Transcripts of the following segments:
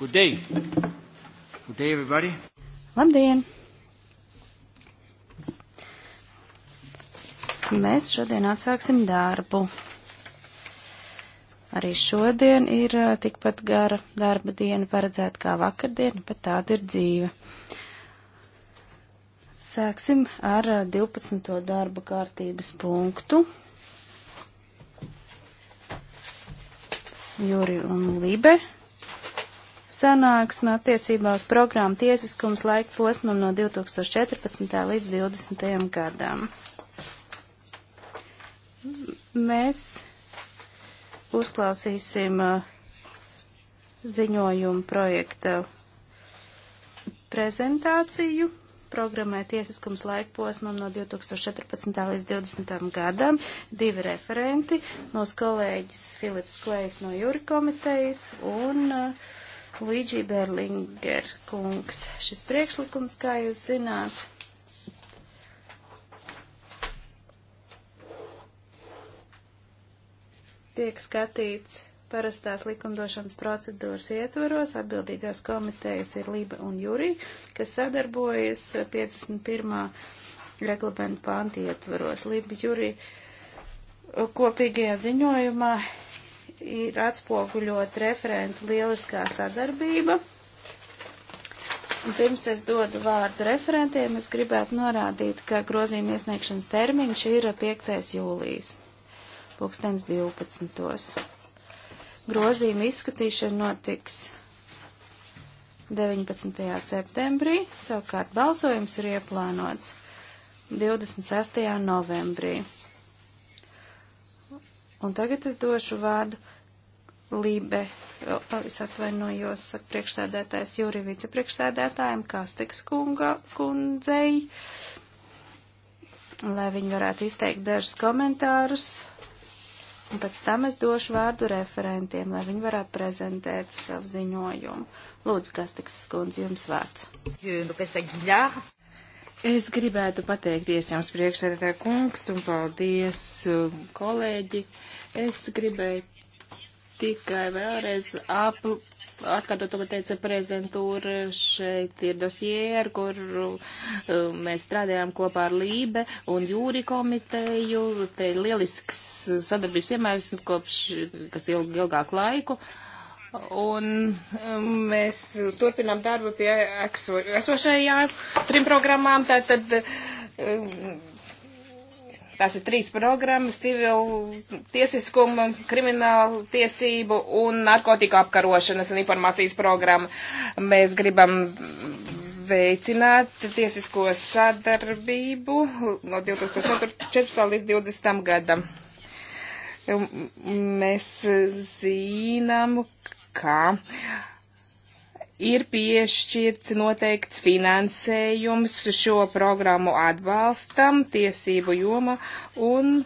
Good day. Good day, everybody. Labdien! Mēs šodien atsāksim darbu. Arī šodien ir tikpat gara darba diena paredzēta kā vakardiena, bet tāda ir dzīve. Sāksim ar 12. darba kārtības punktu Juri un Libe sanāksme attiecībā uz programmu tiesiskums laika posmam no 2014. līdz 2020. gadam. Mēs uzklausīsim uh, ziņojumu projekta prezentāciju programmai tiesiskums laikposmam no 2014. līdz 2020. gadam. Divi referenti, mūsu kolēģis Filips Klējs no jūri komitejas un uh, Luigi Berlinger kungs. Šis priekšlikums, kā jūs zināt, tiek skatīts parastās likumdošanas procedūras ietvaros. Atbildīgās komitejas ir Liba un Juri, kas sadarbojas 51. reglamentu pānti ietvaros. Liba Juri kopīgajā ziņojumā ir atspoguļot referentu lieliskā sadarbība. Un pirms es dodu vārdu referentiem, es gribētu norādīt, ka grozījuma iesniegšanas termiņš ir 5. jūlijas, pulkstens 12. Grozījuma izskatīšana notiks 19. septembrī, savukārt balsojums ir ieplānots 26. novembrī. Un tagad es došu vārdu Lībe, o, es atvainojos, saka priekšsēdētājs Jūri vicepriekšsēdētājiem, Kastiks kunga, kundzei, lai viņi varētu izteikt dažus komentārus Un pēc tam es došu vārdu referentiem, lai viņi varētu prezentēt savu ziņojumu. Lūdzu, Gastiks skundze, jums vārds. Es gribētu pateikties jums priekšsēdētāju kungs un paldies uh, kolēģi. Es gribēju tikai vēlreiz ap, atkārtot to, ko teica prezidentūra, šeit ir dosieri, kur um, mēs strādājām kopā ar Lībe un jūri komiteju. Te ir lielisks sadarbības piemērs kopš, kas ilg, ilgāku laiku. Un um, mēs turpinām darbu pie ekso, esošajām trim programmām. Tātad, um, Tās ir trīs programmas - civilu tiesiskumu, kriminālu tiesību un narkotika apkarošanas un informācijas programma. Mēs gribam veicināt tiesisko sadarbību no 2014. līdz 2020. gadam. Mēs zinām, ka ir piešķirts noteikts finansējums šo programmu atbalstam tiesību joma un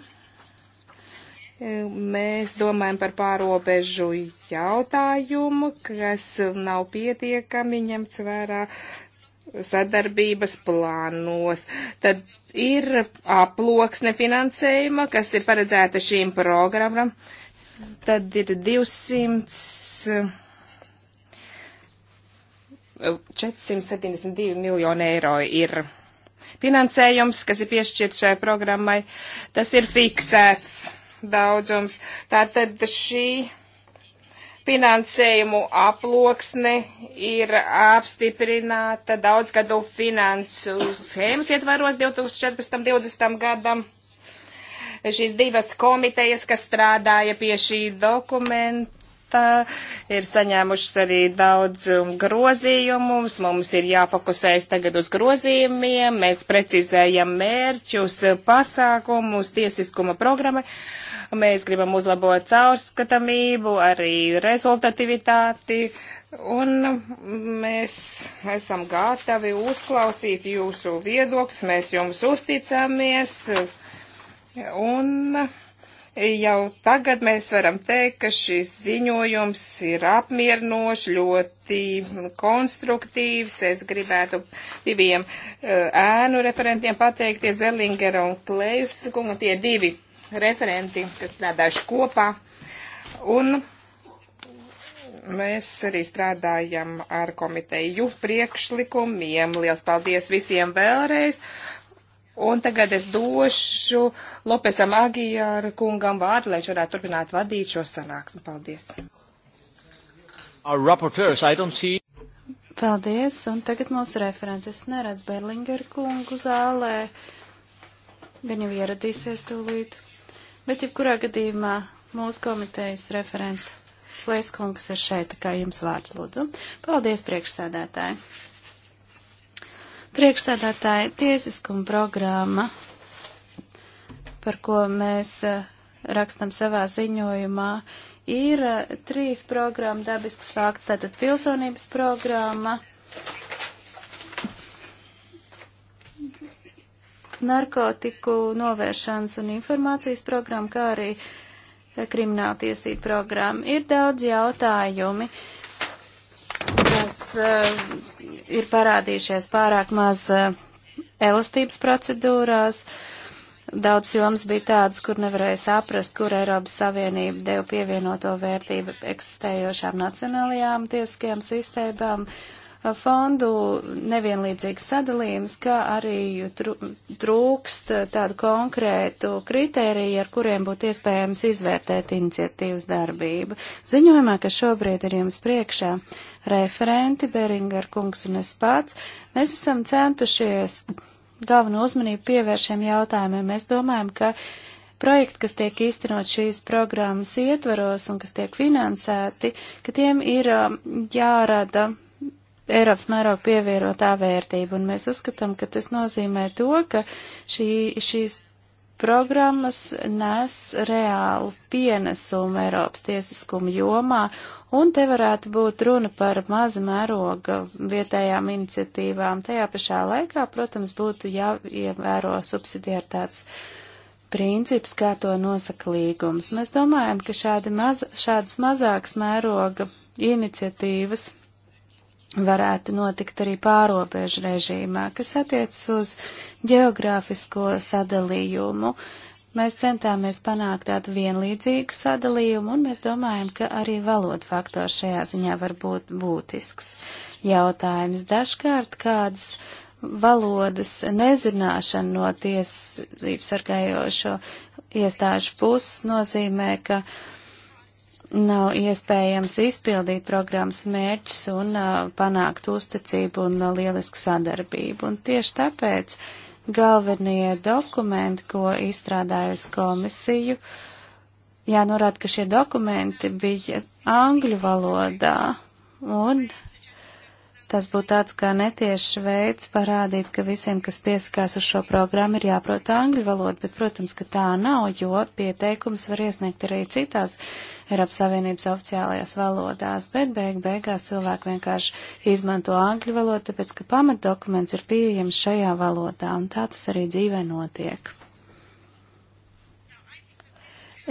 e, Mēs domājam par pārobežu jautājumu, kas nav pietiekami ņemts vērā sadarbības plānos. Tad ir aploksne finansējuma, kas ir paredzēta šīm programmam. Tad ir 200 472 miljoni eiro ir finansējums, kas ir piešķirts šai programmai. Tas ir fiksēts daudzums. Tātad šī finansējumu aploksne ir apstiprināta daudzgadu finansu schēmas ietvaros 2014-2020 gadam. Šīs divas komitejas, kas strādāja pie šī dokumenta, projektā ir saņēmušas arī daudz um, grozījumus. Mums ir jāfokusējas tagad uz grozījumiem, mēs precizējam mērķus, pasākumus, tiesiskuma programma. Mēs gribam uzlabot caurskatamību, arī rezultativitāti. Un mēs esam gatavi uzklausīt jūsu viedokļus, mēs jums uzticamies. Un Jau tagad mēs varam teikt, ka šis ziņojums ir apmierinošs, ļoti konstruktīvs. Es gribētu diviem eh, ēnu referentiem pateikties, Berlingera un Klejus kunga. Tie divi referenti, kas strādājuši kopā. Un mēs arī strādājam ar komiteju priekšlikumiem. Liels paldies visiem vēlreiz. Un tagad es došu Lopesam Agijāru kungam vārdu, lai viņš varētu turpināt vadīt šo sanāksmi. Paldies. Paldies, un tagad mūsu referentes neredz Berlingeru kungu zālē. Viņa jau ieradīsies tūlīt. Bet, ja kurā gadījumā mūsu komitejas referents Flēskungs ir šeit, tā kā jums vārds lūdzu. Paldies, priekšsēdētāji! Priekšsēdētāja tiesiskuma programma, par ko mēs eh, rakstam savā ziņojumā, ir eh, trīs programma dabisks fakts, tātad pilsonības programma, narkotiku novēršanas un informācijas programma, kā arī eh, krimināltiesība programma. Ir daudz jautājumi, kas uh, ir parādījušies pārāk maz eh, elastības procedūrās. Daudz joms bija tādas, kur nevarēja saprast, kur Eiropas Savienība deva pievienoto vērtību eksistējošām nacionālajām tiesiskajām sistēmām, fondu nevienlīdzīgs sadalījums, kā arī trūkst tādu konkrētu kritēriju, ar kuriem būtu iespējams izvērtēt iniciatīvas darbību. Ziņojumā, kas šobrīd ir jums priekšā, referenti Beringer kungs un es pats, mēs esam centušies galveno uzmanību pievērst šiem jautājumiem. Mēs domājam, ka projekti, kas tiek īstenot šīs programmas ietvaros un kas tiek finansēti, ka tiem ir um, jārada Eiropas mēroga pievienotā vērtība, un mēs uzskatām, ka tas nozīmē to, ka šī, šīs programmas nes reālu pienesumu Eiropas tiesiskuma jomā, un te varētu būt runa par maza mēroga vietējām iniciatīvām. Tajā pašā laikā, protams, būtu jāievēro subsidiaritātes princips, kā to nosaka līgums. Mēs domājam, ka šādi maz, šādas mazākas mēroga iniciatīvas varētu notikt arī pārobežu režīmā, kas attiecas uz geogrāfisko sadalījumu. Mēs centāmies panākt tādu vienlīdzīgu sadalījumu, un mēs domājam, ka arī valoda faktors šajā ziņā var būt būtisks jautājums. Dažkārt kādas valodas nezināšana no tiesību sargājošo iestāžu puses nozīmē, ka uh, nav iespējams izpildīt programmas mērķus un uh, panākt uzticību un uh, lielisku sadarbību. Un tieši tāpēc galvenie dokumenti, ko izstrādājusi komisiju, jānorāda, ka šie dokumenti bija angļu valodā un Tas būtu tāds kā netiešs veids parādīt, ka visiem, kas piesakās uz šo programmu, ir jāprot angļu valodu, bet, protams, ka tā nav, jo pieteikums var iesniegt arī citās Eiropas Savienības oficiālajās valodās, bet beig beigās cilvēki vienkārši izmanto angļu valodu, tāpēc, ka pamatdokuments ir pieejams šajā valodā, un tā tas arī dzīvē notiek.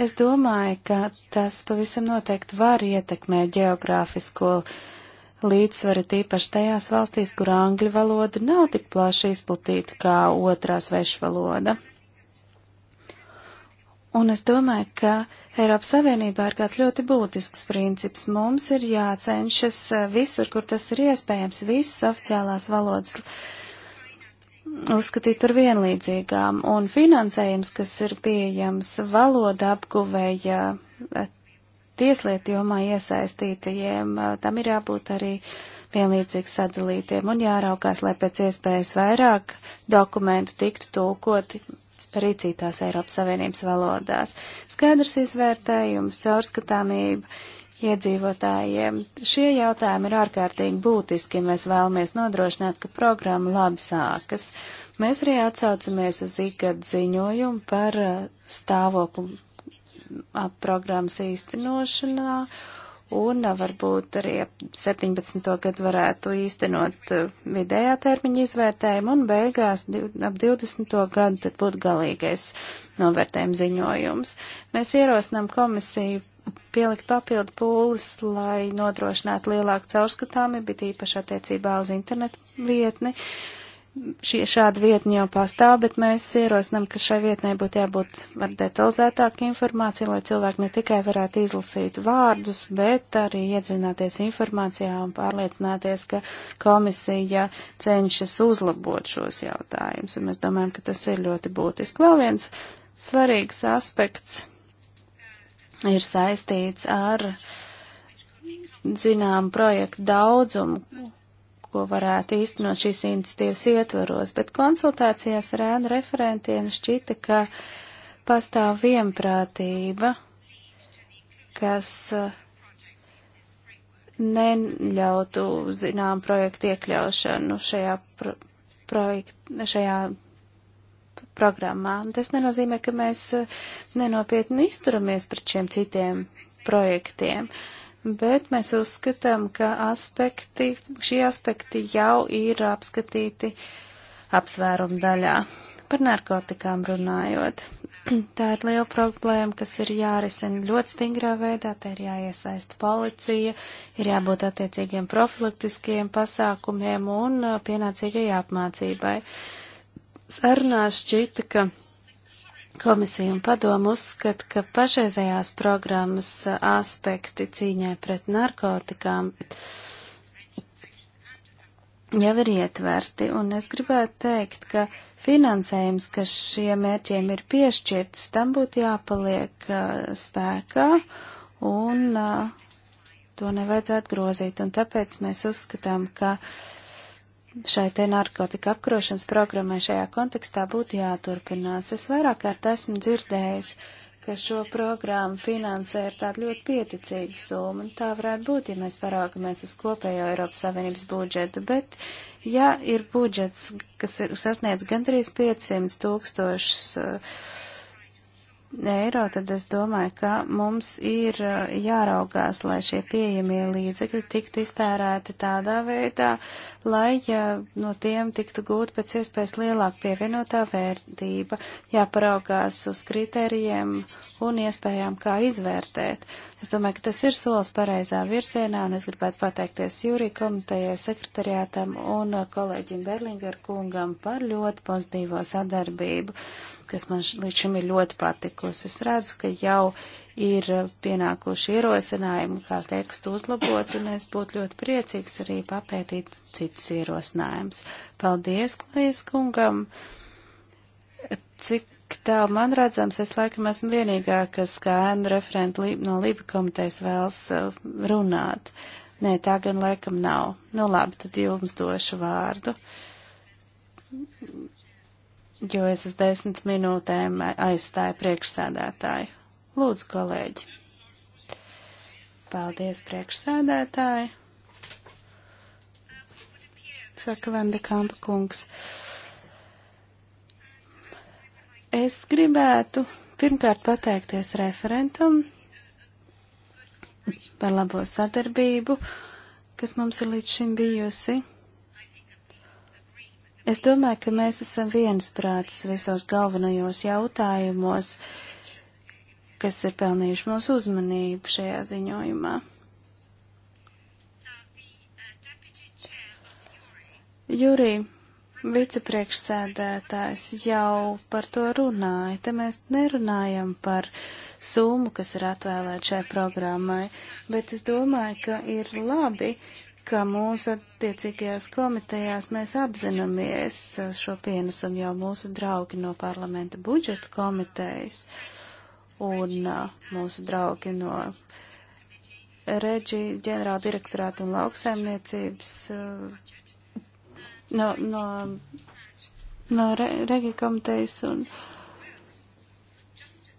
Es domāju, ka tas pavisam noteikti var ietekmēt geogrāfisko uh, līdzsvara tīpaši tajās valstīs, kur angļu valoda nav tik plaši izplatīta kā otrā svešu valoda. Un es domāju, ka Eiropas Savienībā ir kāds ļoti būtisks princips. Mums ir jācenšas eh, visur, kur tas ir iespējams, visas oficiālās valodas uzskatīt par vienlīdzīgām. Un finansējums, kas ir pieejams valoda apguvēja eh, tieslietu jomā iesaistītajiem, tam ir jābūt arī vienlīdzīgi sadalītiem un jāraukās, lai pēc iespējas vairāk dokumentu tiktu tulkoti arī citās Eiropas Savienības valodās. Skaidrs izvērtējums, caurskatāmība iedzīvotājiem. Šie jautājumi ir ārkārtīgi būtiski, ja mēs vēlamies nodrošināt, ka programma labi sākas. Mēs arī atsaucamies uz ikgad ziņojumu par stāvokli programmas īstenošanā, un varbūt arī 17. gadu varētu īstenot vidējā termiņa izvērtējumu, un beigās ap 20. gadu tad būtu galīgais novērtējuma ziņojums. Mēs ierosinām komisiju pielikt papildu pūles, lai nodrošinātu lielāku caurskatāmību, bet īpaši attiecībā uz internetu vietni. Uh, šī šāda vietne jau pastāv, bet mēs ierosinām, ka šai vietnei būtu jābūt ar detalizētāku informāciju, lai cilvēki ne tikai varētu izlasīt vārdus, bet arī iedzināties informācijā un pārliecināties, ka komisija cenšas uzlabot šos jautājumus. Un mēs domājam, ka tas ir ļoti būtiski. Vēl viens svarīgs aspekts ir saistīts ar zinām projektu daudzumu ko varētu īstenot šīs iniciatīvas ietvaros, bet konsultācijās ar ēnu referentiem šķita, ka pastāv vienprātība, kas uh, neļautu zinām projektu iekļaušanu šajā, pro, projekt, šajā programmā. Un tas nenozīmē, ka mēs uh, nenopietni izturamies pret šiem citiem projektiem. Uh, bet mēs uzskatām, ka aspekti, šie aspekti jau ir apskatīti apsvērumu daļā. Par narkotikām runājot. Tā ir liela problēma, kas ir jārisina ļoti stingrā veidā, tā ir jāiesaista policija, ir jābūt attiecīgiem profilaktiskajiem pasākumiem un uh, pienācīgai apmācībai. Sarunās šķita, ka Komisija un padomu uzskata, ka pašreizējās programmas aspekti cīņai pret narkotikām jau ir ietverti, un es gribētu teikt, ka finansējums, kas šiem mērķiem ir piešķirts, tam būtu jāpaliek spēkā, un to nevajadzētu grozīt, un tāpēc mēs uzskatām, ka uh, šai te narkotika apkarošanas programmai šajā kontekstā būtu jāturpinās. Es vairāk kārt esmu dzirdējis, ka šo programmu finansē ir tāda ļoti pieticīga summa, un tā varētu būt, ja mēs paraugamies uz kopējo Eiropas Savienības budžetu, bet ja ir budžets, kas ir sasniedz gandrīz 500 tūkstošus uh, eiro, tad es domāju, ka mums ir eh, jāraugās, lai šie pieejamie līdzekļi tiktu iztērēti tādā veidā, lai ja eh, no tiem tiktu gūt pēc iespējas lielāka pievienotā vērtība, jāparaugās uz kritērijiem un iespējām, kā izvērtēt. Es domāju, ka tas ir solis pareizā virzienā, un es gribētu pateikties jūrī komitejai, sekretariātam un eh, kolēģim Berlingar kungam par ļoti pozitīvo sadarbību kas man līdz šim ir ļoti patikusi. Es redzu, ka jau ir pienākuši ierosinājumi, kā tekstu uzlabot, un es būtu ļoti priecīgs arī papētīt citus ierosinājumus. Paldies, Klais kungam! Cik tālu man redzams, es laikam esmu vienīgā, kas kā ēnu referenta no Lība komitejas vēlas uh, runāt. Nē, tā gan laikam nav. Nu labi, tad jums došu vārdu jo es uz desmit minūtēm aizstāju priekšsēdētāju. Lūdzu, kolēģi. Paldies, priekšsēdētāji. Saka Vanda Kampa kungs. Es gribētu pirmkārt pateikties referentam par labo sadarbību, kas mums ir līdz šim bijusi. Es domāju, ka mēs esam viensprāts visos galvenajos jautājumos, kas ir pelnījuši mūsu uzmanību šajā ziņojumā. Jurija, vicepriekšsēdētājs jau par to runāja. Te mēs nerunājam par summu, kas ir atvēlēta šai programmai, bet es domāju, ka ir labi, ka mūsu attiecīgajās komitejās mēs apzināmies šo pienesumu jau mūsu draugi no parlamenta budžeta komitejas un uh, mūsu draugi no reģi ģenerāla direktorāta un lauksaimniecības uh, no, no, no re, reģi komitejas un uh,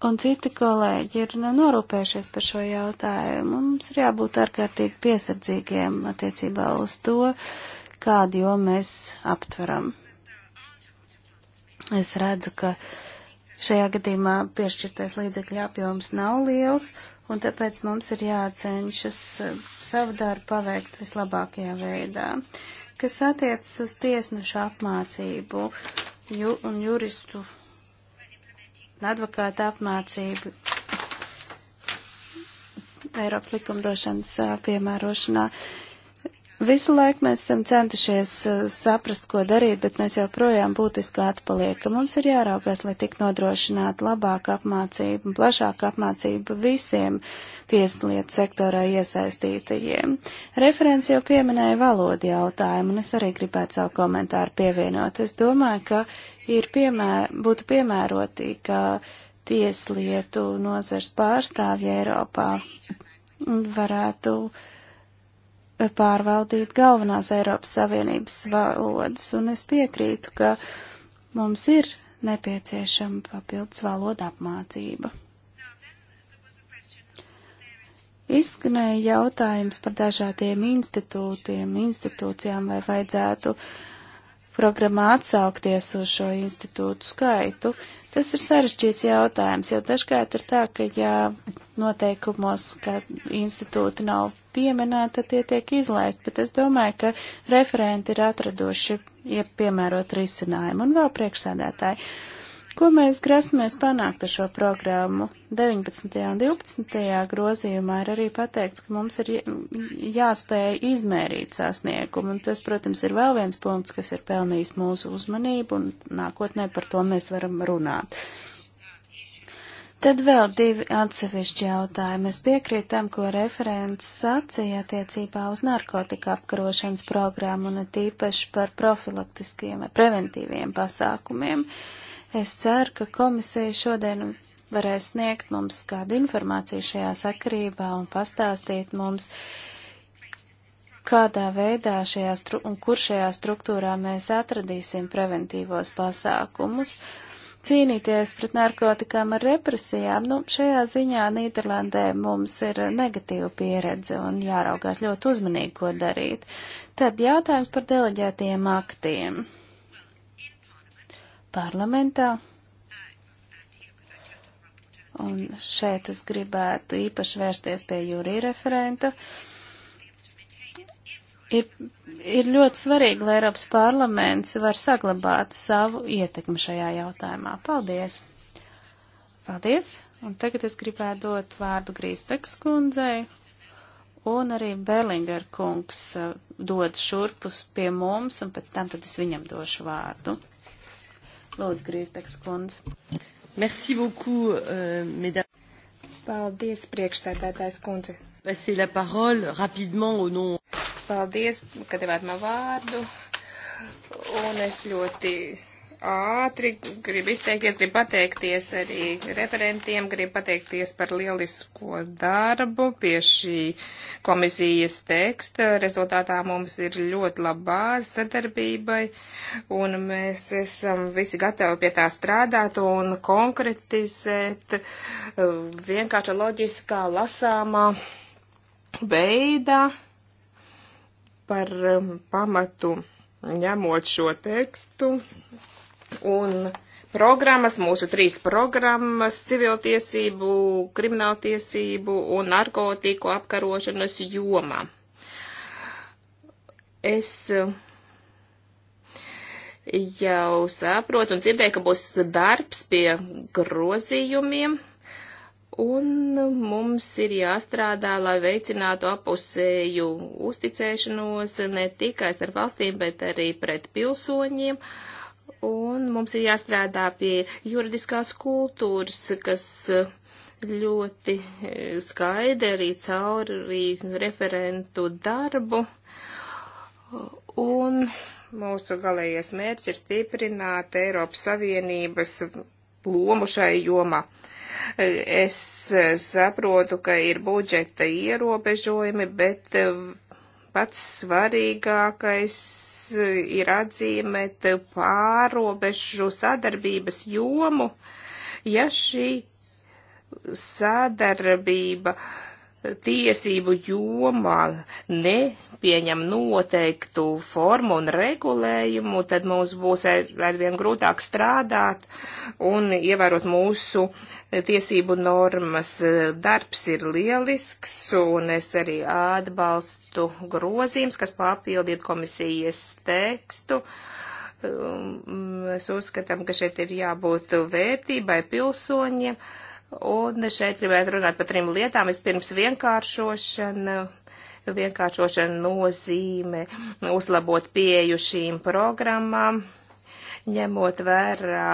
un citi kolēģi ir nu, norūpējušies par šo jautājumu. Mums ir jābūt ārkārtīgi piesardzīgiem attiecībā uz to, kādu jomu mēs aptveram. Es redzu, ka šajā gadījumā piešķirtais līdzekļu apjoms nav liels, un tāpēc mums ir jācenšas savu darbu paveikt vislabākajā veidā. Kas attiecas uz tiesnešu apmācību ju un juristu advokāta apmācību Eiropas likumdošanas piemērošanā. Visu laiku mēs esam centušies saprast, ko darīt, bet mēs joprojām būtiski atpaliekam. Mums ir jāraugās, lai tik nodrošinātu labāku apmācību un plašāku apmācību visiem tieslietu sektorā iesaistītajiem. Referents jau pieminēja valodu jautājumu, un es arī gribētu savu komentāru pievienot. Es domāju, ka ir piemēr, būtu piemēroti, ka tieslietu nozars pārstāvja Eiropā varētu pārvaldīt galvenās Eiropas Savienības valodas, un es piekrītu, ka mums ir nepieciešama papildus valoda apmācība. Izskanēja jautājums par dažādiem institūtiem, institūcijām, vai vajadzētu uh, programmā atsaukties uz šo institūtu skaitu. Tas ir sarežģīts jautājums, jo dažkārt ir tā, ka ja noteikumos, ka institūti nav pieminēti, tad tie tiek izlaisti, bet es domāju, ka referenti ir atraduši ja piemērot risinājumu un vēl priekšsēdētāji. Ko mēs grasamies panākt ar šo programmu? 19. un 12. grozījumā ir arī pateikts, ka mums ir jāspēj izmērīt sasniegumu, un tas, protams, ir vēl viens punkts, kas ir pelnījis mūsu uzmanību, un nākotnē par to mēs varam runāt. Tad vēl divi atsevišķi jautājumi. Mēs piekrītam, ko referents sacīja attiecībā uz narkotika apkarošanas programmu un tīpaši par profilaktiskiem vai preventīviem pasākumiem. Uh, Es ceru, ka komisija šodien varēs sniegt mums kādu informāciju šajā sakarībā un pastāstīt mums, kādā veidā šajā stru un kur šajā struktūrā mēs atradīsim preventīvos pasākumus cīnīties pret narkotikām ar represijām. Nu, šajā ziņā Nīderlandē mums ir negatīva pieredze un jāraugās ļoti uzmanīgi, ko darīt. Tad jautājums par deleģētiem aktiem parlamentā. Un šeit es gribētu īpaši vērsties pie jūrija referenta. Ir, ir ļoti svarīgi, lai Eiropas parlaments var saglabāt savu ietekmi šajā jautājumā. Paldies! Paldies! Un tagad es gribētu dot vārdu Grīsbeks kundzei, un arī Berlinger kungs uh, dod šurpus pie mums, un pēc tam tad es viņam došu vārdu. Lūdzu, Grīsbeks kundze. Merci beaucoup, uh, mesdames. Paldies, priekšsēdētājs kundze. Passer la parole rapidement au nom. Paldies, ka devāt man vārdu. Un es ļoti ātri. Gribu izteikties, gribu pateikties arī referentiem, gribu pateikties par lielisko darbu pie šī komisijas teksta. Rezultātā mums ir ļoti labā sadarbībai, un mēs esam visi gatavi pie tā strādāt un konkretizēt uh, vienkārši loģiskā, lasāmā veidā par um, pamatu ņemot šo tekstu, Un programmas, mūsu trīs programmas - civiltiesību, krimināltiesību un narkotiku apkarošanas jomā. Es eh, jau saprotu un dzirdēju, ka būs darbs pie grozījumiem, un mums ir jāstrādā, lai veicinātu apusēju uzticēšanos ne tikai starp valstīm, bet arī pret pilsoņiem. Uh, un mums ir jāstrādā pie juridiskās kultūras, kas eh, ļoti eh, skaidri arī cauri referentu darbu. Un mūsu galējais mērķis ir stiprināt Eiropas Savienības lomu šai jomā. Es eh, saprotu, ka ir budžeta ierobežojumi, bet pats svarīgākais eh, ir atzīmēt pārobežu sadarbības jomu, ja šī sadarbība uh, tiesību jomā nepieņem noteiktu formu un regulējumu, tad mums būs arvien grūtāk strādāt un ievērot mūsu tiesību normas. Darbs ir lielisks, un es arī atbalstu grozījums, kas papildīt komisijas tekstu. Um, mēs uzskatām, ka šeit ir jābūt vērtībai pilsoņiem. Ja Un šeit gribētu runāt par trim lietām. Vispirms vienkāršošana. Vienkāršošana nozīme uzlabot pieju šīm programmām, ņemot vērā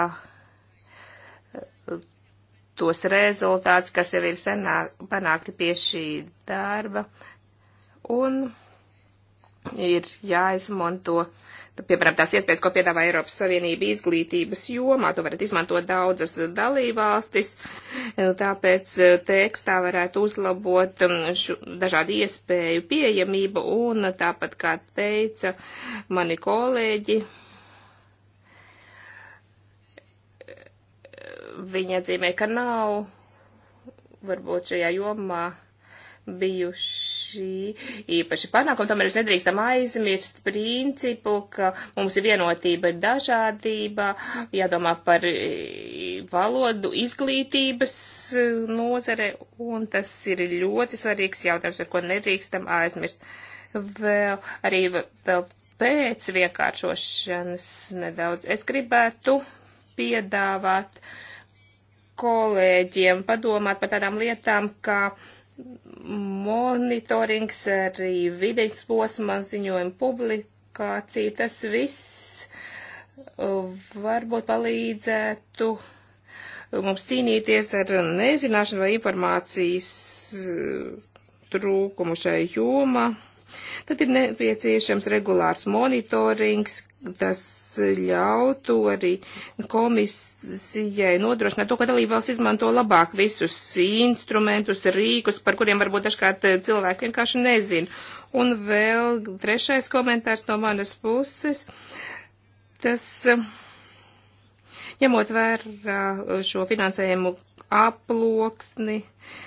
tos rezultātus, kas jau ir senāk, panākti pie šī darba. Un ir jāizmanto uh, piemēram, tās iespējas, ko piedāvā Eiropas Savienība izglītības jomā, to varat izmantot daudzas dalībvalstis, tāpēc eh, tekstā varētu uzlabot mm, šu, dažādu iespēju pieejamību un tāpat, kā teica mani kolēģi, viņa atzīmē, ka nav varbūt šajā jomā bijuši īpaši, īpaši panākumi. Tomēr mēs nedrīkstam aizmirst principu, ka mums ir vienotība dažādība, jādomā par e, valodu izglītības e, nozare, un tas ir ļoti svarīgs jautājums, par ko nedrīkstam aizmirst. Vēl arī vēl pēc vienkāršošanas nedaudz. Es gribētu piedāvāt kolēģiem padomāt par tādām lietām, kā monitorings, arī vidējs posma ziņojuma publikācija, tas viss uh, varbūt palīdzētu uh, mums cīnīties ar nezināšanu vai informācijas uh, trūkumu šai jomā. Tad ir nepieciešams regulārs monitorings, tas ļautu arī komisijai nodrošināt to, ka dalībvalsts izmanto labāk visus instrumentus, rīkus, par kuriem varbūt dažkārt eh, cilvēki vienkārši nezina. Un vēl trešais komentārs no manas puses. Tas, eh, ņemot vērā eh, šo finansējumu aploksni, uh,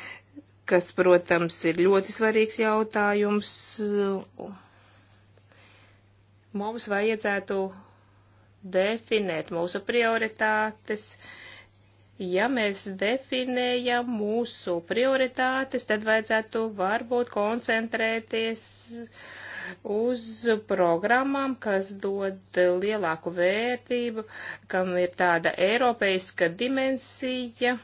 kas, protams, ir ļoti svarīgs jautājums. Mums vajadzētu definēt mūsu prioritātes. Ja mēs definējam mūsu prioritātes, tad vajadzētu varbūt koncentrēties uz programmām, kas dod lielāku vērtību, kam ir tāda eiropeiska dimensija.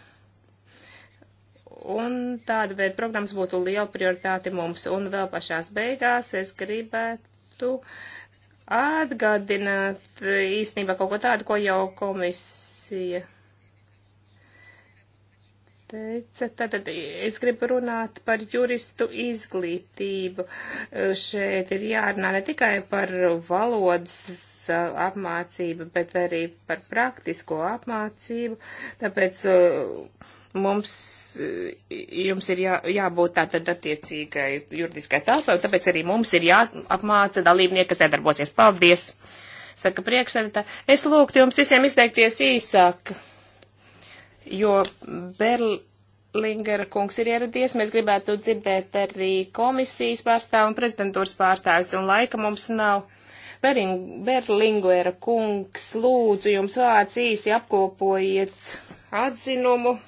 Un tāda veida programmas būtu liela prioritāte mums. Un vēl pašās beigās es gribētu atgādināt īstenībā kaut ko tādu, ko jau komisija teica. Tātad es gribu runāt par juristu izglītību. Šeit ir jārunā ne tikai par valodas apmācību, bet arī par praktisko apmācību. Tāpēc uh, mums, e, jums ir jā, jābūt tātad attiecīgai juridiskai telpai, un tāpēc arī mums ir jāapmāca dalībnieki, kas nedarbosies. Paldies! Saka priekšsēdētā, es lūgtu jums visiem izteikties īsāk, jo Berlingera kungs ir ieradies, mēs gribētu dzirdēt arī komisijas pārstāvu un prezidentūras pārstāvis, un laika mums nav. Berlingera kungs, lūdzu jums vārds īsi apkopojiet atzinumu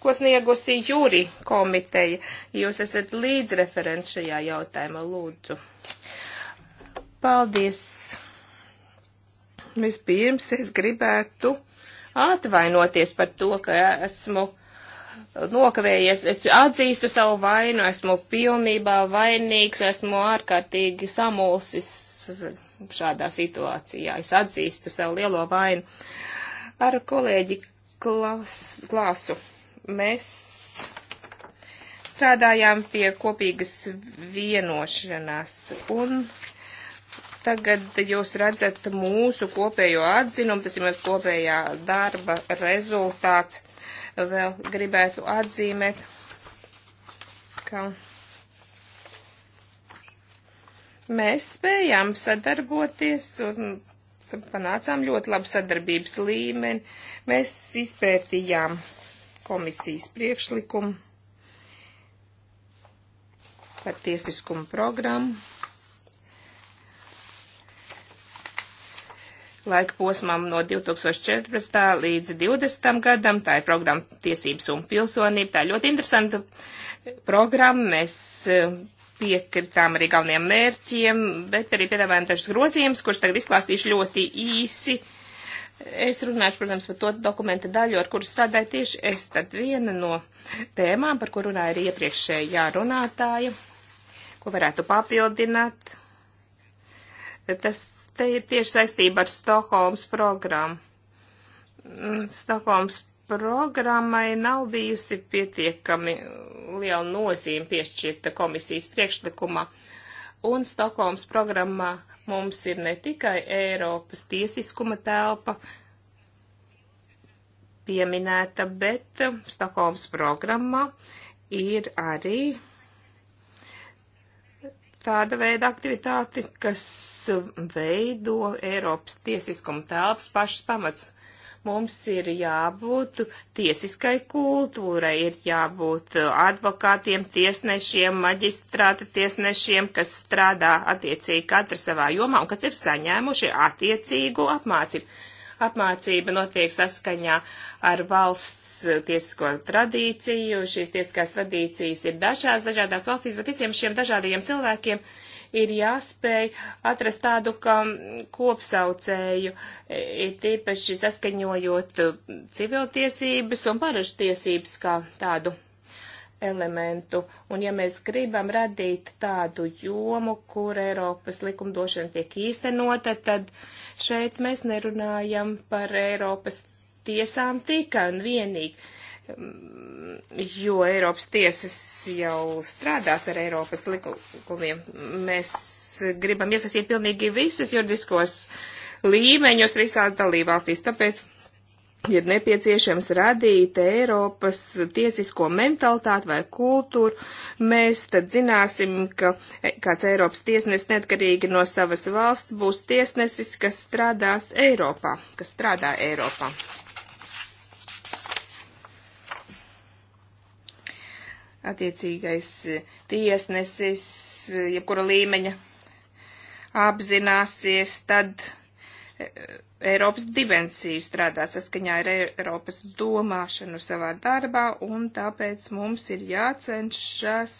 ko sniegusi jūri komiteja. Jūs esat līdzreferents šajā jautājumā, lūdzu. Paldies. Vispirms es gribētu atvainoties par to, ka esmu nokavējies. Es atzīstu savu vainu, esmu pilnībā vainīgs, esmu ārkārtīgi samulsis šādā situācijā. Es atzīstu savu lielo vainu ar kolēģi klas, klasu mēs strādājām pie kopīgas vienošanās un tagad jūs redzat mūsu kopējo atzinumu, tas ir mūsu kopējā darba rezultāts. Vēl gribētu atzīmēt, ka mēs spējām sadarboties un panācām ļoti labu sadarbības līmeni. Mēs izpētījām komisijas priekšlikumu par tiesiskumu programmu. Laika posmām no 2014. līdz 2020. gadam. Tā ir programma Tiesības un pilsonība. Tā ir ļoti interesanta programma. Mēs e, piekritām arī galveniem mērķiem, bet arī piedāvājam dažus grozījumus, kurus tagad izklāstīšu ļoti īsi. Uh, Es runāšu, protams, par to dokumenta daļu, ar kuru strādāju tieši es. Tad viena no tēmām, par ko runāja arī iepriekšējā runātāja, ko varētu papildināt, tas te ir tieši saistība ar Stokholmas programmu. Mm, Stokholmas programmai nav bijusi pietiekami liela nozīme piešķirta komisijas priekšlikumā, un Stokholmas programmā Mums ir ne tikai Eiropas tiesiskuma telpa pieminēta, bet um, Stokholmas programmā ir arī tāda veida aktivitāti, kas veido Eiropas tiesiskuma telpas pašas pamats. Mums ir jābūt tiesiskai kultūrai, ir jābūt advokātiem, tiesnešiem, maģistrāta tiesnešiem, kas strādā attiecīgi katra savā jomā un kas ir saņēmuši attiecīgu apmācību. Apmācība notiek saskaņā ar valsts tiesisko tradīciju. Šīs tiesiskās tradīcijas ir dažās, dažādās valstīs, bet visiem šiem dažādajiem cilvēkiem ir jāspēj atrast tādu kā kopsaucēju, e, tīpaši saskaņojot e, civiltiesības un paražtiesības kā tādu elementu. Un ja mēs gribam radīt tādu jomu, kur Eiropas likumdošana tiek īstenota, tad šeit mēs nerunājam par Eiropas tiesām tikai un vienīgi jo Eiropas tiesas jau strādās ar Eiropas likumiem. Mēs gribam iesaistīt pilnīgi visus juridiskos līmeņus visās dalībvalstīs, tāpēc ir nepieciešams radīt Eiropas tiesisko mentalitāti vai kultūru. Mēs tad zināsim, ka kāds Eiropas tiesnesis neatkarīgi no savas valsts būs tiesnesis, kas strādās Eiropā, kas strādā Eiropā. attiecīgais tiesnesis, jebkura līmeņa apzināsies, tad e, Eiropas dimensija strādā saskaņā ar Eiropas domāšanu savā darbā, un tāpēc mums ir jācenšas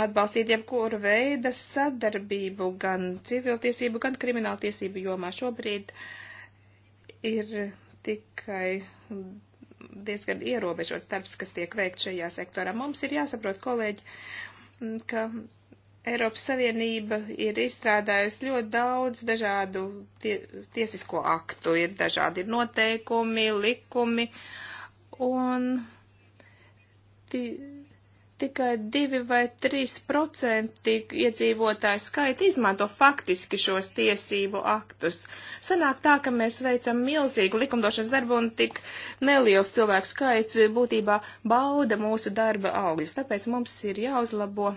atbalstīt jebkuru veidu sadarbību gan civiltiesību, gan krimināltiesību jomā. Šobrīd ir tikai diezgan ierobežots darbs, kas tiek veikt šajā sektorā. Mums ir jāsaprot, kolēģi, ka Eiropas Savienība ir izstrādājusi ļoti daudz dažādu tie, tiesisko aktu, ir dažādi noteikumi, likumi, un tie, tikai 2 vai 3 procenti iedzīvotāju skaita izmanto faktiski šos tiesību aktus. Sanāk tā, ka mēs veicam milzīgu likumdošanas darbu un tik neliels cilvēku skaits būtībā bauda mūsu darba augļus. Tāpēc mums ir jāuzlabo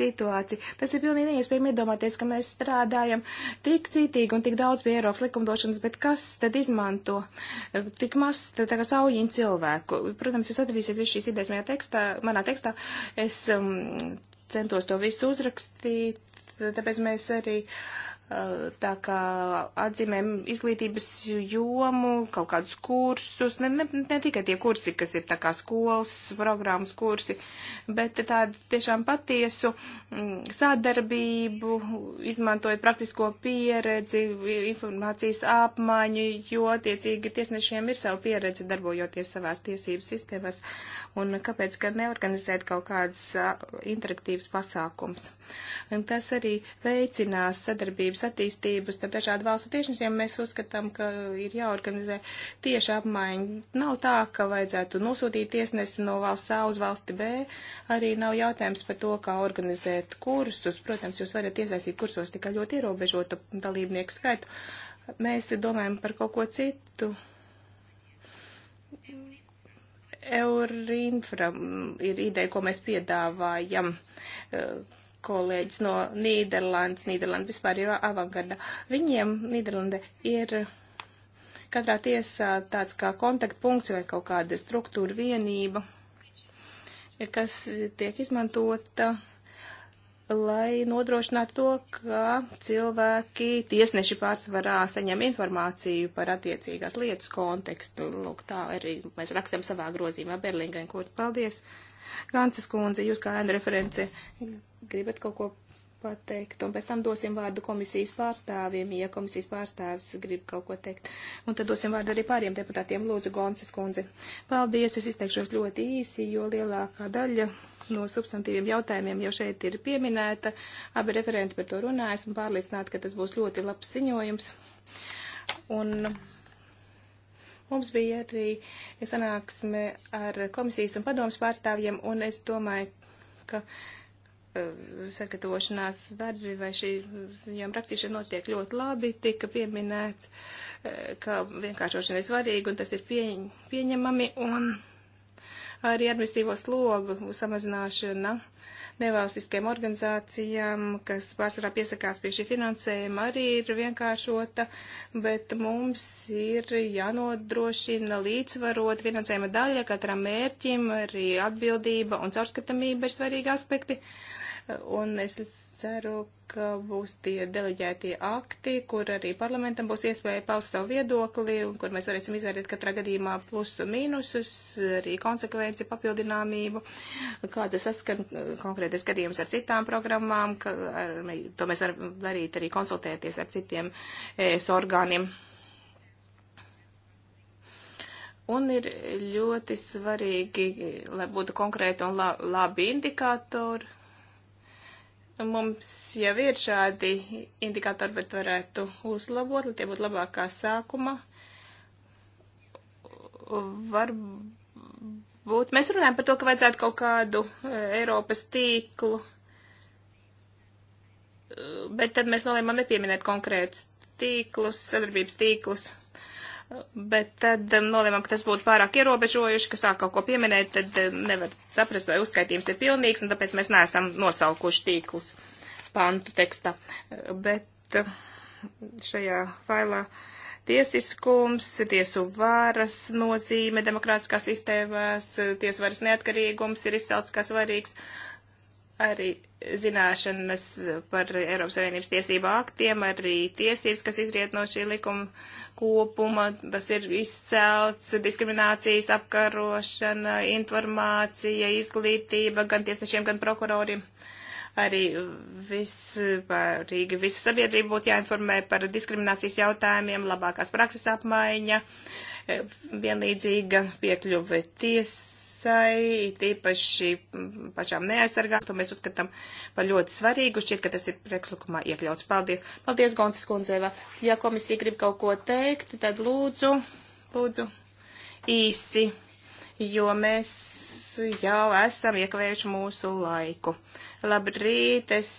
situāciju. Tas ir pilnīgi neiespējami iedomāties, ka mēs strādājam tik cītīgi un tik daudz pie Eiropas likumdošanas, bet kas tad izmanto eh, tik maz tā kā saujiņu cilvēku? Protams, jūs atradīsiet visu šīs idejas manā tekstā. Manā tekstā es um, centos to visu uzrakstīt, tāpēc mēs arī uh, tā kā atzīmēm izglītības jomu, kaut kādus kursus, ne, ne, ne tikai tie kursi, kas ir tā kā skolas programmas kursi, bet tādu tiešām patiesu mm, sadarbību, izmantojot praktisko pieredzi, informācijas apmaiņu, jo attiecīgi tiesnešiem ir savu pieredzi darbojoties savās tiesības sistēmas, un kāpēc gan neorganizēt kaut kādas interaktīvas pasākums. Un tas arī veicinās sadarbības sadarbības attīstības starp dažādu valstu tiešnesiem, mēs uzskatām, ka ir jāorganizē tieši apmaiņa. Nav tā, ka vajadzētu nosūtīt tiesnesi no valsts A uz valsti B. Arī nav jautājums par to, kā organizēt kursus. Protams, jūs varat iesaistīt kursos tikai ļoti ierobežotu dalībnieku skaitu. Mēs domājam par kaut ko citu. Eurinfra ir ideja, ko mēs piedāvājam. Uh, kolēģis no Nīderlandes. Nīderlanda vispār ir avangarda. Viņiem Nīderlanda ir katrā tiesā tāds kā kontaktpunkts vai kaut kāda struktūra vienība, kas tiek izmantota lai nodrošinātu to, ka cilvēki, tiesneši pārsvarā saņem informāciju par attiecīgās lietas kontekstu. Lūk, tā arī mēs rakstam savā grozījumā Berlingē, kur paldies. Uh, Gancis kundze, jūs kā ēnu referenci gribat kaut ko pateikt, un pēc tam dosim vārdu komisijas pārstāvjiem, ja komisijas pārstāvis grib kaut ko teikt. Un tad dosim vārdu arī pāriem deputātiem. Lūdzu, Goncis kundze. Paldies, es izteikšos ļoti īsi, jo lielākā daļa no substantīviem jautājumiem jau šeit ir pieminēta. Abi referenti par to runā. Esmu pārliecināta, ka tas būs ļoti labs ziņojums. Un Mums bija arī sanāksme ar komisijas un padomas pārstāvjiem, un es domāju, ka eh, sagatavošanās darbi vai šī ziņojuma rakstīšana notiek ļoti labi, tika pieminēts, eh, ka vienkāršošana ir svarīga un tas ir pieņ, pieņemami un arī administrīvo slogu samazināšana nevalstiskajām organizācijām, kas pārsvarā piesakās pie šī finansējuma, arī ir vienkāršota, bet mums ir jānodrošina līdzvarot finansējuma daļa katram mērķim, arī atbildība un caurskatamība ir svarīgi aspekti. Uh, un es ceru, ka būs tie deleģētie akti, kur arī parlamentam būs iespēja paust savu viedokli, un kur mēs varēsim izvērtēt katrā gadījumā plusu mīnusus, arī konsekvenci, papildināmību, kā tas saskan konkrētais gadījums ar citām programmām, ka ar, to mēs varam darīt arī konsultēties ar citiem ES orgāniem. Un ir ļoti svarīgi, lai būtu konkrēti un labi indikātori Nu, mums jau ir šādi indikātori, bet varētu uzlabot, lai tie būtu labākā sākuma. Varbūt mēs runājam par to, ka vajadzētu kaut kādu e, Eiropas tīklu, e, bet tad mēs nolēmām nepieminēt konkrētus tīklus, sadarbības tīklus bet tad um, nolēmām, ka tas būtu pārāk ierobežojuši, ka sāk kaut ko pieminēt, tad um, nevar saprast, vai uzskaitījums ir pilnīgs, un tāpēc mēs neesam nosaukuši tīklus pantu teksta. Bet um, šajā failā tiesiskums, tiesu varas nozīme demokrātiskās sistēmās, tiesu varas neatkarīgums ir izcelts kā svarīgs. Arī zināšanas par Eiropas Savienības tiesību aktiem, arī tiesības, kas izriet no šī likuma kopuma. Tas ir izcelts diskriminācijas apkarošana, informācija, izglītība gan tiesnešiem, gan prokuroriem. Arī vispārīgi visa sabiedrība būtu jāinformē par diskriminācijas jautājumiem, labākās prakses apmaiņa, vienlīdzīga piekļuve tiesas presai, tīpaši pašām neaizsargātu, mēs uzskatām par ļoti svarīgu, šķiet, ka tas ir priekšlikumā iekļauts. Paldies, paldies, Gonces kundzeva. Ja komisija grib kaut ko teikt, tad lūdzu, lūdzu, īsi, jo mēs jau esam iekavējuši mūsu laiku. Labrīt, es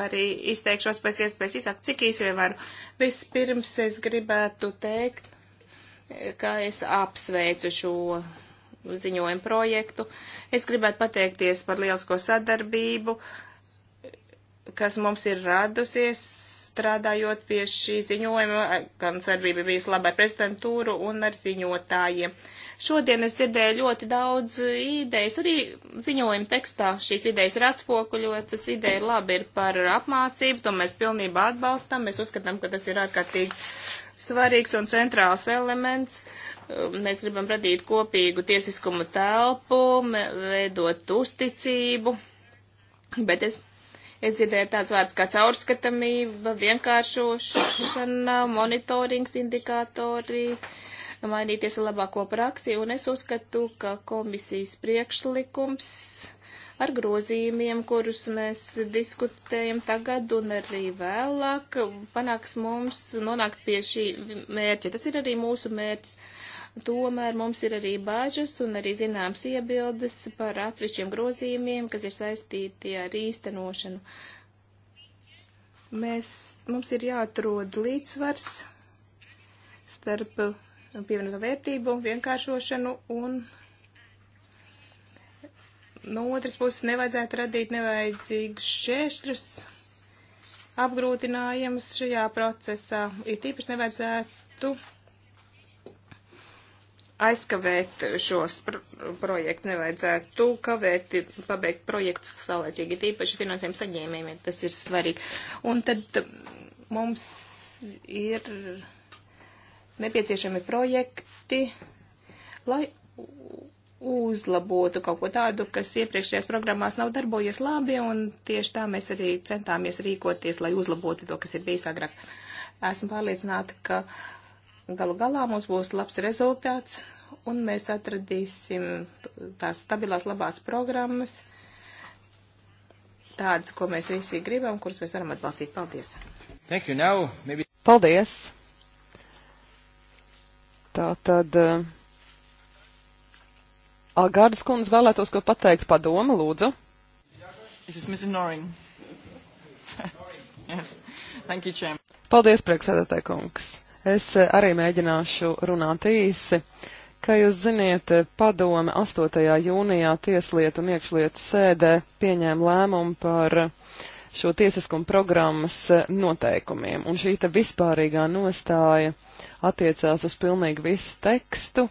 arī izteikšos pēc iespējas īsāk, cik īsi vien varu. Vispirms es gribētu teikt, ka es apsveicu šo ziņojumu projektu. Es gribētu pateikties par lielisko sadarbību, kas mums ir radusies strādājot pie šī ziņojuma, gan sadarbība bijusi laba ar prezidentūru un ar ziņotājiem. Šodien es dzirdēju ļoti daudz idejas, arī ziņojuma tekstā šīs idejas ir atspoguļotas, ideja labi ir par apmācību, to mēs pilnībā atbalstam, mēs uzskatām, ka tas ir ārkārtīgi svarīgs un centrāls elements. Uh, Mēs gribam radīt kopīgu tiesiskumu telpu, veidot uzticību, bet es, es dzirdēju tāds vārds kā caurskatamība, vienkāršošana, monitorings, indikatori, mainīties labāko praksi, un es uzskatu, ka komisijas priekšlikums ar grozījumiem, kurus mēs diskutējam tagad un arī vēlāk, panāks mums nonākt pie šī mērķa. Tas ir arī mūsu mērķis. Tomēr mums ir arī bāžas un arī zināms iebildes par atsevišķiem grozījumiem, kas ir saistīti ar īstenošanu. Mēs, mums ir jāatrod līdzsvars starp pievienoto vērtību, vienkāršošanu un no otras puses nevajadzētu radīt nevajadzīgus šķēršļus, apgrūtinājumus šajā procesā. It īpaši nevajadzētu aizkavēt šos pr projektu, nevajadzētu kavēt, pabeigt projektus saulēcīgi, tīpaši finansējuma saņēmējiem, tas ir svarīgi. Un tad mums ir nepieciešami projekti, lai uzlabotu kaut ko tādu, kas iepriekšējās programmās nav darbojies labi, un tieši tā mēs arī centāmies rīkoties, lai uzlabotu to, kas ir bijis agrāk. Esmu pārliecināta, ka uh, Galu galā mums būs labs rezultāts, un mēs atradīsim tās stabilās labās programmas, tādas, ko mēs visi gribam, kuras mēs varam atbalstīt. Paldies! Thank you now. Maybe... Paldies! Tā tad. Uh, eh, Agārdas kundze vēlētos ko pateikt padoma, lūdzu. yes. you, Paldies, priekšsēdētāji kungs. Es arī mēģināšu runāt īsi. Kā jūs ziniet, padome 8. jūnijā tieslietu un iekšlietu sēdē pieņēma lēmumu par šo tiesiskumu programmas noteikumiem, un šī te vispārīgā nostāja attiecās uz pilnīgi visu tekstu,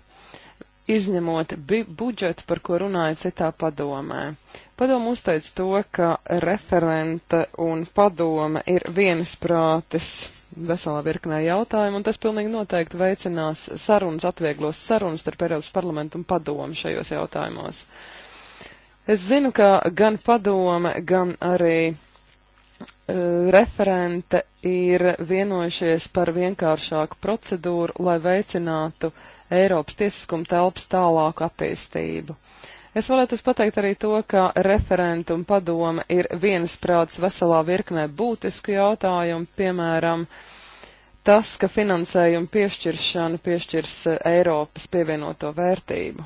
izņemot budžetu, par ko runāja citā padomē. Padomu uzteica to, ka referente un padome ir vienisprātis veselā virknē jautājumu, un tas pilnīgi noteikti veicinās sarunas, atvieglos sarunas starp Eiropas parlamentu un padomu šajos jautājumos. Es zinu, ka gan padome, gan arī e, referente ir vienojušies par vienkāršāku procedūru, lai veicinātu Eiropas tiesiskuma telpas tālāku attīstību. Es vēlētu pateikt arī to, ka referenta un padome ir vienas prāts veselā virknē būtisku jautājumu, piemēram, uh, tas, ka finansējuma piešķiršana piešķirs eh, Eiropas pievienoto vērtību.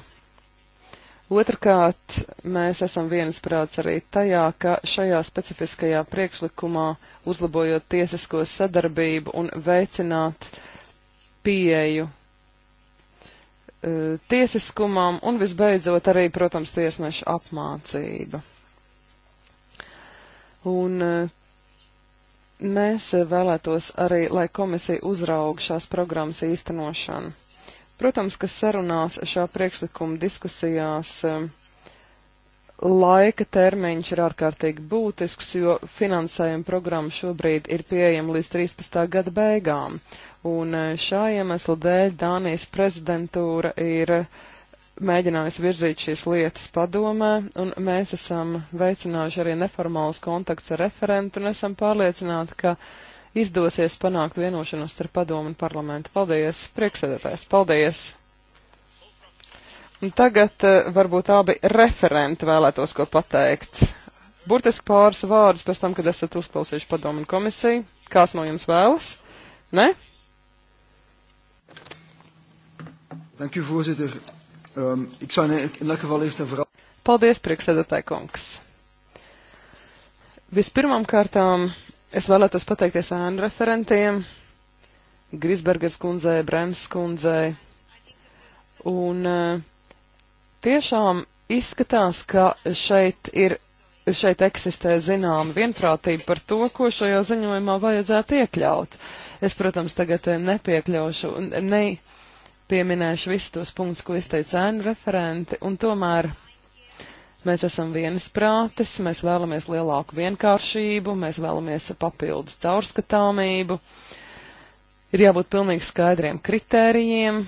Otrakārt, mēs esam viensprāts arī tajā, ka šajā specifiskajā priekšlikumā, uzlabojot tiesisko sadarbību un veicināt pieeju eh, tiesiskumam un visbeidzot arī, protams, tiesnešu apmācība. Un eh, Mēs vēlētos arī, lai komisija uzrauga šās programmas īstenošanu. Protams, ka sarunās šā priekšlikuma diskusijās eh, laika termiņš ir ārkārtīgi būtisks, jo finansējuma programma šobrīd ir pieejama līdz 13. gada beigām. Un eh, šā iemesla dēļ Dānijas prezidentūra ir uh, mēģinājis virzīt šīs lietas padomē, un mēs esam veicinājuši arī neformālus kontakts ar referentu, un esam pārliecināti, ka izdosies panākt vienošanos starp padomu un parlamentu. Paldies, prieksēdētājs, paldies! Un tagad eh, varbūt abi referenti vēlētos ko pateikt. Burtiski pāris vārdus pēc tam, kad esat uzklausījuši padomu un komisiju. Kāds no jums vēlas? Ne? Dank u, voorzitter. Um, ik zou in elk geval eerst en vooral. Paldies, priekšsēdētāji kungs. Vispirmām kārtām es vēlētos pateikties ēnu referentiem, Grisbergers kundzei, Brems kundzei. Un eh, tiešām izskatās, ka šeit ir, šeit eksistē zināma vienprātība par to, ko šajā ziņojumā vajadzētu iekļaut. Es, protams, tagad eh, nepiekļaušu, ne, pieminēšu visus tos punktus, ko izteica ēnu referenti, un tomēr mēs esam vienas prātes, mēs vēlamies lielāku vienkāršību, mēs vēlamies papildus caurskatāmību, ir jābūt pilnīgi skaidriem kritērijiem,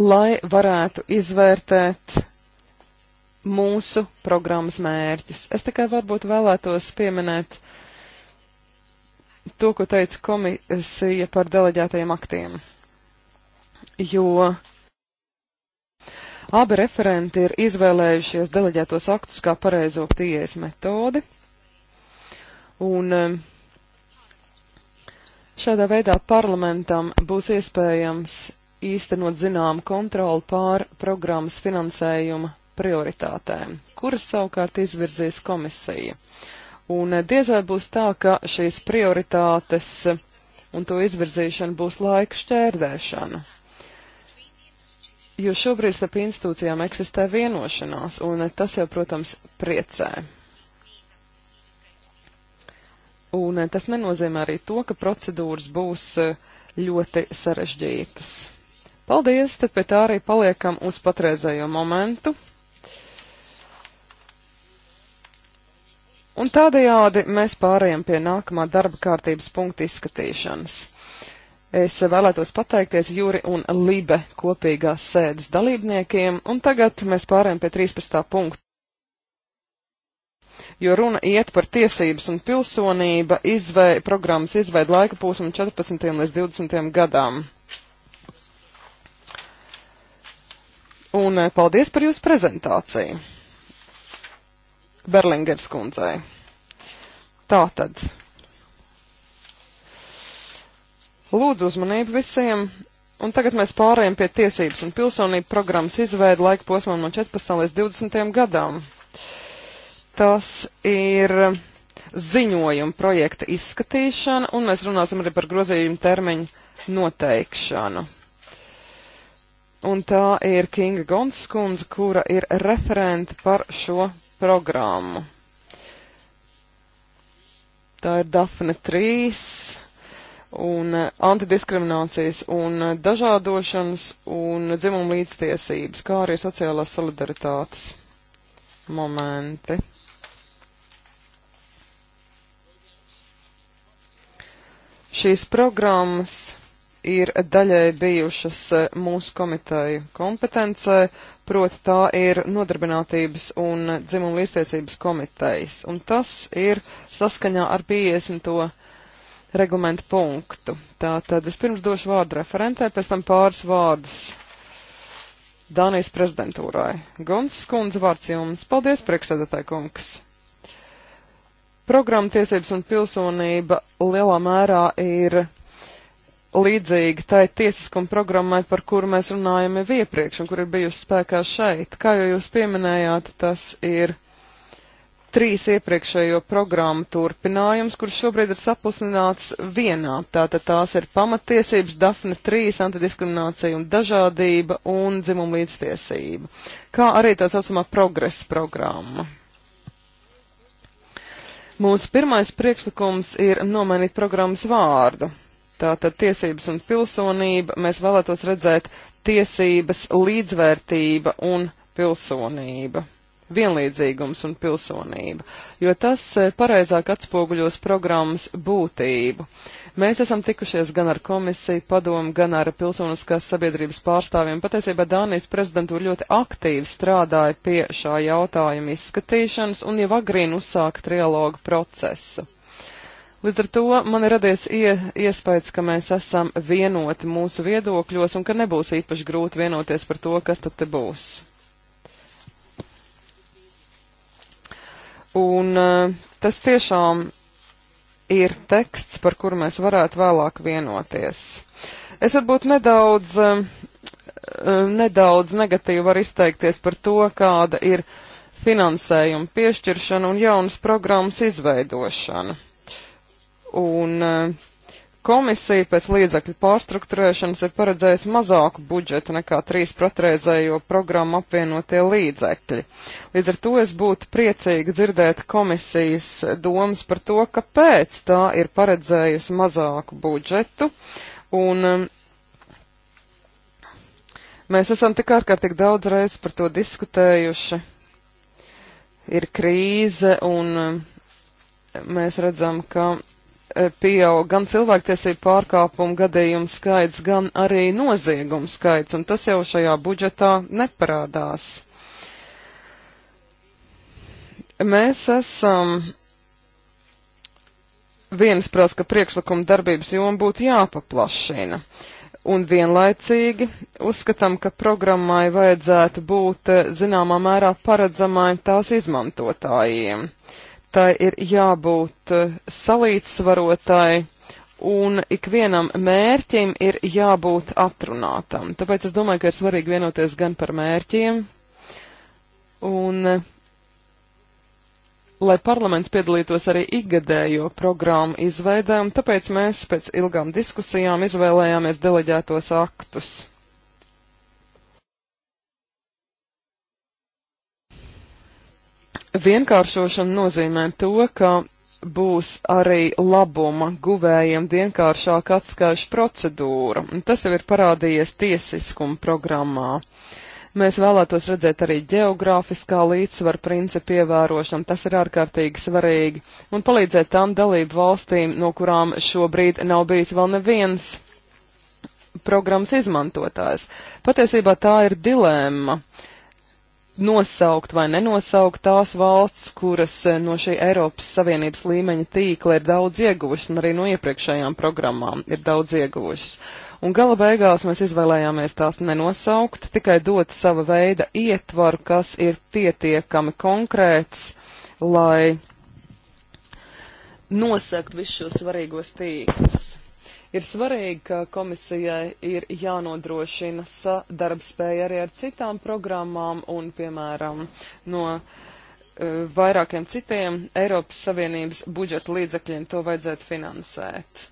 lai varētu izvērtēt mūsu programmas mērķus. Es tikai varbūt vēlētos pieminēt to, ko teica komisija par deleģētajiem aktiem jo abi referenti ir izvēlējušies deleģētos aktus kā pareizo pieejas metodi. Un um, šādā veidā parlamentam būs iespējams īstenot zinām kontroli pār programmas finansējuma prioritātēm, kuras savukārt izvirzīs komisija. Un eh, diezvēl būs tā, ka šīs prioritātes un to izvirzīšana būs laika šķērdēšana jo šobrīd starp institūcijām eksistē vienošanās, un tas jau, protams, priecē. Un tas nenozīmē arī to, ka procedūras būs eh, ļoti sarežģītas. Paldies, tad pie tā arī paliekam uz patreizējo momentu. Un tādējādi mēs pārējām pie nākamā darba kārtības punkta izskatīšanas. Es vēlētos pateikties Jūri un Libe kopīgās sēdes dalībniekiem, un tagad mēs pārējām pie 13. punktu. Jo runa iet par tiesības un pilsonība izvei, programmas izveidu laika posmu 14. līdz 20. gadām. Un eh, paldies par jūsu prezentāciju. Berlingers kundzei. Tātad. Lūdzu uzmanību visiem, un tagad mēs pārējām pie tiesības un pilsonību programmas izveidu laika posmā no 14. līdz 20. gadam. Tas ir ziņojuma projekta izskatīšana, un mēs runāsim arī par grozījumu termiņu noteikšanu. Un tā ir Kinga Gonskundze, kura ir referente par šo programmu. Tā ir Dafne 3 un eh, antidiskriminācijas un eh, dažādošanas un dzimuma līdztiesības, kā arī sociālās solidaritātes momenti. Šīs programmas ir daļai bijušas eh, mūsu komiteju kompetencē, proti tā ir nodarbinātības un dzimuma līdztiesības komitejas, un tas ir saskaņā ar 50 reglamentu punktu. Tātad vispirms došu vārdu referentē, pēc tam pāris vārdus Dānijas prezidentūrai. Guns Skundze vārds jums. Paldies, priekšsēdētāji kungs! Programma tiesības un pilsonība lielā mērā ir līdzīga tai tiesiskuma programmai, par kuru mēs runājam iepriekš un kur ir bijusi spēkā šeit. Kā jau jūs pieminējāt, tas ir trīs iepriekšējo programmu turpinājums, kurš šobrīd ir sapuslināts vienā. Tātad tās ir pamatiesības, Dafne 3, antidiskriminācija un dažādība un dzimuma līdztiesība, kā arī tā saucamā progresa programma. Mūsu pirmais priekšlikums ir nomainīt programmas vārdu. Tātad tiesības un pilsonība mēs vēlētos redzēt tiesības, līdzvērtība un pilsonība vienlīdzīgums un pilsonība, jo tas eh, pareizāk atspoguļos programmas būtību. Mēs esam tikušies gan ar komisiju, padomu, gan ar pilsoniskās sabiedrības pārstāvjiem. Patiesībā Dānijas prezidentūra ļoti aktīvi strādāja pie šā jautājuma izskatīšanas un jau agrīn uzsāka trialogu procesu. Līdz ar to man ir radies ie, iespējas, ka mēs esam vienoti mūsu viedokļos un ka nebūs īpaši grūti vienoties par to, kas tad te būs. Un eh, tas tiešām ir teksts, par kuru mēs varētu vēlāk vienoties. Es varbūt nedaudz, eh, eh, nedaudz negatīvi varu izteikties par to, kāda ir finansējuma piešķiršana un jaunas programmas izveidošana. Un Komisija pēc līdzakļu pārstruktūrēšanas ir paredzējusi mazāku budžetu nekā trīs pretreizējo programmu apvienotie līdzekļi. Līdz ar to es būtu priecīgi dzirdēt komisijas domas par to, kāpēc tā ir paredzējusi mazāku budžetu. Un um, mēs esam tik ārkārtīgi daudz reizes par to diskutējuši. Ir krīze un um, mēs redzam, ka Eh, pieaug gan cilvēktiesību pārkāpumu gadījumu skaits, gan arī noziegumu skaits, un tas jau šajā budžetā neparādās. Mēs esam viensprāts, ka priekšlikuma darbības joma būtu jāpaplašina. Un vienlaicīgi uzskatām, ka programmai vajadzētu būt eh, zināmā mērā paredzamai tās izmantotājiem tai ir jābūt eh, salīdzvarotai un ikvienam mērķim ir jābūt atrunātam. Tāpēc es domāju, ka ir svarīgi vienoties gan par mērķiem, un lai parlaments piedalītos arī ikgadējo programmu izveidē, un tāpēc mēs pēc ilgām diskusijām izvēlējāmies deleģētos aktus. Vienkāršošana nozīmē to, ka būs arī labuma guvējiem vienkāršāk atskaišu procedūra. Tas jau ir parādījies tiesiskuma programmā. Mēs vēlētos redzēt arī geogrāfiskā līdzsvaru principu ievērošanu, tas ir ārkārtīgi svarīgi, un palīdzēt tām dalību valstīm, no kurām šobrīd nav bijis vēl neviens programmas izmantotājs. Patiesībā tā ir dilēma. Uh, nosaukt vai nenosaukt tās valsts, kuras eh, no šī Eiropas Savienības līmeņa tīkla ir daudz ieguvušas, un arī no iepriekšējām programmām ir daudz ieguvušas. Un gala beigās mēs izvēlējāmies tās nenosaukt, tikai dot sava veida ietvaru, kas ir pietiekami konkrēts, lai nosakt visus šos svarīgos tīklus. Ir svarīgi, ka komisijai ir jānodrošina sadarbspēja arī ar citām programmām un, piemēram, no uh, vairākiem citiem Eiropas Savienības budžeta līdzekļiem to vajadzētu finansēt.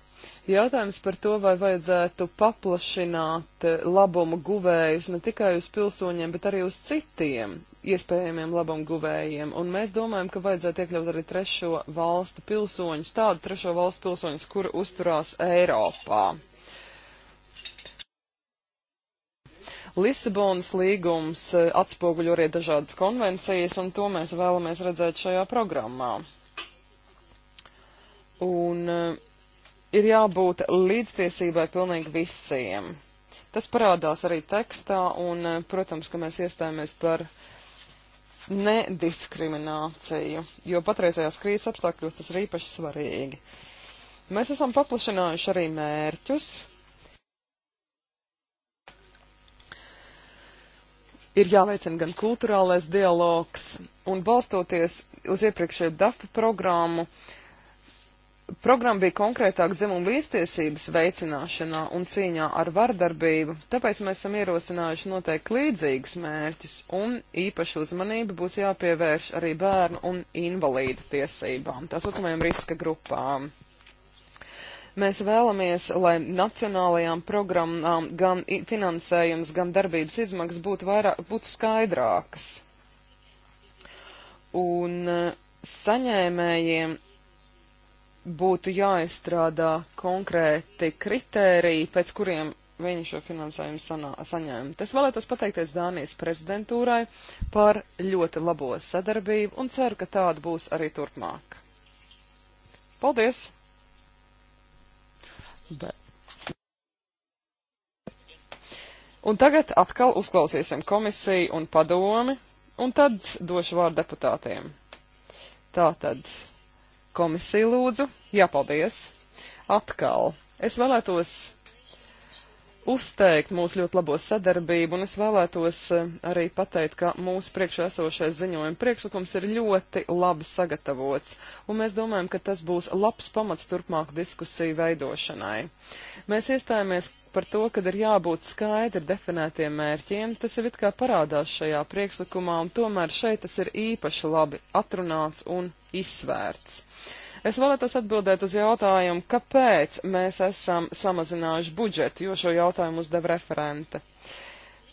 Jautājums par to, vai vajadzētu paplašināt eh, labumu guvējus ne tikai uz pilsoņiem, bet arī uz citiem iespējamiem labumu guvējiem. Un mēs domājam, ka vajadzētu iekļaut arī trešo valstu pilsoņus, tādu trešo valstu pilsoņus, kur uzturās Eiropā. Lisabonas līgums eh, atspoguļo arī dažādas konvencijas, un to mēs vēlamies redzēt šajā programmā. Un uh, ir jābūt līdztiesībai pilnīgi visiem. Tas parādās arī tekstā, un, eh, protams, ka mēs iestājāmies par nediskrimināciju, jo patreizējās krīzes apstākļos tas ir īpaši svarīgi. Mēs esam paplašinājuši arī mērķus. Ir jāveicina gan kulturālais dialogs, un balstoties uz iepriekšēju DAF programmu, uh, Programma bija konkrētāk dzimuma līdztiesības veicināšanā un cīņā ar vardarbību, tāpēc mēs esam ierosinājuši noteikti līdzīgus mērķus, un īpašu uzmanību būs jāpievērš arī bērnu un invalīdu tiesībām, tā saucamajām riska grupām. Mēs vēlamies, lai nacionālajām programmām gan finansējums, gan darbības izmaksas būtu, vairāk, būtu skaidrākas. Un eh, saņēmējiem būtu jāizstrādā konkrēti kritēriji, pēc kuriem viņi šo finansējumu sanā, saņēma. Es vēlētos pateikties Dānijas prezidentūrai par ļoti labo sadarbību un ceru, ka tāda būs arī turpmāk. Paldies! Bet. Un tagad atkal uzklausīsim komisiju un padomi, un tad došu vārdu deputātiem. Tātad Komisija lūdzu. Jā, paldies. Atkal. Es vēlētos uzteikt mūsu ļoti labo sadarbību, un es vēlētos eh, arī pateikt, ka mūsu priekšā esošais ziņojuma priekšlikums ir ļoti labi sagatavots, un mēs domājam, ka tas būs labs pamats turpmāku diskusiju veidošanai. Mēs iestājāmies par to, ka ir jābūt skaidri definētiem mērķiem, tas jau it kā parādās šajā priekšlikumā, un tomēr šeit tas ir īpaši labi atrunāts un izsvērts. Es vēlētos atbildēt uz jautājumu, kāpēc mēs esam samazinājuši budžetu, jo šo jautājumu uzdev referente.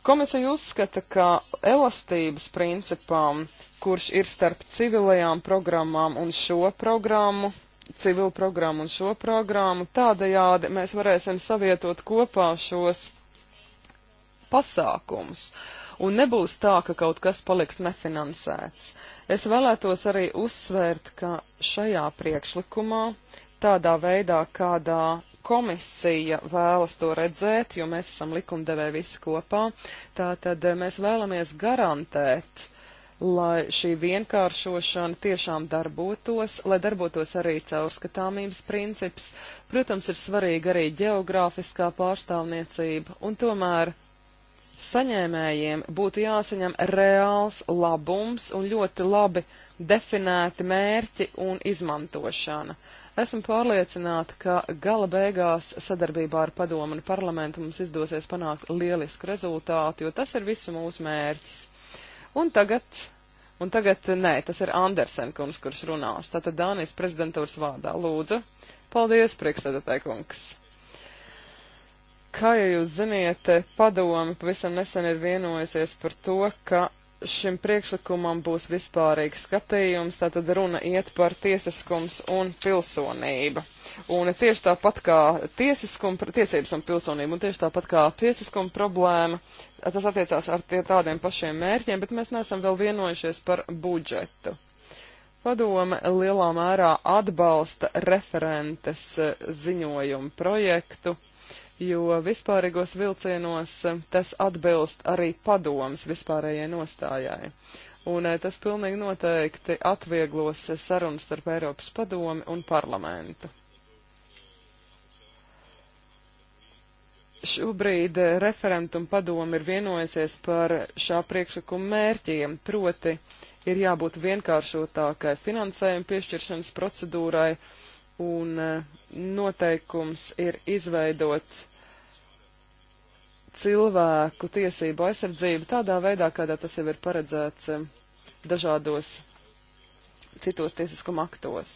Komisija uzskata, ka elastības principam, kurš ir starp civilajām programmām un šo programmu, civilu programmu un šo programmu. Tādējādi mēs varēsim savietot kopā šos pasākumus. Un nebūs tā, ka kaut kas paliks nefinansēts. Es vēlētos arī uzsvērt, ka šajā priekšlikumā tādā veidā, kādā komisija vēlas to redzēt, jo mēs esam likumdevēji visi kopā, tātad eh, mēs vēlamies garantēt, lai šī vienkāršošana tiešām darbotos, lai darbotos arī caurskatāmības princips. Protams, ir svarīga arī geogrāfiskā pārstāvniecība, un tomēr saņēmējiem būtu jāsaņem reāls labums un ļoti labi definēti mērķi un izmantošana. Esmu pārliecināta, ka gala beigās sadarbībā ar padomu un parlamentu mums izdosies panākt lielisku rezultātu, jo tas ir visu mūsu mērķis. Un tagad, un tagad, nē, tas ir Andersen kungs, kurš runās. Tātad Dānijas prezidentūras vārdā. Lūdzu, paldies, priekšsēdētāji kungs! Kā jau jūs ziniet, padomi pavisam nesen ir vienojusies par to, ka šim priekšlikumam būs vispārīgs skatījums, tātad runa iet par tiesiskums un pilsonību. Un tieši tāpat kā tiesiskuma, tiesības un pilsonība, un tieši tāpat kā tiesiskuma problēma, tas attiecās ar tie tādiem pašiem mērķiem, bet mēs neesam vēl vienojušies par budžetu. Padome lielā mērā atbalsta referentes eh, ziņojumu projektu jo vispārīgos vilcienos eh, tas atbilst arī padomas vispārējai nostājai. Un eh, tas pilnīgi noteikti atvieglos sarunas starp Eiropas padomi un parlamentu. Šobrīd eh, referentum padomi ir vienojusies par šā priekšlikuma mērķiem, proti ir jābūt vienkāršotākai finansējuma piešķiršanas procedūrai un noteikums ir izveidot cilvēku tiesību aizsardzību tādā veidā, kādā tas jau ir paredzēts eh, dažādos citos tiesiskuma aktos.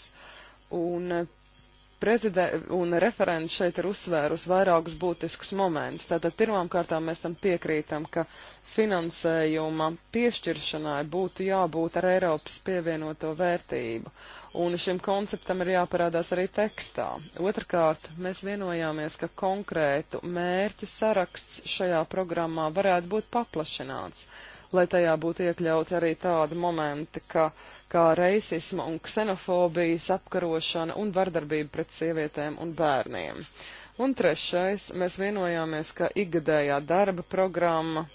Un, eh, un referents šeit ir uzsvērus vairākus būtiskus momentus. Tātad pirmām kārtām mēs tam piekrītam, ka finansējuma piešķiršanai būtu jābūt ar Eiropas pievienoto vērtību, un šim konceptam ir jāparādās arī tekstā. Otrakārt, mēs vienojāmies, ka konkrētu mērķu saraksts šajā programmā varētu būt paplašināts, lai tajā būtu iekļauti arī tādi momenti, ka, kā reisisma un ksenofobijas apkarošana un vardarbība pret sievietēm un bērniem. Un trešais, mēs vienojāmies, ka ikgadējā darba programma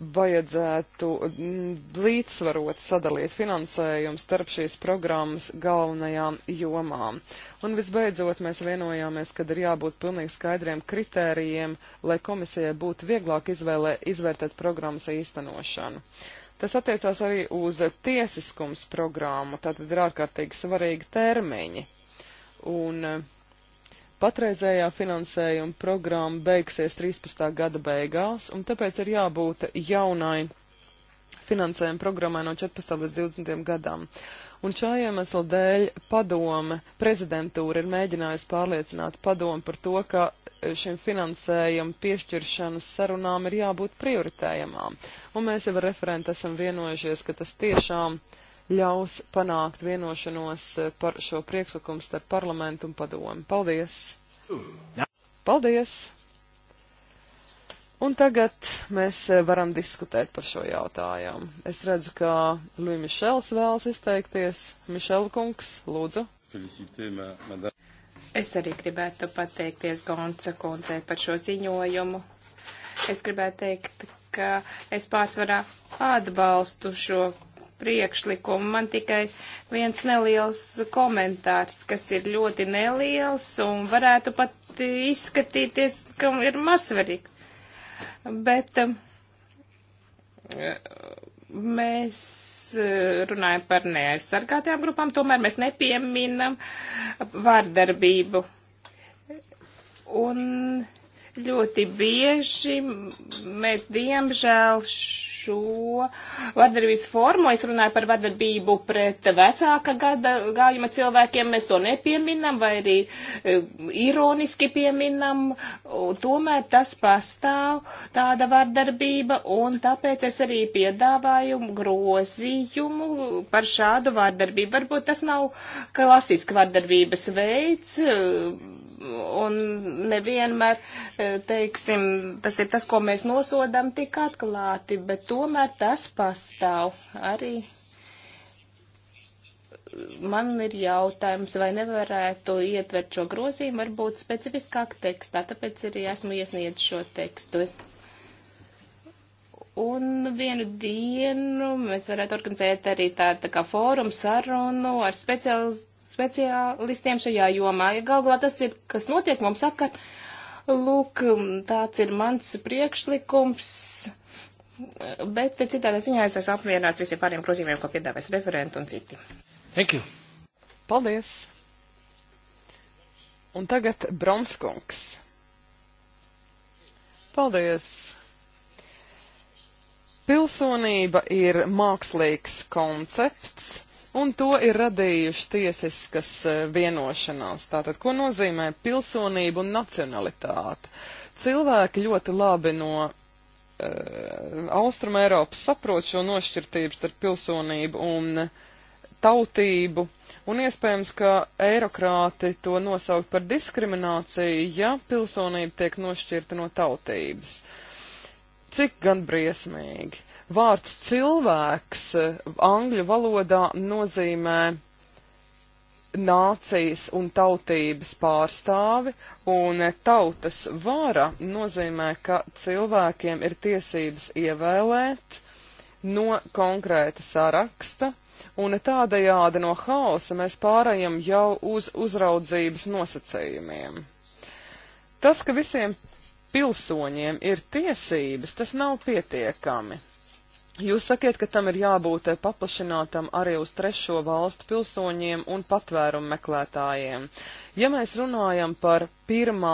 vajadzētu mm, līdzsvarot sadalīt finansējumu starp šīs programmas galvenajām jomām. Un visbeidzot, mēs vienojāmies, ka ir jābūt pilnīgi skaidriem kritērijiem, lai komisijai būtu vieglāk izvēlē, izvērtēt programmas īstenošanu. Tas attiecās arī uz tiesiskums programmu, tātad ir ārkārtīgi svarīgi termiņi. Un uh, Patreizējā finansējuma programma beigsies 13. gada beigās, un tāpēc ir jābūt jaunai finansējuma programmai no 14. līdz 20. gadam. Un šā iemesla dēļ padome, prezidentūra ir mēģinājusi pārliecināt padomu par to, ka e, šim finansējuma piešķiršanas sarunām ir jābūt prioritējamām. Un mēs jau ar referentu esam vienojušies, ka tas tiešām uh, ļaus panākt vienošanos eh, par šo priekšlikumu starp parlamentu un padomu. Paldies! Paldies! Un tagad mēs eh, varam diskutēt par šo jautājumu. Es redzu, ka Lui Mišels vēlas izteikties. Mišela kungs, lūdzu. Felicitē, ma, madam. Es arī gribētu pateikties Gonca kundzei par šo ziņojumu. Es gribētu teikt, ka es pārsvarā atbalstu šo priekšlikumu. Man tikai viens neliels komentārs, kas ir ļoti neliels un varētu pat izskatīties, ka ir mazsvarīgs. Bet um, mēs uh, runājam par neaizsargātajām grupām, tomēr mēs nepieminam vārdarbību. Un Ļoti bieži mēs diemžēl šo vardarbības formu, es runāju par vardarbību pret vecāka gada gājuma cilvēkiem, mēs to nepieminam vai arī e, ironiski pieminam, tomēr tas pastāv tāda vardarbība un tāpēc es arī piedāvāju grozījumu par šādu vardarbību. Varbūt tas nav klasiski vardarbības veids, un nevienmēr, e, teiksim, tas ir tas, ko mēs nosodam tik atklāti, bet tomēr tas pastāv arī. Man ir jautājums, vai nevarētu ietvert šo grozījumu, varbūt specifiskāk tekstā, tāpēc arī esmu iesniedz šo tekstu. Es Un vienu dienu mēs varētu organizēt arī tādu tā kā fórumu sarunu ar speciālistiem speciālistiem šajā jomā. Ja galvā tas ir, kas notiek mums apkārt, lūk, tāds ir mans priekšlikums. Bet citādā ziņā es esmu apmierināts visiem pāriem grozījumiem, ko piedāvājas referenti un citi. Thank you! Paldies! Un tagad Bronskungs. Paldies! Pilsonība ir mākslīgs koncepts, un to ir radījuši tiesiskas e, vienošanās. Tātad, ko nozīmē pilsonība un nacionalitāte? Cilvēki ļoti labi no uh, Austrum Eiropas saprot šo nošķirtību starp pilsonību un tautību, un iespējams, ka eirokrāti to nosaukt par diskrimināciju, ja pilsonība tiek nošķirta no tautības. Cik gan briesmīgi! Vārds cilvēks eh, angļu valodā nozīmē nācijas un tautības pārstāvi, un eh, tautas vara nozīmē, ka cilvēkiem ir tiesības ievēlēt no konkrēta saraksta, un eh, tādējādi no haosa mēs pārējam jau uz uzraudzības nosacījumiem. Tas, ka visiem pilsoņiem ir tiesības, tas nav pietiekami. Jūs sakiet, ka tam ir jābūt paplašinātam arī uz trešo valstu pilsoņiem un patvērumu meklētājiem. Ja mēs runājam par pirmā,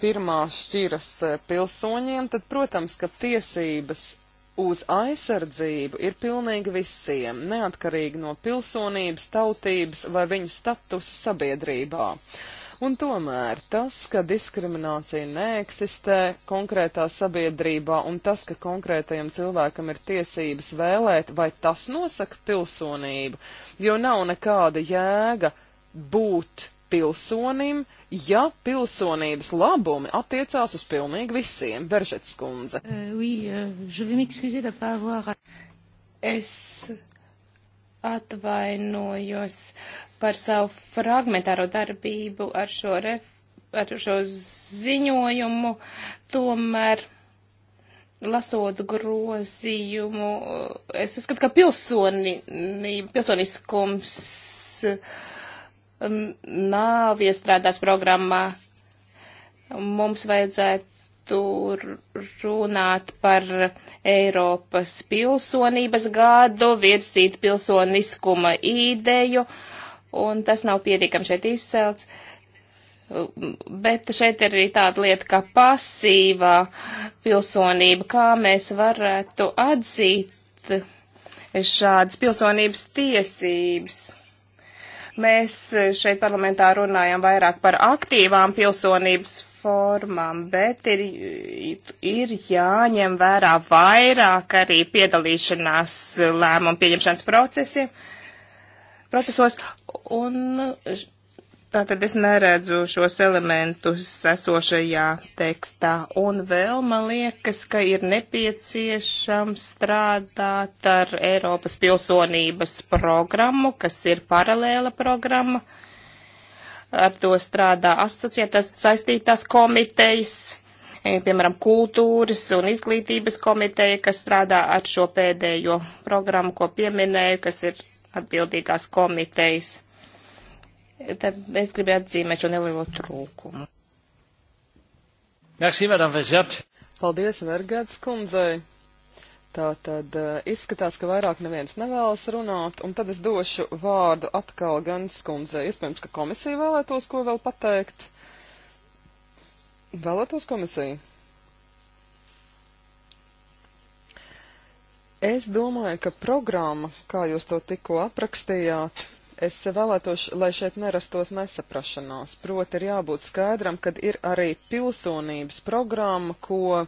pirmā šķiras e, pilsoņiem, tad, protams, ka tiesības uz aizsardzību ir pilnīgi visiem, neatkarīgi no pilsonības, tautības vai viņu statusa sabiedrībā. Uh, Un tomēr tas, ka diskriminācija neeksistē konkrētā sabiedrībā un tas, ka konkrētajam cilvēkam ir tiesības vēlēt, vai tas nosaka pilsonību, jo nav nekāda jēga būt pilsonim, ja pilsonības labumi attiecās uz pilnīgi visiem, Veržets kundze. Uh, oui, uh, Es atvainojos par savu fragmentāro darbību ar šo, ref, ar šo ziņojumu, tomēr lasot grozījumu, es uzskatu, ka pilsoni, pilsoniskums um, nav iestrādās programmā. Mums vajadzētu tur runāt par Eiropas pilsonības gadu, virzīt pilsoniskuma ideju, un tas nav pietiekami šeit izcelts. Bet šeit ir arī tāda lieta, kā pasīvā pilsonība, kā mēs varētu atzīt šādas pilsonības tiesības. Mēs šeit parlamentā runājam vairāk par aktīvām pilsonības formām, bet ir, ir jāņem vērā vairāk arī piedalīšanās lēmumu pieņemšanas procesi, procesos, un tātad es neredzu šos elementus esošajā tekstā, un vēl man liekas, ka ir nepieciešams strādāt ar Eiropas pilsonības programmu, kas ir paralēla programma. Uh, ar to strādā asociētās saistītās komitejas, e, piemēram, kultūras un izglītības komiteja, kas strādā ar šo pēdējo programmu, ko pieminēju, kas ir atbildīgās komitejas. Tad es gribēju atzīmēt šo nelielo trūkumu. Merci, Madame Vergert. Paldies, Vergats kundzei. Tā tad eh, izskatās, ka vairāk neviens nevēlas runāt, un tad es došu vārdu atkal gan skundzē. Iespējams, ka komisija vēlētos ko vēl pateikt. Vēlētos komisiju. Es domāju, ka programma, kā jūs to tikko aprakstījāt, es vēlētos, lai šeit nerastos nesaprašanās. Proti, ir jābūt skaidram, kad ir arī pilsonības programma, ko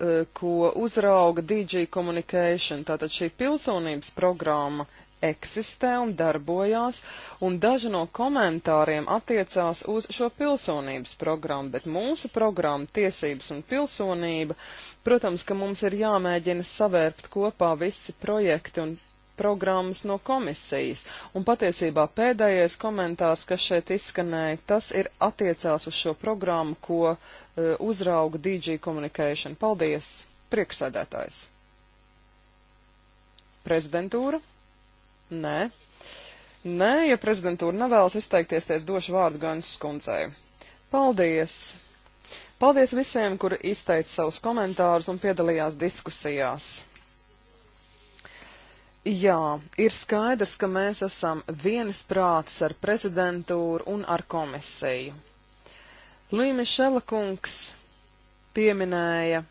Eh, ko uzrauga DG Communication. Tātad šī pilsonības programma eksistē un darbojās, un daži no komentāriem attiecās uz šo pilsonības programmu, bet mūsu programma tiesības un pilsonība, protams, ka mums ir jāmēģina savērpt kopā visi projekti un programmas no komisijas, un patiesībā pēdējais komentārs, kas šeit izskanēja, tas ir attiecās uz šo programmu, ko Uh, uzrauga DG Communication. Paldies, priekšsēdētājs. Prezidentūra? Nē. Nē, ja prezidentūra nevēlas izteikties, tad došu vārdu Gansas kundzei. Paldies! Paldies visiem, kuri izteica savus komentārus un piedalījās diskusijās. Jā, ir skaidrs, ka mēs esam vienisprātis ar prezidentūru un ar komisiju. Līme Šelakungs pieminēja,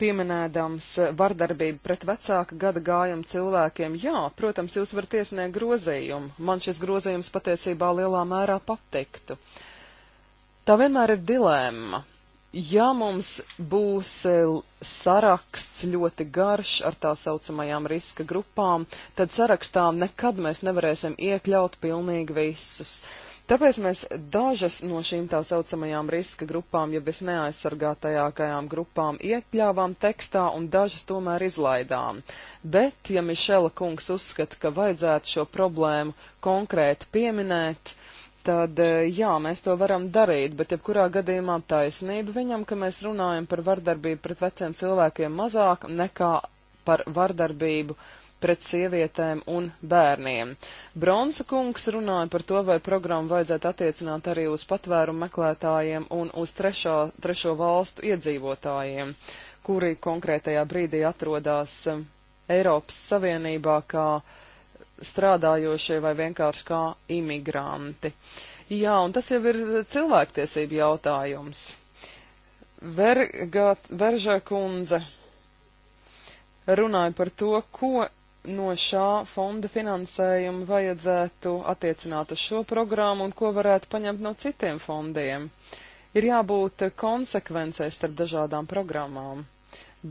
pieminēdams eh, vardarbību pret vecāka gada gājumu cilvēkiem. Jā, protams, jūs varat iesniegt grozījumu. Man šis grozījums patiesībā lielā mērā patiktu. Tā vienmēr ir dilēma. Ja mums būs eh, saraksts ļoti garš ar tā saucamajām riska grupām, tad sarakstā nekad mēs nevarēsim iekļaut pilnīgi visus. Tāpēc mēs dažas no šīm tā saucamajām riska grupām, jeb visneaizsargātajākajām grupām, iekļāvām tekstā un dažas tomēr izlaidām. Bet, ja Mišela kungs uzskata, ka vajadzētu šo problēmu konkrēti pieminēt, tad e, jā, mēs to varam darīt, bet jebkurā gadījumā taisnība viņam, ka mēs runājam par vardarbību pret veciem cilvēkiem mazāk nekā par vardarbību pret sievietēm un bērniem. Bronsa kungs runāja par to, vai programmu vajadzētu attiecināt arī uz patvērumu meklētājiem un uz trešo, trešo valstu iedzīvotājiem, kuri konkrētajā brīdī atrodās um, Eiropas Savienībā kā strādājošie vai vienkārši kā imigranti. Jā, un tas jau ir cilvēktiesību jautājums. Verga, Veržā kundze runāja par to, ko no šā fonda finansējuma vajadzētu attiecināt uz šo programmu un ko varētu paņemt no citiem fondiem. Ir jābūt konsekvencei starp dažādām programmām.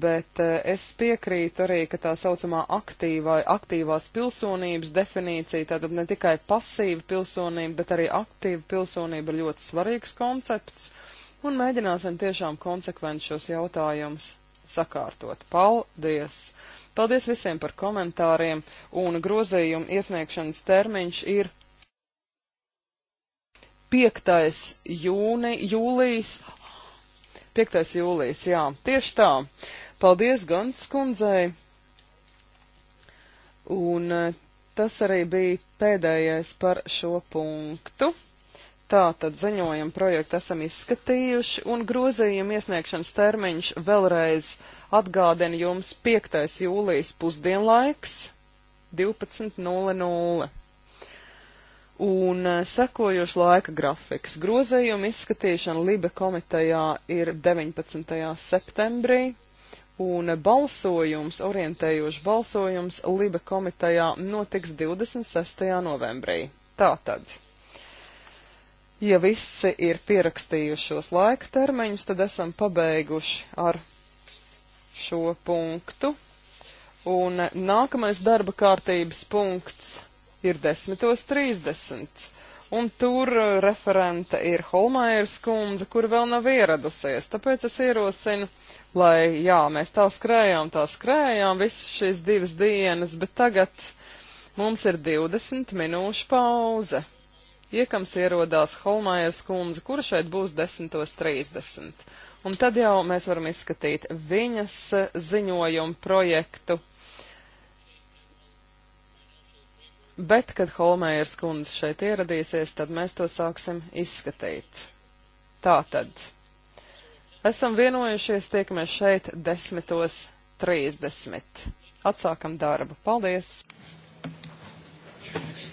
Bet eh, es piekrītu arī, ka tā saucamā aktīvā, aktīvās pilsonības definīcija, tātad ne tikai pasīva pilsonība, bet arī aktīva pilsonība ir ļoti svarīgs koncepts, un mēģināsim tiešām konsekventi šos jautājumus sakārtot. Paldies! Paldies visiem par komentāriem, un grozījuma iesniegšanas termiņš ir 5. Jūni, jūlijas. 5. jūlijas, jā, tieši tā. Paldies Gans skundzei. Un eh, tas arī bija pēdējais par šo punktu. Tātad ziņojumu projektu esam izskatījuši, un grozījumu iesniegšanas termiņš vēlreiz atgādina jums 5. jūlijas pusdienlaiks 12.00. Un eh, sekojoši laika grafiks. Grozījuma izskatīšana Libe komitejā ir 19. septembrī, un balsojums, orientējošs balsojums Libe komitejā notiks 26. novembrī. Tātad. Ja visi ir pierakstījušos laika termiņus, tad esam pabeiguši ar šo punktu. Un nākamais darba kārtības punkts ir 10.30. Un tur referente ir Holmairs kundze, kur vēl nav ieradusies. Tāpēc es ierosinu, lai, jā, mēs tā skrējām, tā skrējām visas šīs divas dienas, bet tagad mums ir 20 minūšu pauze. Iekams ierodās Holmaiers kundze, kura šeit būs 10.30. Un tad jau mēs varam izskatīt viņas eh, ziņojumu projektu. Bet, kad Holmaiers kundze šeit ieradīsies, tad mēs to sāksim izskatīt. Tātad. Esam vienojušies, tiekamies šeit 10.30. Atsākam darbu. Paldies! Thank you.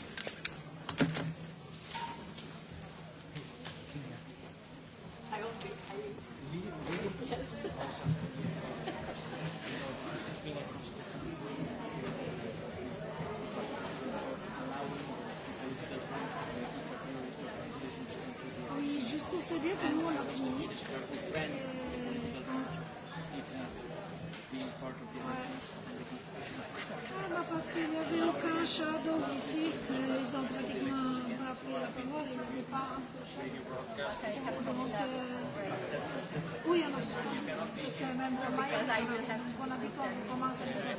Okay, have to move the We are not Parce que même demain, on a vu qu'on commence à faire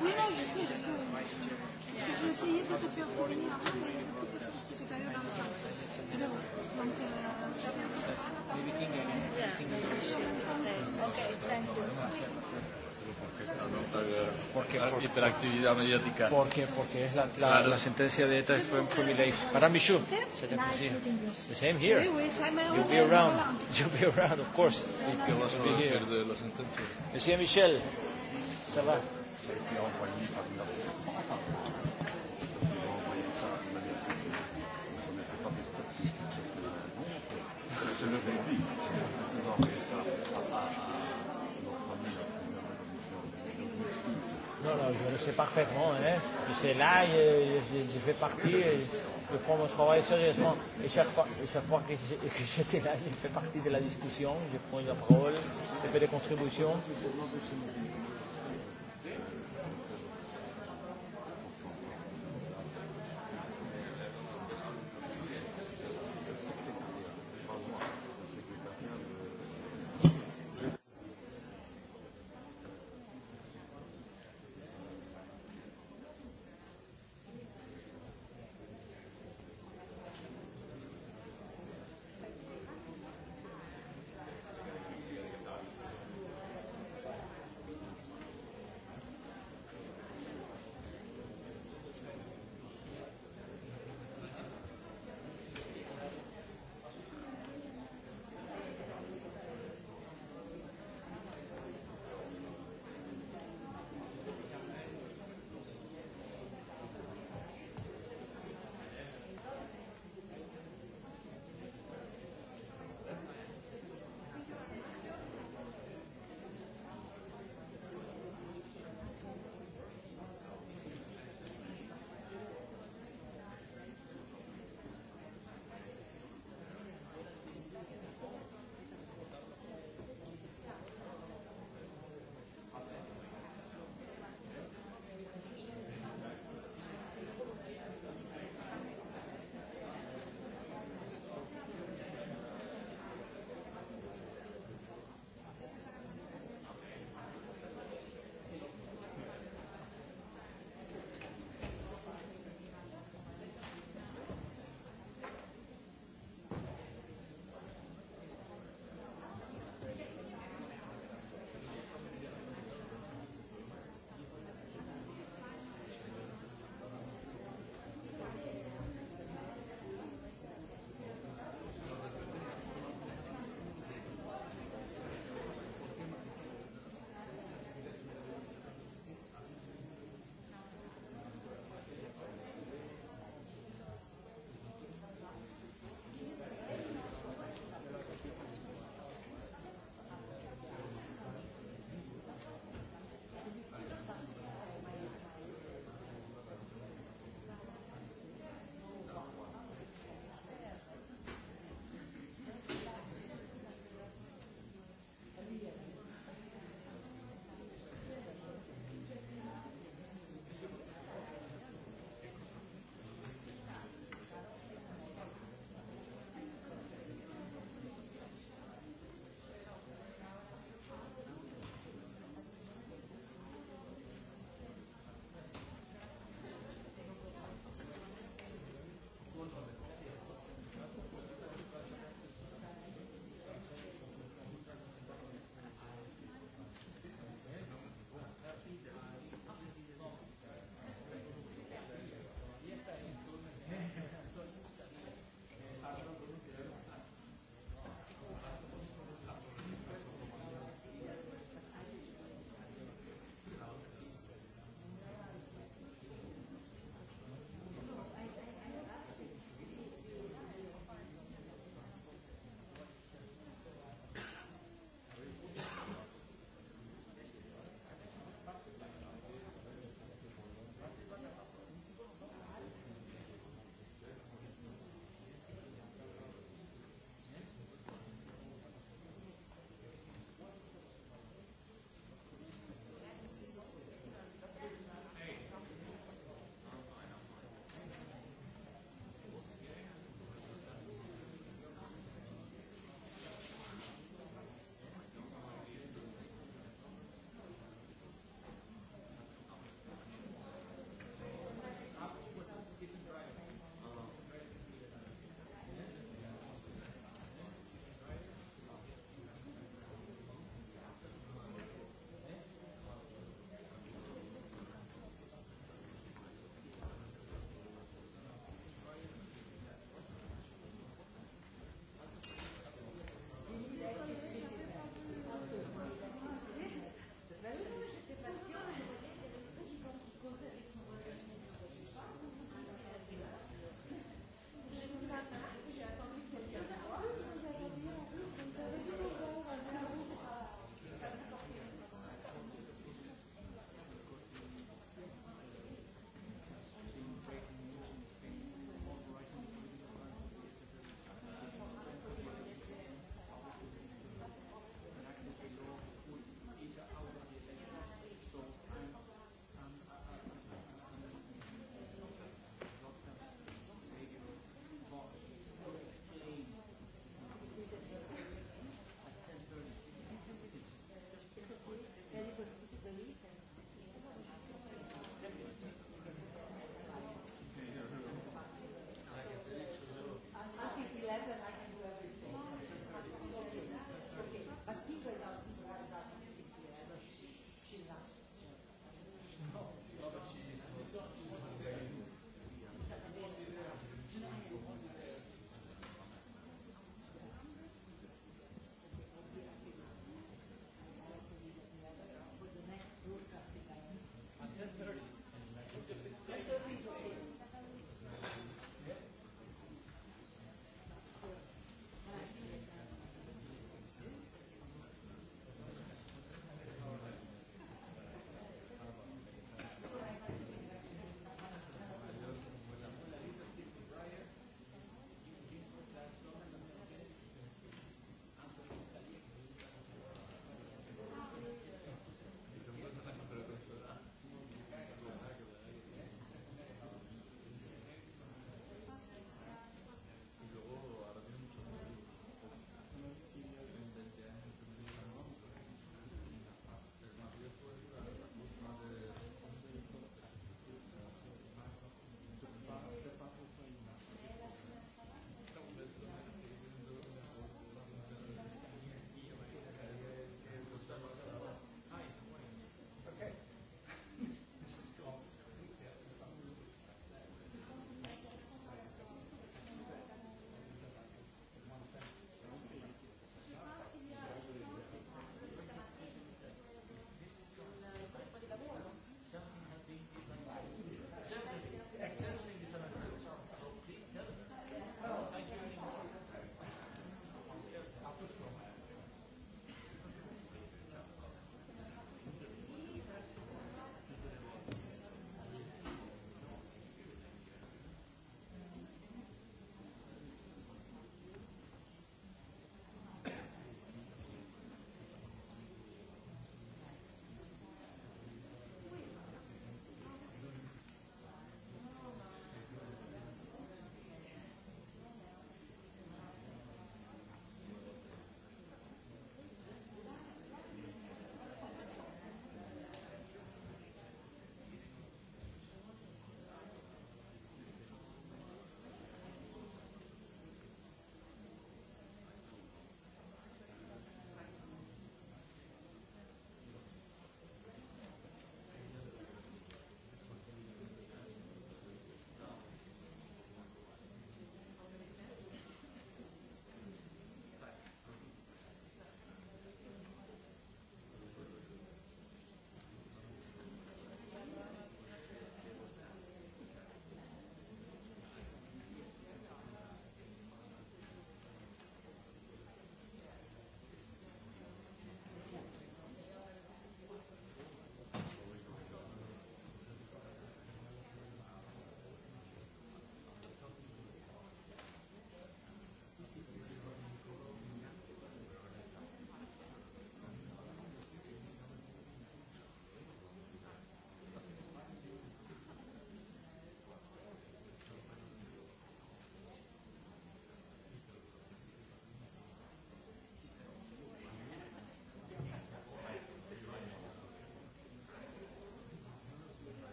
Oui, non, je sais, je sais. Parce que j'ai essayé de te faire revenir avant, mais il y a beaucoup de personnes qui sont allées dans le champ. Zéro. Donc, j'avais un peu de mal à parler. Ok, thank you que está porque, la porque, hiperactividad mediática. Porque, porque es la, la, claro. la sentencia de ETA fue un privilegio. Para Michu, the same here. You'll be around. You'll be around, of course. ¿Qué vas a decir de la sentencia? Monsieur Michel, ça va. Ça a été envoyé par une C'est le débit. sais parfaitement. Hein. Je sais là, je, je, je fais partie, je, je prends mon travail sérieusement. Et chaque fois, chaque fois que, je, que j'étais là, je fais partie de la discussion, je prends la parole, je fais des contributions.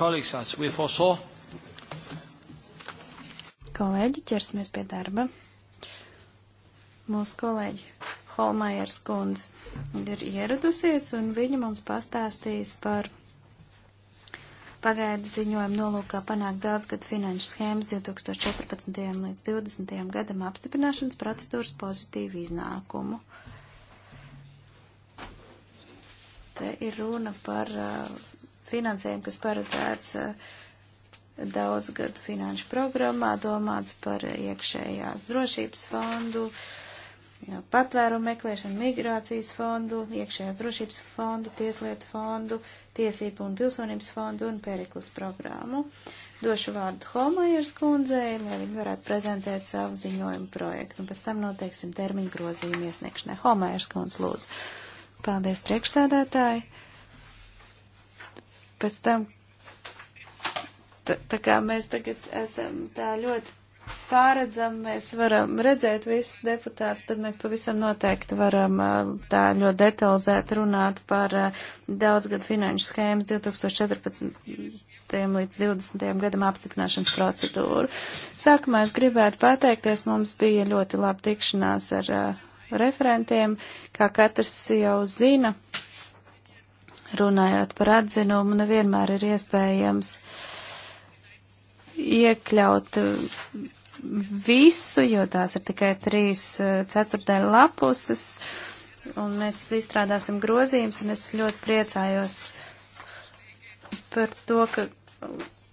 Colleagues, as we foresaw. Kolēģi, ķersimies pie darba. Mūsu kolēģi Holmajers kundze ir ieradusies un viņa mums pastāstīs par pagaidu ziņojumu nolūkā panākt daudzgad finanšu schēmas 2014. līdz 2020. gadam apstiprināšanas procedūras pozitīvu iznākumu. Te ir runa par uh, finansējumu, kas paredzēts eh, daudz gadu finanšu programmā, domāts par iekšējās drošības fondu, patvērumu meklēšanu, migrācijas fondu, iekšējās drošības fondu, tieslietu fondu, tiesību un pilsonības fondu un periklus programmu. Došu vārdu Holmajers kundzei, lai viņi varētu prezentēt savu ziņojumu projektu, un pēc tam noteiksim termiņu grozījumu iesniegšanai. Holmajers kundz, lūdzu. Paldies, priekšsēdētāji! pēc tam, tā, tā kā mēs tagad esam tā ļoti pāredzam, mēs varam redzēt visus deputātus, tad mēs pavisam noteikti varam tā ļoti detalizēti runāt par daudzgadu finanšu schēmas 2014. līdz 20. gadam apstiprināšanas procedūru. Sākumā es gribētu pateikties, mums bija ļoti laba tikšanās ar referentiem, kā katrs jau zina, runājot par atzinumu, nevienmēr ir iespējams iekļaut visu, jo tās ir tikai trīs eh, ceturtdaļa lapuses, un mēs izstrādāsim grozījums, un es ļoti priecājos par to, ka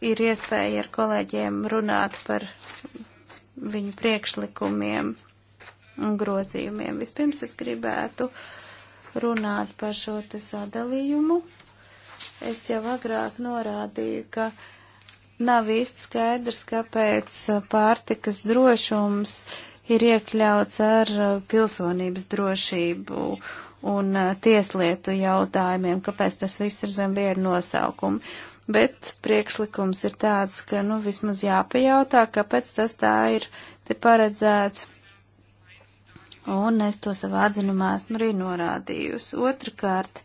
ir iespēja ar kolēģiem runāt par viņu priekšlikumiem un grozījumiem. Vispirms es gribētu uh, runāt par šo te sadalījumu. Es jau agrāk norādīju, ka nav īsti skaidrs, kāpēc pārtikas drošums ir iekļauts ar pilsonības drošību un tieslietu jautājumiem, kāpēc tas viss ir zem viena nosaukuma. Bet priekšlikums ir tāds, ka, nu, vismaz jāpajautā, kāpēc tas tā ir te paredzēts un es to savā atzinumā esmu arī norādījusi. Otrakārt,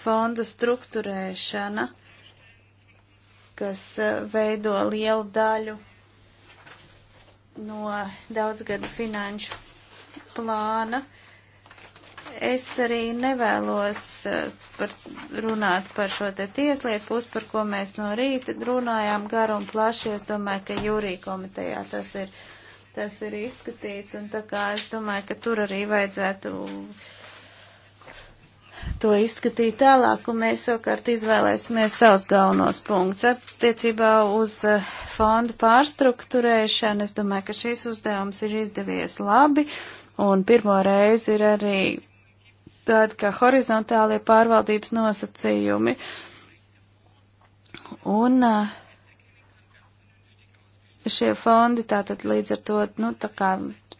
fondu struktūrēšana, kas e, veido lielu daļu no daudzgadu finanšu plāna. Es arī nevēlos e, par, runāt par šo te tieslietu pusi, par ko mēs no rīta runājām garu un plaši. Es domāju, ka jūrī komitejā tas ir uh, tas ir izskatīts, un tā kā es domāju, ka tur arī vajadzētu to izskatīt tālāk, un mēs savukārt izvēlēsimies savus galvenos punktus. Attiecībā uz eh, fondu pārstruktūrēšanu, es domāju, ka šis uzdevums ir izdevies labi, un pirmo reizi ir arī tāda kā horizontālie pārvaldības nosacījumi. Un uh, šie fondi, tātad līdz ar to, nu, tā kā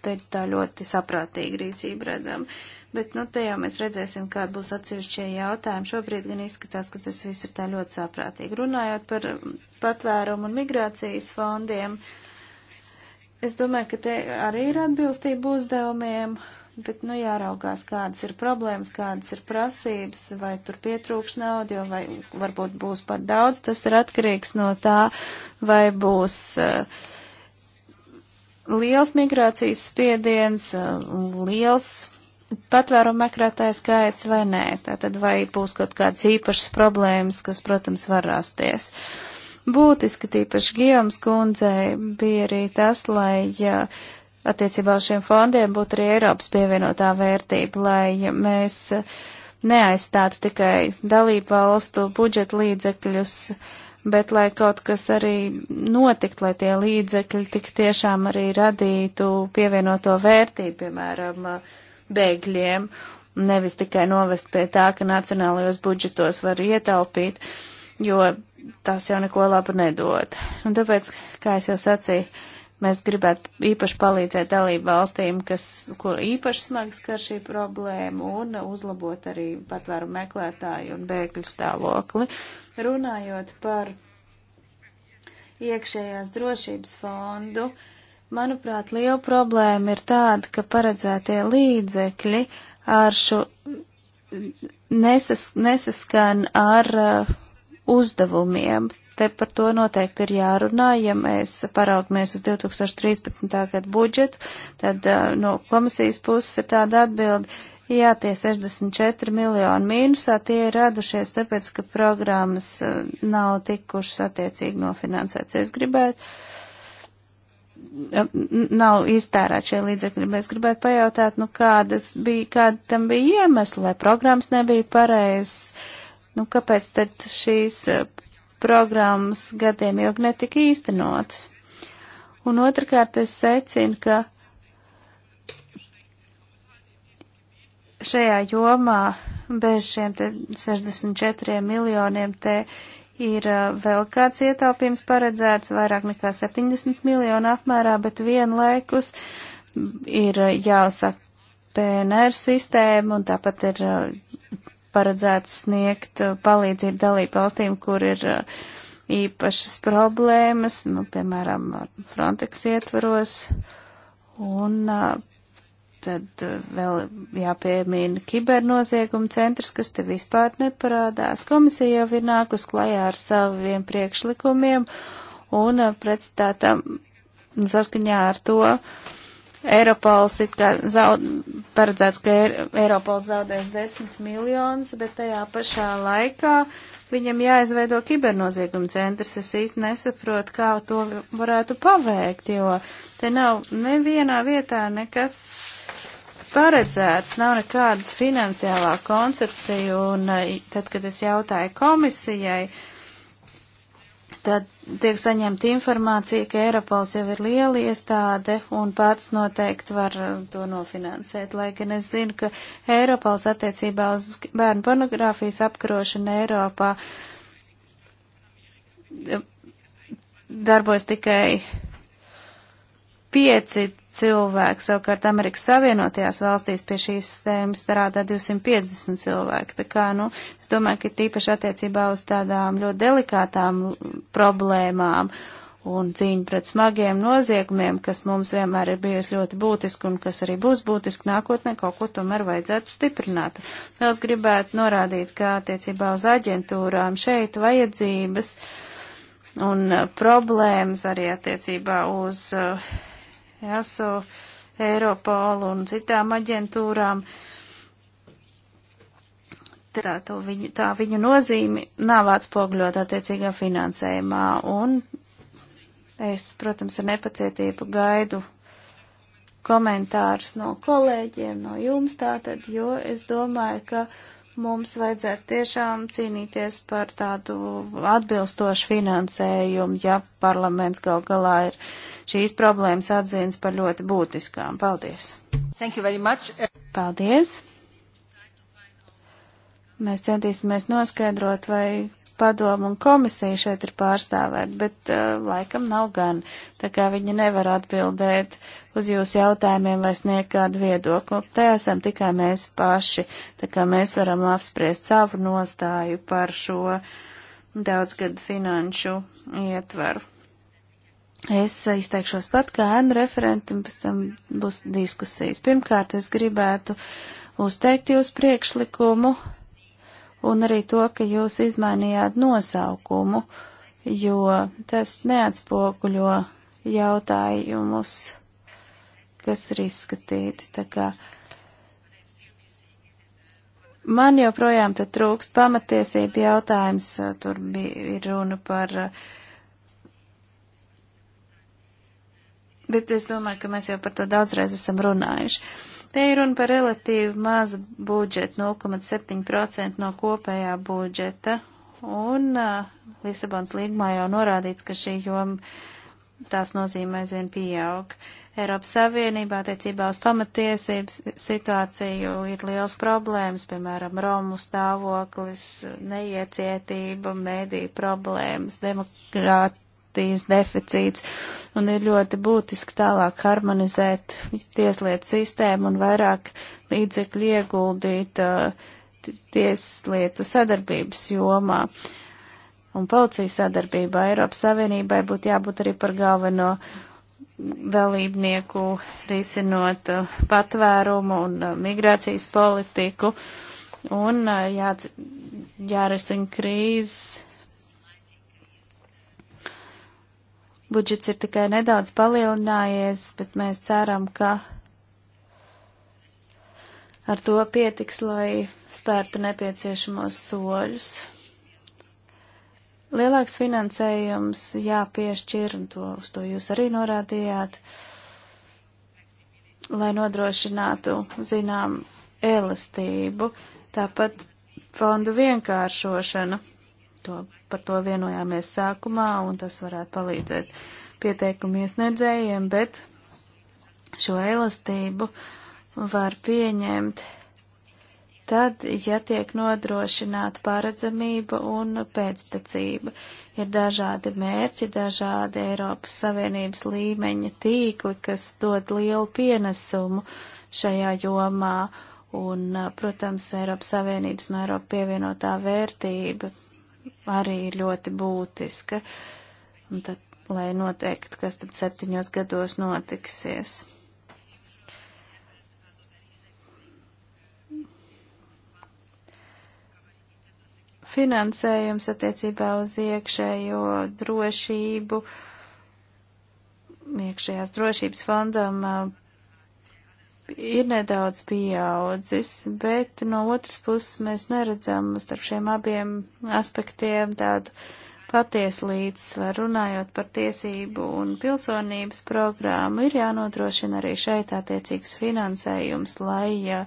te ir tā ļoti saprātīga rīcība redzama. Bet, nu, te jau mēs redzēsim, kāda būs atsevišķie jautājumi. Šobrīd gan izskatās, ka tas viss ir tā ļoti saprātīgi. Runājot par patvērumu un migrācijas fondiem, es domāju, ka te arī ir atbilstība uzdevumiem bet, nu, jāraugās, kādas ir problēmas, kādas ir prasības, vai tur pietrūks naudu, vai varbūt būs par daudz, tas ir atkarīgs no tā, vai būs uh, liels migrācijas spiediens, uh, liels patvērumu meklētāju skaits vai nē, tātad vai būs kaut kādas īpašas problēmas, kas, protams, var rasties. Būtiski, tīpaši Gijoms kundzei, bija arī tas, lai uh, attiecībā uz šiem fondiem būtu arī Eiropas pievienotā vērtība, lai mēs neaizstātu tikai dalību valstu budžeta līdzekļus, bet lai kaut kas arī notikt, lai tie līdzekļi tik tiešām arī radītu pievienoto vērtību, piemēram, bēgļiem, nevis tikai novest pie tā, ka nacionālajos budžetos var ietaupīt, jo tas jau neko labu nedod. Un tāpēc, kā es jau sacīju, Mēs gribētu īpaši palīdzēt dalību valstīm, kas, kur īpaši smags skar šī problēma, un uzlabot arī patvēru meklētāju un bēgļu stāvokli. Runājot par iekšējās drošības fondu, manuprāt, liela problēma ir tāda, ka paredzētie līdzekļi ar šo nesas, nesaskan ar uh, uzdevumiem, Te par to noteikti ir jārunā. Ja mēs paraugamies uz 2013. gadu budžetu, tad eh, no komisijas puses ir tāda atbilde. Jā, tie 64 miljoni mīnusā tie ir radušies tāpēc, ka programmas eh, nav tikušas attiecīgi nofinansētas. Es gribētu eh, nav iztērēt šie līdzekļi. Mēs gribētu pajautāt, nu kādas bija, kāda tam bija iemesli, lai programmas nebija pareizas, nu kāpēc tad šīs programmas gadiem ilgi netika īstenotas. Un otrkārt es secinu, ka šajā jomā bez šiem 64 miljoniem te ir uh, vēl kāds ietaupījums paredzēts, vairāk nekā 70 miljonu apmērā, bet vienlaikus ir uh, jāsaka PNR sistēma un tāpat ir uh, paredzēts sniegt uh, palīdzību dalību valstīm, kur ir uh, īpašas problēmas, nu, piemēram, Frontex ietvaros. Un uh, tad vēl jāpiemina kibernozieguma centrs, kas te vispār neparādās. Komisija jau ir nākus klajā ar saviem priekšlikumiem un pretstatam saskaņā ar to Eiropols it kā zaud, paredzēts, ka Eiropols zaudēs 10 miljonus, bet tajā pašā laikā viņam jāizveido kibernozieguma centrs. Es īsti nesaprotu, kā to varētu paveikt, jo te nav nevienā vietā nekas paredzēts, nav nekāda finansiālā koncepcija, un eh, tad, kad es jautāju komisijai, tad tiek saņemta informācija, ka Eiropols jau ir liela iestāde un pats noteikti var uh, to nofinansēt. Lai gan es zinu, ka Eiropols attiecībā uz bērnu pornogrāfijas apkarošanu Eiropā uh, darbojas tikai pieci cilvēki, savukārt Amerikas Savienotajās valstīs pie šīs sistēmas strādā 250 cilvēki. Tā kā, nu, es domāju, ka tīpaši attiecībā uz tādām ļoti delikātām problēmām un cīņu pret smagiem noziegumiem, kas mums vienmēr ir bijusi ļoti būtiski un kas arī būs būtiski nākotnē, kaut ko tomēr vajadzētu stiprināt. Vēl es gribētu norādīt, ka attiecībā uz aģentūrām šeit vajadzības un eh, problēmas arī attiecībā uz uh, ESO, Eiropolu un citām aģentūrām. Tā, viņu, tā viņu nozīme nav atspogļot attiecīgā finansējumā, un es, protams, ar nepacietību gaidu komentārus no kolēģiem, no jums tātad, jo es domāju, ka mums vajadzētu tiešām cīnīties par tādu atbilstošu finansējumu, ja parlaments gal galā ir šīs problēmas atzīns par ļoti būtiskām. Paldies! Thank you very much! Paldies! Mēs centīsimies noskaidrot, vai padomu un komisija šeit ir pārstāvēt, bet uh, laikam nav gan, tā kā viņi nevar atbildēt uz jūsu jautājumiem vai sniegt kādu viedokli. Te esam tikai mēs paši, tā kā mēs varam apspriest savu nostāju par šo daudzgadu finanšu ietvaru. Es izteikšos pat kā ēnu referenti, un pēc tam būs diskusijas. Pirmkārt, es gribētu uzteikt jūs priekšlikumu un arī to, ka jūs izmainījāt nosaukumu, jo tas neatspoguļo jautājumus, kas ir izskatīti. Tā kā man joprojām te trūkst pamatiesība jautājums, tur bija runa par uh, Bet es domāju, ka mēs jau par to daudzreiz esam runājuši. Te ir runa par relatīvi mazu budžetu, 0,7% no kopējā budžeta, un uh, Lisabonas līgumā jau norādīts, ka šī joma tās nozīme aizvien pieaug. Eiropas Savienībā attiecībā uz pamatiesības situāciju ir liels problēmas, piemēram, Romu stāvoklis, neiecietība, mēdī problēmas, demokrāt, empātijas deficīts, un ir ļoti būtiski tālāk harmonizēt tieslietu sistēmu un vairāk līdzekļu ieguldīt uh, tieslietu sadarbības jomā. Un policijas sadarbībā Eiropas Savienībai būtu jābūt arī par galveno dalībnieku risinot uh, patvērumu un uh, migrācijas politiku un jā, jārisina krīzes budžets ir tikai nedaudz palielinājies, bet mēs ceram, ka ar to pietiks, lai spērtu nepieciešamos soļus. Lielāks finansējums jāpiešķir, un to, uz to jūs arī norādījāt, lai nodrošinātu, zinām, elastību, tāpat fondu vienkāršošanu, to par to vienojāmies sākumā, un tas varētu palīdzēt pieteikumu iesniedzējiem, bet šo elastību var pieņemt tad, ja tiek nodrošināta paredzamība un pēctecība. Ir dažādi mērķi, dažādi Eiropas Savienības līmeņa tīkli, kas dod lielu pienesumu šajā jomā, un, protams, Eiropas Savienības mēroga pievienotā vērtība arī ir ļoti būtiska, un tad, lai noteikti, kas tad septiņos gados notiksies. Finansējums attiecībā uz iekšējo drošību, iekšējās drošības fondam ir nedaudz pieaudzis, bet no otras puses mēs neredzam starp šiem abiem aspektiem tādu patiesu līdzsvaru. Runājot par tiesību un pilsonības programmu, ir jānodrošina arī šeit attiecīgs finansējums, lai ja,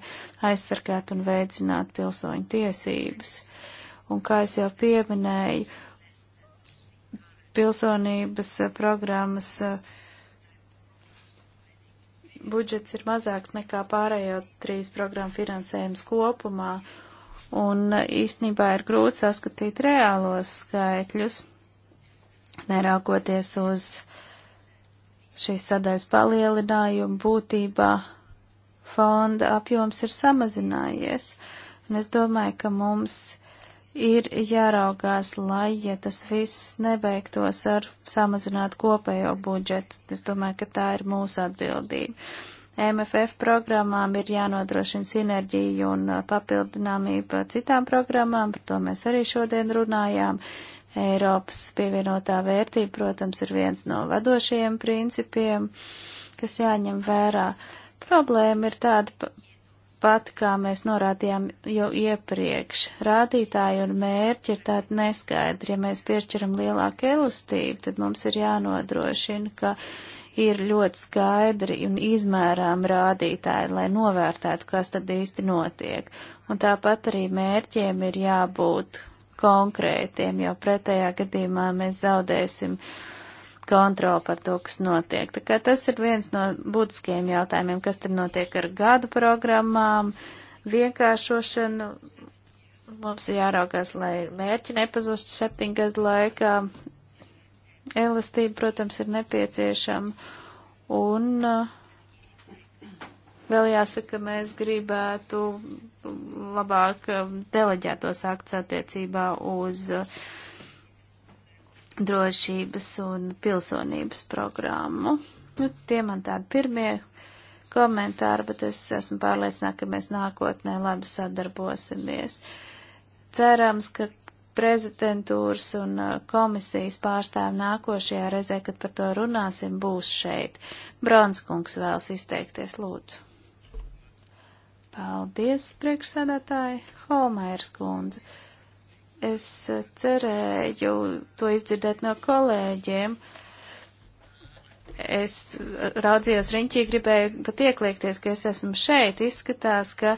aizsargātu un veicinātu pilsoņu tiesības. Un kā es jau pieminēju, pilsonības programmas uh, budžets ir mazāks nekā pārējo trīs programmu finansējums kopumā, un īstenībā ir grūti saskatīt reālos skaitļus, neraugoties uz šīs sadaļas palielinājumu būtībā fonda apjoms ir samazinājies. Un es domāju, ka mums ir jāraugās, lai ja tas viss nebeigtos ar samazināt kopējo budžetu. Es domāju, ka tā ir mūsu atbildība. MFF programmām ir jānodrošina sinerģija un papildināmība citām programmām, par to mēs arī šodien runājām. Eiropas pievienotā vērtība, protams, ir viens no vadošajiem principiem, kas jāņem vērā. Problēma ir tāda Tāpat, kā mēs norādījām jau iepriekš, rādītāji un mērķi ir tādi neskaidri. Ja mēs piešķiram lielāku elastību, tad mums ir jānodrošina, ka ir ļoti skaidri un izmērām rādītāji, lai novērtētu, kas tad īsti notiek. Un tāpat arī mērķiem ir jābūt konkrētiem, jo pretējā gadījumā mēs zaudēsim uh, kontroli par to, kas notiek. Tā kā tas ir viens no būtiskajiem jautājumiem, kas tad notiek ar gadu programmām, vienkāršošanu. Mums ir jāraugās, lai mērķi nepazustu septiņu gadu laikā. Elastība, protams, ir nepieciešama. Un uh, vēl jāsaka, mēs gribētu labāk um, deleģētos akts attiecībā uz uh, drošības un pilsonības programmu. Nu, tie man tādi pirmie komentāri, bet es esmu pārliecināta, ka mēs nākotnē labi sadarbosimies. Cerams, ka prezidentūras un uh, komisijas pārstāvi nākošajā reizē, kad par to runāsim, būs šeit. Bronskungs vēlas izteikties, lūdzu. Paldies, priekšsēdētāji, Holmairs kundze. Uh, Es cerēju to izdzirdēt no kolēģiem. Es raudzījos riņķī, gribēju pat iekliekties, ka es esmu šeit. Izskatās, ka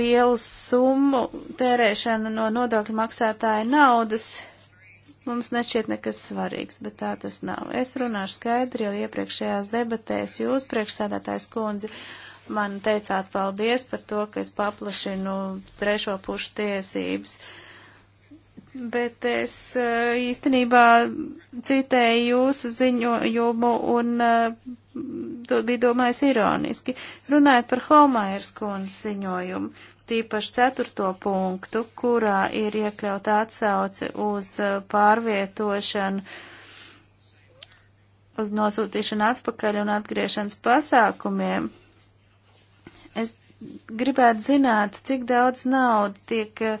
lielu summu tērēšana no nodokļu maksātāja naudas mums nešķiet nekas svarīgs, bet tā tas nav. Es runāšu skaidri jau iepriekšējās debatēs, jūs priekšsēdētājs kundzi man teicāt paldies par to, ka es paplašinu trešo pušu tiesības. Bet es eh, īstenībā citēju jūsu ziņojumu un eh, to bija domājis ironiski. Runājot par Homairs kundzes ziņojumu, tīpaši ceturto punktu, kurā ir iekļauta atsauce uz eh, pārvietošanu nosūtīšanu atpakaļ un atgriešanas pasākumiem, gribētu zināt, cik daudz naudu tiek eh,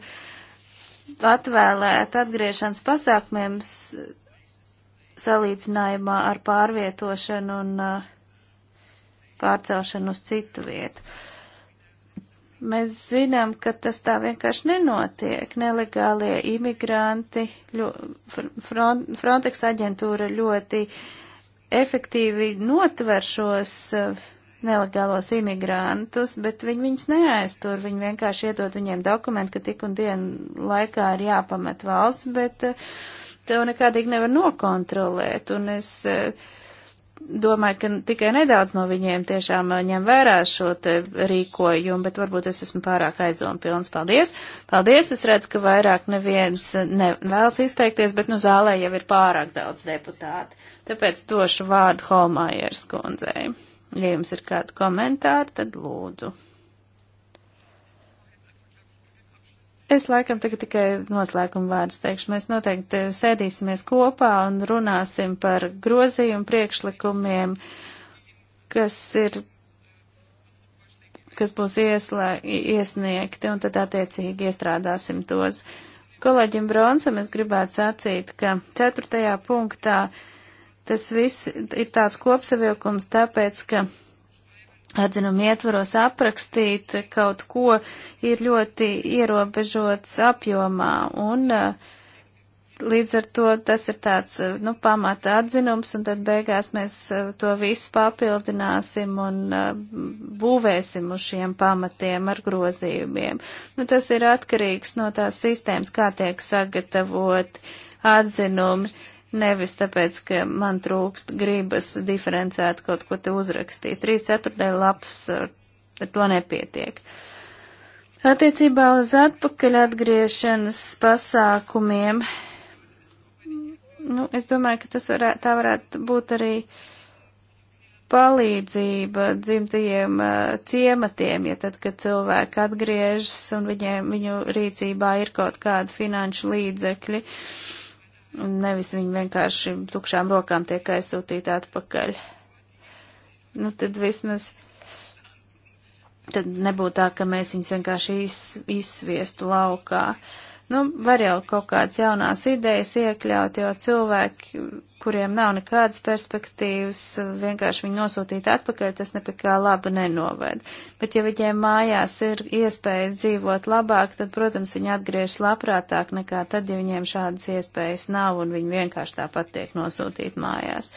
atvēlēt atgriešanas pasākumiem salīdzinājumā ar pārvietošanu un eh, pārcelšanu uz citu vietu. Mēs zinām, ka tas tā vienkārši nenotiek. Nelegālie imigranti, ļo, front, Frontex aģentūra ļoti efektīvi notver šos uh, nelegālos imigrantus, bet viņi viņus neaiztur, viņi vienkārši iedod viņiem dokumentu, ka tik un dienu laikā ir jāpamet valsts, bet eh, to nekādīgi nevar nokontrolēt, un es eh, domāju, ka tikai nedaudz no viņiem tiešām eh, ņem vērā šo te rīkojumu, bet varbūt es esmu pārāk aizdomu pilns. Paldies! Paldies! Es redzu, ka vairāk neviens nevēlas izteikties, bet nu zālē jau ir pārāk daudz deputāti. Tāpēc došu vārdu Holmājers kundzei. Ja jums ir kādi komentāri, tad lūdzu. Es laikam tagad tikai noslēguma vārdus teikšu. Mēs noteikti sēdīsimies kopā un runāsim par grozījumu priekšlikumiem, kas ir kas būs ieslē, iesniegti, un tad attiecīgi iestrādāsim tos. Kolēģim Bronsam es gribētu sacīt, ka ceturtajā punktā uh, Tas viss ir tāds kopsavilkums, tāpēc, ka atzinuma ietvaros aprakstīt kaut ko ir ļoti ierobežots apjomā, un uh, līdz ar to tas ir tāds, uh, nu, pamata atzinums, un tad beigās mēs uh, to visu papildināsim un būvēsim uz šiem pamatiem ar grozījumiem. Nu, tas ir atkarīgs no tās sistēmas, kā tiek sagatavot atzinumi nevis tāpēc, ka man trūkst gribas diferencēt kaut ko te uzrakstīt. 3 ceturtdaļa lapas ar to nepietiek. Attiecībā uz atpakaļ atgriešanas pasākumiem, nu, es domāju, ka tas varētu, tā varētu būt arī palīdzība dzimtajiem uh, ciematiem, ja tad, kad cilvēki atgriežas un viņiem, viņu rīcībā ir kaut kāda finanšu līdzekļi. Uh, nevis viņi vienkārši tukšām rokām tiek aizsūtīti atpakaļ. Nu, tad vismaz tad nebūtu tā, ka mēs viņus vienkārši iz, izsviestu laukā. Nu, var jau kaut kādas jaunās idejas iekļaut, jo cilvēki kuriem nav nekādas perspektīvas, vienkārši viņu nosūtīt atpakaļ, tas nepakā laba nenoved. Bet ja viņiem mājās ir iespējas dzīvot labāk, tad, protams, viņi atgriežas labprātāk nekā tad, ja viņiem šādas iespējas nav un viņi vienkārši tāpat tiek nosūtīti mājās.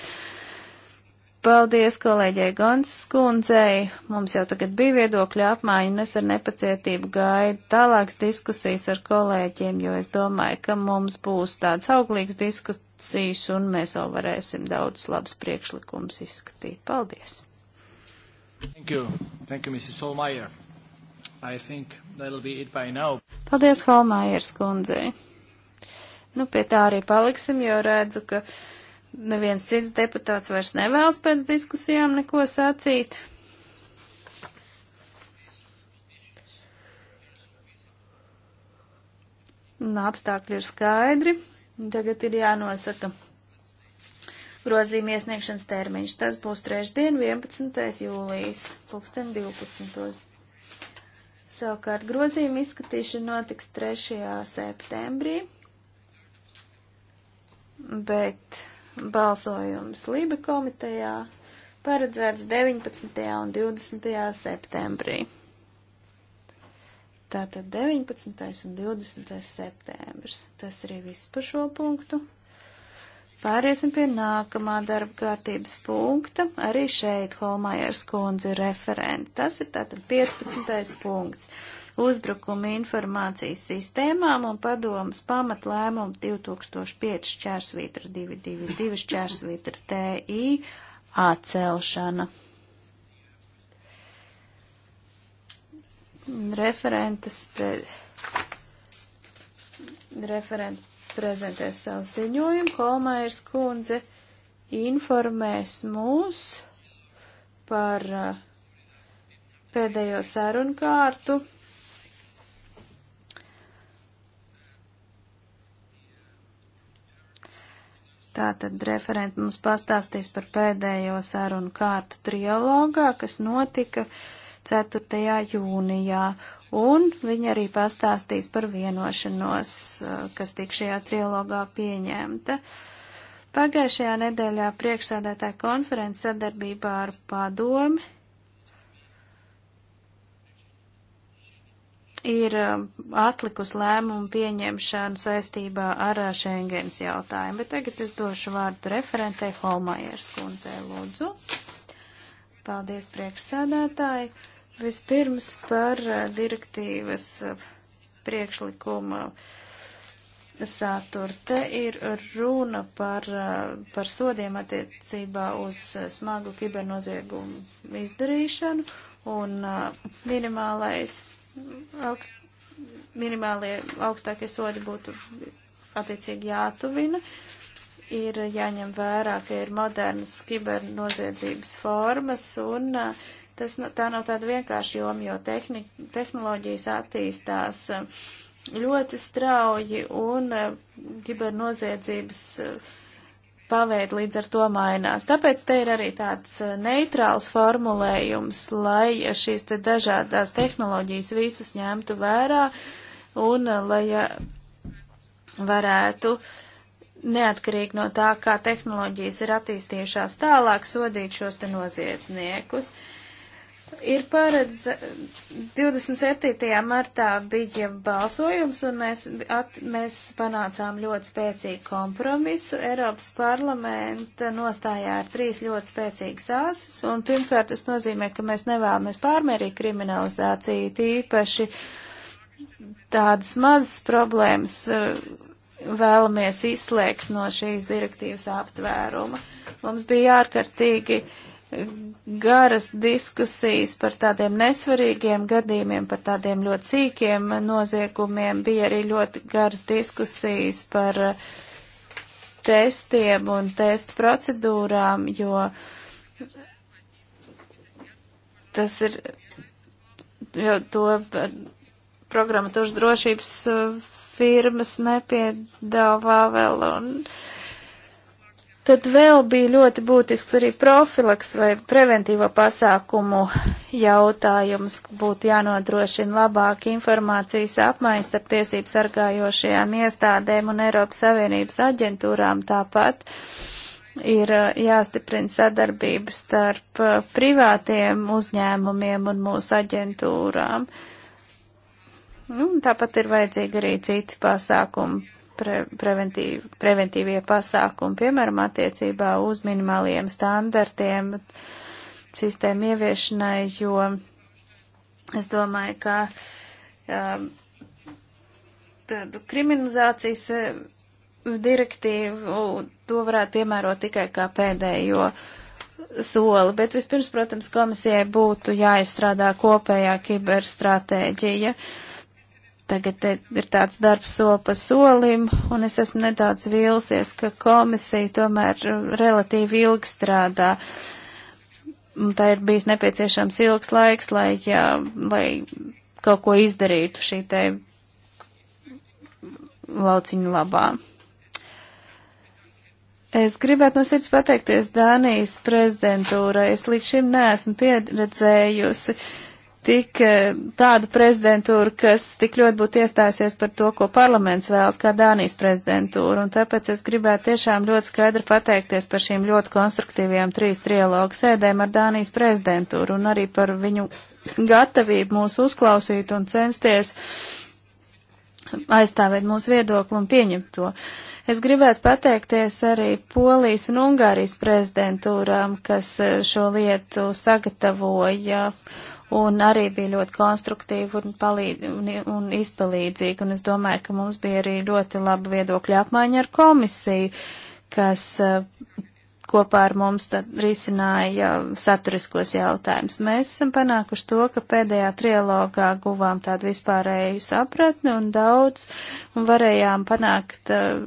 Paldies kolēģei Gonsas kundzei. Mums jau tagad bija viedokļa apmaiņa, un es ar nepacietību gaidu tālākas diskusijas ar kolēģiem, jo es domāju, ka mums būs tāds auglīgs diskus, diskusijas, un mēs vēl varēsim daudz labas priekšlikumus izskatīt. Paldies! Thank you. Thank you, Mrs. Solmaier. I think that'll be it by now. Paldies, Holmaiers kundzei. Nu, pie tā arī paliksim, jo redzu, ka neviens cits deputāts vairs nevēlas pēc diskusijām neko sacīt. Un apstākļi ir skaidri. Tagad ir jānosaka grozījuma iesniegšanas termiņš. Tas būs trešdien, 11. jūlijas, 2012. Savukārt grozījuma izskatīšana notiks 3. septembrī, bet balsojums Lība komitejā paredzēts 19. un 20. septembrī. Tātad 19. un 20. septembris. Tas arī viss par šo punktu. Pāriesim pie nākamā darba kārtības punkta. Arī šeit Holmajers kundze ir referenta. Tas ir tātad 15. punkts. Uzbrukumi informācijas sistēmām un padomas pamatlēmumu 2005 čērsvītra 222 čērsvītra TI atcelšana. referentes pre, referent prezentēs savu ziņojumu. Holmairs kundze informēs mūs par uh, pēdējo sarunu kārtu. Tātad referenti mums pastāstīs par pēdējo sarunu kārtu trialogā, kas notika uh, 4. jūnijā, un viņa arī pastāstīs par vienošanos, uh, kas tik šajā trilogā pieņemta. Pagājušajā nedēļā priekšsādātāja konferences sadarbībā ar padomi ir uh, atlikus lēmumu pieņemšanu saistībā ar uh, Schengens jautājumu, bet tagad es došu vārdu referentei Holmajers kundzei, lūdzu. Paldies, priekšsēdētāji. Uh, Vispirms par eh, direktīvas eh, priekšlikuma saturu. Te ir runa par, eh, par sodiem attiecībā uz smagu kibernoziegumu izdarīšanu un minimālais, augst, minimālie augstākie sodi būtu attiecīgi jātuvina. Ir jāņem vērā, ka ir modernas kibernoziedzības formas un uh, Tas, tā nav tāda vienkārša joma, jo tehni, tehnoloģijas attīstās um, ļoti strauji un um, kibernoziedzības uh, paveid līdz ar to mainās. Tāpēc te ir arī tāds uh, neitrāls formulējums, lai šīs te dažādās tehnoloģijas visas ņemtu vērā un uh, lai varētu uh, neatkarīgi no tā, kā tehnoloģijas ir attīstījušās tālāk, sodīt šos te noziedzniekus ir paredz 27. martā bija balsojums, un mēs, at, mēs panācām ļoti spēcīgu kompromisu. Eiropas parlamenta nostājā ir trīs ļoti spēcīgas asas, un pirmkārt tas nozīmē, ka mēs nevēlamies pārmērīgu kriminalizāciju, tīpaši tādas mazas problēmas eh, vēlamies izslēgt no šīs direktīvas aptvēruma. Mums bija ārkārtīgi. Uh, garas diskusijas par tādiem nesvarīgiem gadījumiem, par tādiem ļoti sīkiem noziegumiem. Bija arī ļoti garas diskusijas par testiem un testu procedūrām, jo tas ir, jo to programmatūras drošības firmas nepiedāvā vēl un. Uh, Tad vēl bija ļoti būtisks arī profilaks vai preventīvo pasākumu jautājums, būtu jānodrošina labāk informācijas apmaiņas starp tiesību sargājošajām iestādēm un Eiropas Savienības aģentūrām tāpat. Ir eh, jāstiprina sadarbība starp eh, privātiem uzņēmumiem un mūsu aģentūrām. Nu, un tāpat ir vajadzīgi arī citi pasākumi pre, preventīv, preventīvie pasākumi, piemēram, attiecībā uz minimāliem standartiem sistēmu ieviešanai, jo es domāju, ka um, tādu kriminalizācijas eh, direktīvu to varētu piemērot tikai kā pēdējo soli, bet vispirms, protams, komisijai būtu jāizstrādā kopējā kiberstratēģija. Uh, Tagad ir tāds darbs soli pa solim, un es esmu nedaudz vīlsies, ka komisija tomēr relatīvi ilgi strādā. Un tā ir bijis nepieciešams ilgs laiks, lai, jā, lai kaut ko izdarītu šī te lauciņu labā. Es gribētu no sirds pateikties Dānijas prezidentūrai. Es līdz šim neesmu pieredzējusi. Uh, tik eh, tādu prezidentūru, kas tik ļoti būtu iestājusies par to, ko parlaments vēlas, kā Dānijas prezidentūra, un tāpēc es gribētu tiešām ļoti skaidri pateikties par šīm ļoti konstruktīvajām trīs trialogu sēdēm ar Dānijas prezidentūru un arī par viņu gatavību mūs uzklausīt un censties aizstāvēt mūsu viedokli un pieņemt to. Es gribētu pateikties arī Polijas un Ungārijas prezidentūrām, kas eh, šo lietu sagatavoja. Uh, un arī bija ļoti konstruktīva un, palīd, un, un izpalīdzīga, un es domāju, ka mums bija arī ļoti laba viedokļa apmaiņa ar komisiju, kas eh, kopā ar mums tad risināja saturiskos jautājumus. Mēs esam panākuši to, ka pēdējā trialogā guvām tādu vispārēju sapratni un daudz, un varējām panākt uh,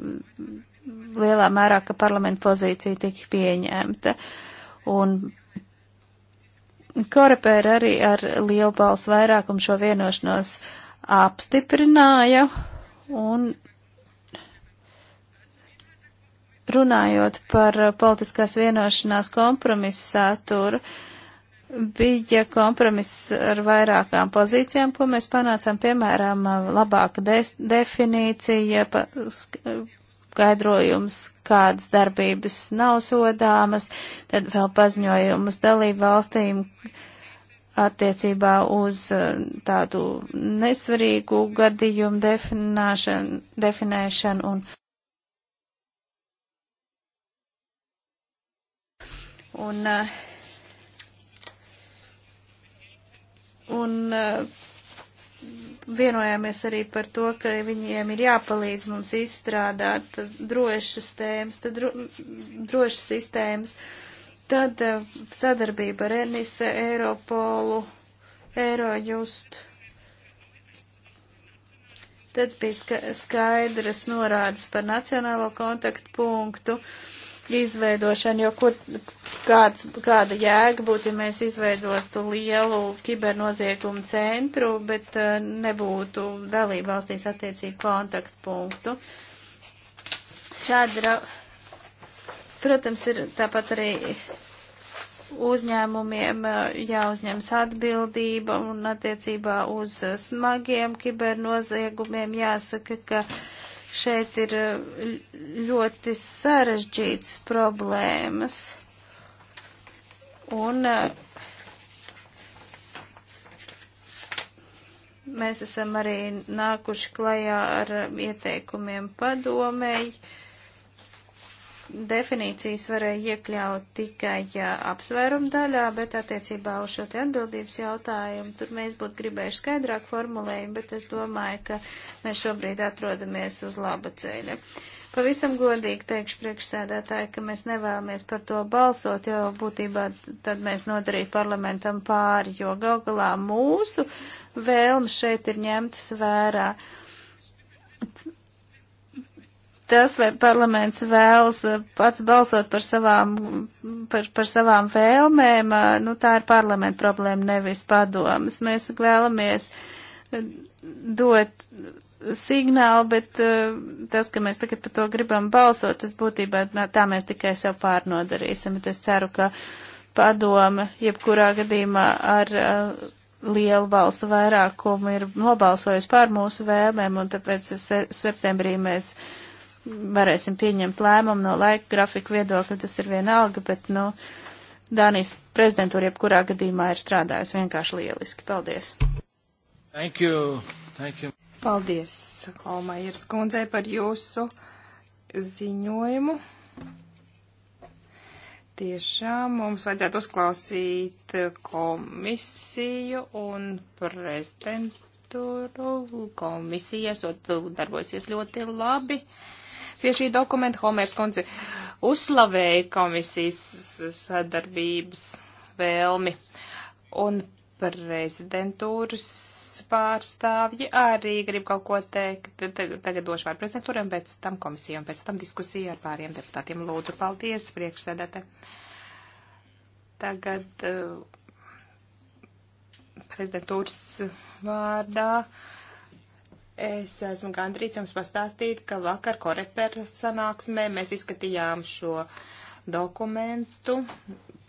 lielā mērā, ka parlamenta pozīcija tika pieņemta. Un Korepēra arī ar lielu balsu vairākumu šo vienošanos apstiprināja un runājot par politiskās vienošanās kompromisu saturu, bija kompromiss ar vairākām pozīcijām, ko mēs panācām, piemēram, labāka definīcija, skaidrojums, kādas darbības nav sodāmas, tad vēl paziņojumus dalību valstīm attiecībā uz uh, tādu nesvarīgu gadījumu definēšanu un. Un, uh, un uh, vienojāmies arī par to, ka viņiem ir jāpalīdz mums izstrādāt drošas tēmas, tad dro, drošas sistēmas, tad eh, sadarbība ar Enise, Eiropolu, Eirojustu. Tad bija skaidras norādes par nacionālo kontaktpunktu. punktu izveidošanu, jo kur, kāds, kāda jēga būtu, ja mēs izveidotu lielu kibernoziegumu centru, bet uh, nebūtu dalība valstīs attiecīgi kontaktpunktu. Šādi, protams, ir tāpat arī uzņēmumiem uh, jāuzņems atbildība un attiecībā uz smagiem kibernoziegumiem jāsaka, ka Šeit ir eh, ļoti sarežģītas problēmas. Un eh, mēs esam arī nākuši klajā ar eh, ieteikumiem padomēji definīcijas varēja iekļaut tikai ja, apsvērumu daļā, bet attiecībā uz šo te atbildības jautājumu tur mēs būtu gribējuši skaidrāk formulējumu, bet es domāju, ka mēs šobrīd atrodamies uz laba ceļa. Pavisam godīgi teikšu priekšsēdētāji, ka mēs nevēlamies par to balsot, jo būtībā tad mēs nodarītu parlamentam pāri, jo gal galā mūsu vēlmes šeit ir ņemtas vērā. Uh, tas, vai parlaments vēlas eh, pats balsot par savām, par, par savām vēlmēm, eh, nu tā ir parlamenta problēma, nevis padomas. Mēs vēlamies eh, dot signālu, bet tas, ka mēs tagad par to gribam balsot, tas būtībā nu, tā mēs tikai sev pārnodarīsim. Bet es ceru, ka padome jebkurā gadījumā ar lielu balsu vairākumu ir nobalsojis pār mūsu vēlmēm, un tāpēc septembrī mēs varēsim pieņemt lēmumu no laika grafika viedokļa, tas ir vienalga, bet, nu, Dānijas prezidentūra jebkurā gadījumā ir strādājusi vienkārši lieliski. Paldies! Thank you. Thank you. Paldies, Holmairs kundzei, par jūsu ziņojumu. Tiešām mums vajadzētu uzklausīt komisiju un prezidentūru. Komisija esot darbosies ļoti labi. Uh, Pie šī dokumenta Homērs kundze uzslavēja komisijas sadarbības vēlmi, un prezidentūras pārstāvji arī grib kaut ko teikt. Tagad došu vārdu prezidentūrai, pēc tam komisijai, un pēc tam diskusija ar pāriem deputātiem. Lūdzu, paldies, priekšsēdētē. Tagad eh, prezidentūras vārdā Es esmu gandrīz jums pastāstīt, ka vakar koreperu sanāksmē mēs izskatījām šo dokumentu.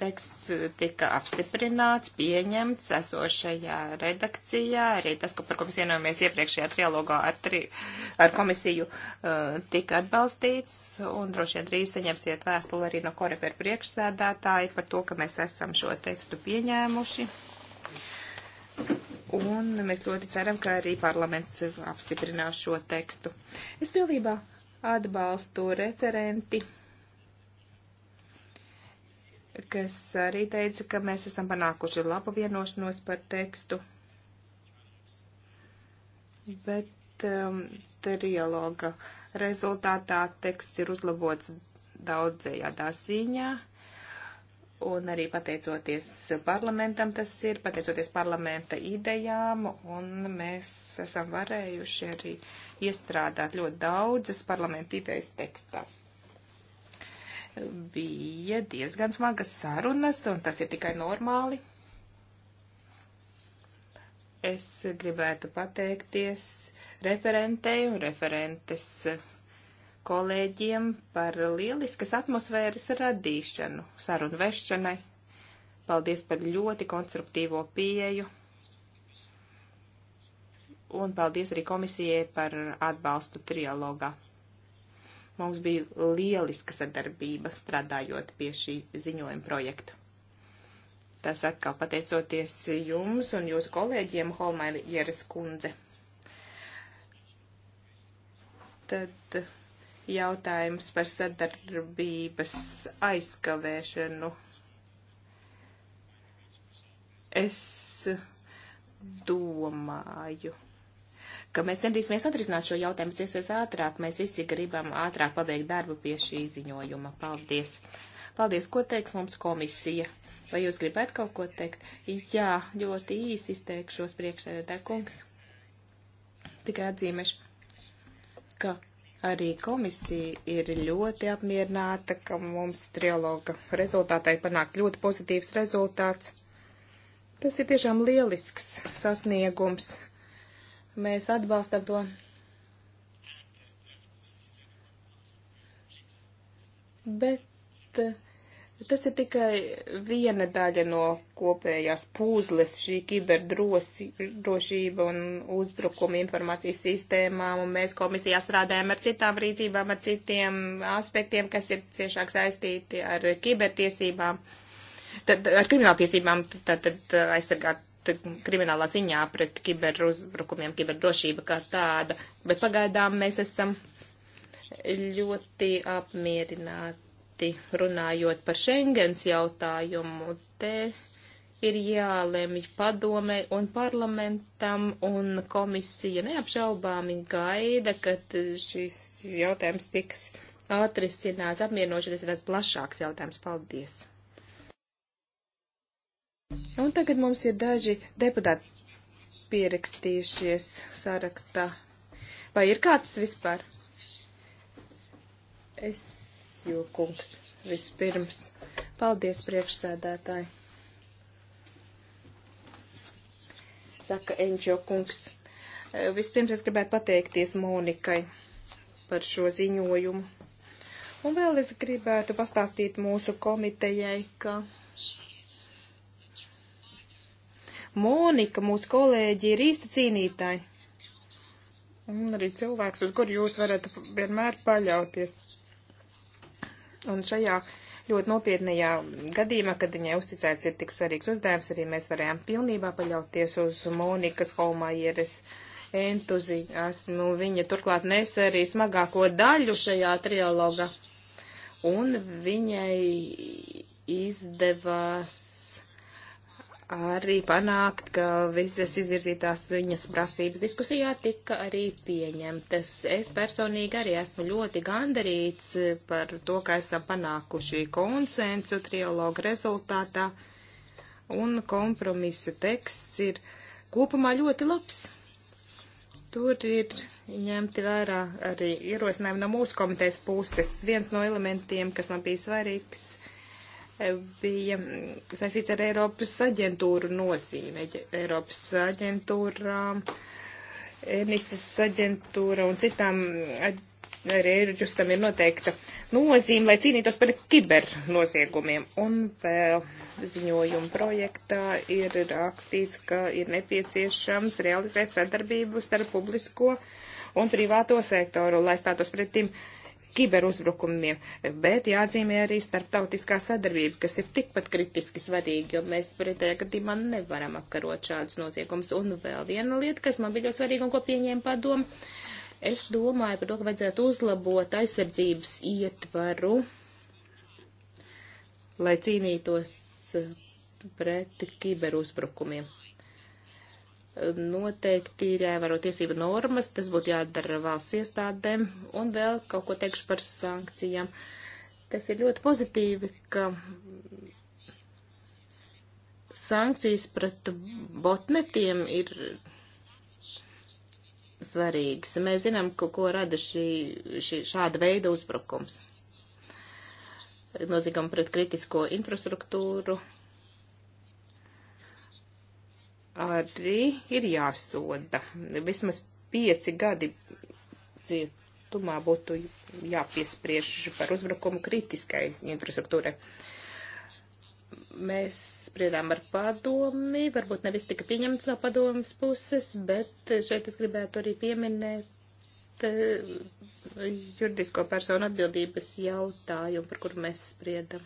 Teksts tika apstiprināts, pieņemts esošajā redakcijā. Arī tas, ko par ko mēs vienojamies iepriekšējā trialogā ar, tri, ar komisiju, uh, tika atbalstīts. Un droši vien drīz saņemsiet vēstuli arī no koreperu priekšsēdētāji par to, ka mēs esam šo tekstu pieņēmuši un mēs ļoti ceram, ka arī parlaments apstiprinās šo tekstu. Es pilnībā atbalstu referenti, kas arī teica, ka mēs esam panākuši labu vienošanos par tekstu, bet um, trialoga rezultātā teksts ir uzlabots daudzējādā ziņā un arī pateicoties parlamentam tas ir, pateicoties parlamenta idejām, un mēs esam varējuši arī iestrādāt ļoti daudzas parlamenta idejas tekstā. Bija diezgan smagas sarunas, un tas ir tikai normāli. Es gribētu pateikties referentei un referentes kolēģiem par lieliskas atmosfēras radīšanu sarunu vešanai. Paldies par ļoti konstruktīvo pieeju. Un paldies arī komisijai par atbalstu trialogā. Mums bija lieliska sadarbība strādājot pie šī ziņojuma projekta. Tas atkal pateicoties jums un jūsu kolēģiem Holmaila Jeres kundze. Tad jautājums par sadarbības aizkavēšanu. Es domāju, ka mēs centīsimies atrisināt šo jautājumu pēc iespējas ātrāk. Mēs visi gribam ātrāk pabeigt darbu pie šī ziņojuma. Paldies! Paldies, ko teiks mums komisija? Vai jūs gribētu kaut ko teikt? Jā, ļoti īsi izteikšos priekšsēdētāj kungs. Tikai atzīmēšu, ka Arī komisija ir ļoti apmierināta, ka mums trialoga rezultātā ir panākts ļoti pozitīvs rezultāts. Tas ir tiešām lielisks sasniegums. Mēs atbalstam to. Bet Tas ir tikai viena daļa no kopējās pūzles, šī kiberdrošība un uzbrukuma informācijas sistēmām, un mēs komisijā strādājam ar citām rīcībām, ar citiem aspektiem, kas ir ciešāk saistīti ar kibertiesībām, tad ar krimināltiesībām, tad, tad aizsargāt kriminālā ziņā pret kiberuzbrukumiem, kiberdrošība kā tāda, bet pagaidām mēs esam ļoti apmierināti proti runājot par Schengens jautājumu, te ir jālemj padomei un parlamentam, un komisija neapšaubāmi gaida, kad šis jautājums tiks atrisināts, apmierinoši tas ir tas plašāks jautājums. Paldies! Un tagad mums ir daži deputāti pierakstījušies sarakstā. Vai ir kāds vispār? Es Jūkungs vispirms. Paldies, priekšsēdētāji. Saka Enčo kungs. Vispirms es gribētu pateikties Monikai par šo ziņojumu. Un vēl es gribētu pastāstīt mūsu komitejai, ka Monika, mūsu kolēģi, ir īsta cīnītāja. Un arī cilvēks, uz kuru jūs varat vienmēr paļauties. Un šajā ļoti nopietnajā gadījumā, kad viņai uzticēts ir tik svarīgs uzdevums, arī mēs varējām pilnībā paļauties uz Monikas Holmajeres entuziasmu. Viņa turklāt nes arī smagāko daļu šajā trialoga. Un viņai izdevās arī panākt, ka visas izvirzītās viņas prasības diskusijā tika arī pieņemtas. Es personīgi arī esmu ļoti gandarīts par to, ka esam panākuši konsensu trialogu rezultātā, un kompromisa teksts ir kopumā ļoti labs. Tur ir ņemti vērā arī ierosinājumi no mūsu komitejas puses. Viens no elementiem, kas man bija svarīgs bija mm, saistīts ar Eiropas aģentūru nozīmi. Eiropas aģentūrām, Enisas aģentūra un citām mm, arī Eiroģustam ir noteikta nozīme, lai cīnītos par kibernoziegumiem. Un vēl ziņojuma projektā ir rakstīts, ka ir nepieciešams realizēt sadarbību starp publisko un privāto sektoru, lai stātos pretim. Uh, kiberuzbrukumiem, bet jāatzīmē arī starptautiskā sadarbība, kas ir tikpat kritiski svarīga, jo mēs pretējā gadījumā nevaram apkarot šādus noziegumus. Un vēl viena lieta, kas man bija ļoti svarīga un ko pieņēma padomu, es domāju par to, ka vajadzētu uzlabot aizsardzības ietvaru, lai cīnītos pret kiberuzbrukumiem noteikti ir jāievēro tiesību normas, tas būtu jādara valsts iestādēm, un vēl kaut ko teikšu par sankcijām. Tas ir ļoti pozitīvi, ka sankcijas pret botnetiem ir svarīgas. Mēs zinām, ko, ko rada šī, šī šāda veida uzbrukums. Nozīgam pret kritisko infrastruktūru, arī ir jāsoda. Vismaz pieci gadi cietumā būtu jāpiespriež par uzbrukumu kritiskai infrastruktūrai. Mēs spriedām ar padomi, varbūt nevis tika pieņemts no padomas puses, bet šeit es gribētu arī pieminēt eh, juridisko personu atbildības jautājumu, par kuru mēs spriedam.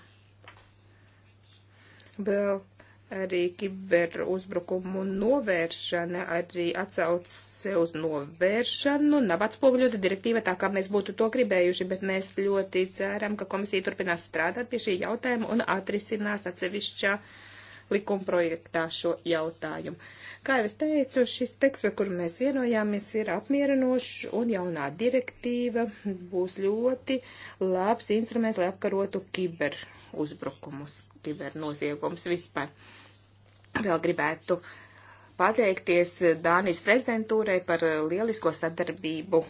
Vēl arī kiberuzbrukumu novēršana, arī atsauce uz novēršanu nav atspoguļota direktīva tā, kā mēs būtu to gribējuši, bet mēs ļoti ceram, ka komisija turpinās strādāt pie šī jautājuma un atrisinās atsevišķā likuma projektā šo jautājumu. Kā jau es teicu, šis teksts, par kuru mēs vienojāmies, ir apmierinošs un jaunā direktīva būs ļoti labs instruments, lai apkarotu kiberuzbrukumus kibernoziegums vispār. Vēl gribētu pateikties Dānijas prezidentūrai par lielisko sadarbību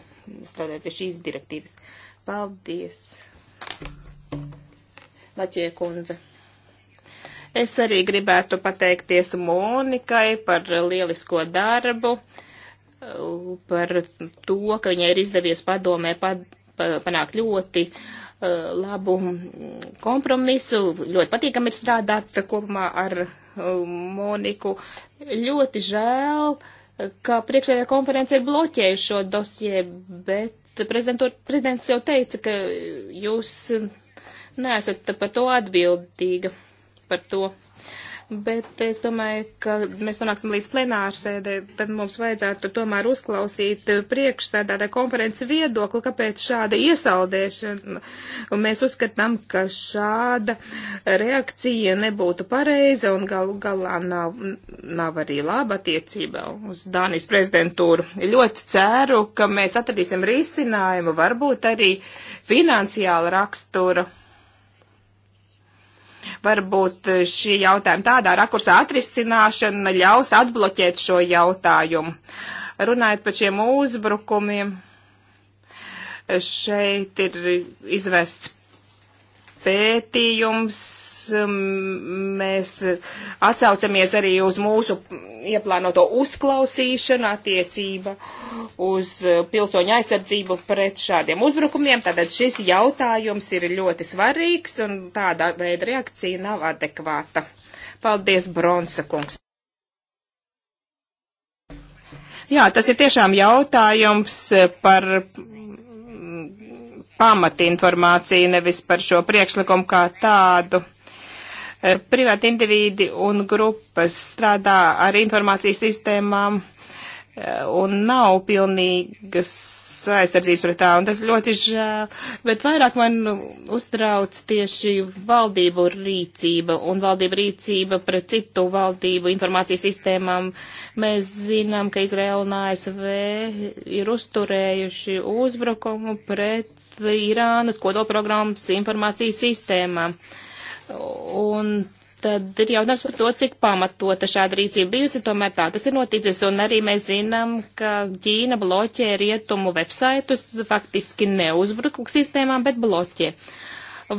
strādājot pie šīs direktīvas. Paldies! Laķie kundze. Es arī gribētu pateikties Monikai par lielisko darbu, par to, ka viņai ir izdevies padomē pad, panākt ļoti uh, Uh, labu kompromisu. Ļoti patīkami ir strādāt kopumā ar uh, Moniku. Ļoti žēl, ka priekšējā konference ir bloķējuši šo dosie, bet prezidents jau teica, ka jūs neesat par to atbildīga, par to. Uh, bet es domāju, ka mēs nonāksim līdz plenārsēdē, tad mums vajadzētu tomēr uzklausīt priekšsēdētāju konferences viedokli, kāpēc šāda iesaldēšana. Un mēs uzskatām, ka šāda reakcija nebūtu pareiza un galu galā nav, nav arī laba attiecībā uz Dānijas prezidentūru. Ļoti ceru, ka mēs atradīsim risinājumu, varbūt arī finansiāla rakstura Varbūt eh, šī jautājuma tādā rakursā atrisināšana ļaus atbloķēt šo jautājumu. Runājot par šiem uzbrukumiem, eh, šeit ir izvests pētījums Um, mēs atsaucamies arī uz mūsu ieplānoto uzklausīšanu attiecība uz uh, pilsoņu aizsardzību pret šādiem uzbrukumiem. Tātad šis jautājums ir ļoti svarīgs un tāda veida reakcija nav adekvāta. Paldies, Bronsa kungs! Jā, tas ir tiešām jautājums uh, par mm, pamatinformāciju, nevis par šo priekšlikumu kā tādu. Eh, privāti individi un grupas strādā ar informācijas sistēmām eh, un nav pilnīgas aizsardzības pret tā, un tas ļoti žēl, bet vairāk man uztrauc tieši valdību rīcība un valdību rīcība pret citu valdību informācijas sistēmām. Mēs zinām, ka Izraela un ASV ir uzturējuši uzbrukumu pret Irānas kodolprogrammas informācijas sistēmām. Uh, Un tad ir jautājums par to, cik pamatota šāda rīcība bijusi, tomēr tā tas ir noticis, un arī mēs zinām, ka Ķīna bloķē rietumu websaitus, faktiski neuzbruk sistēmām, bet bloķē.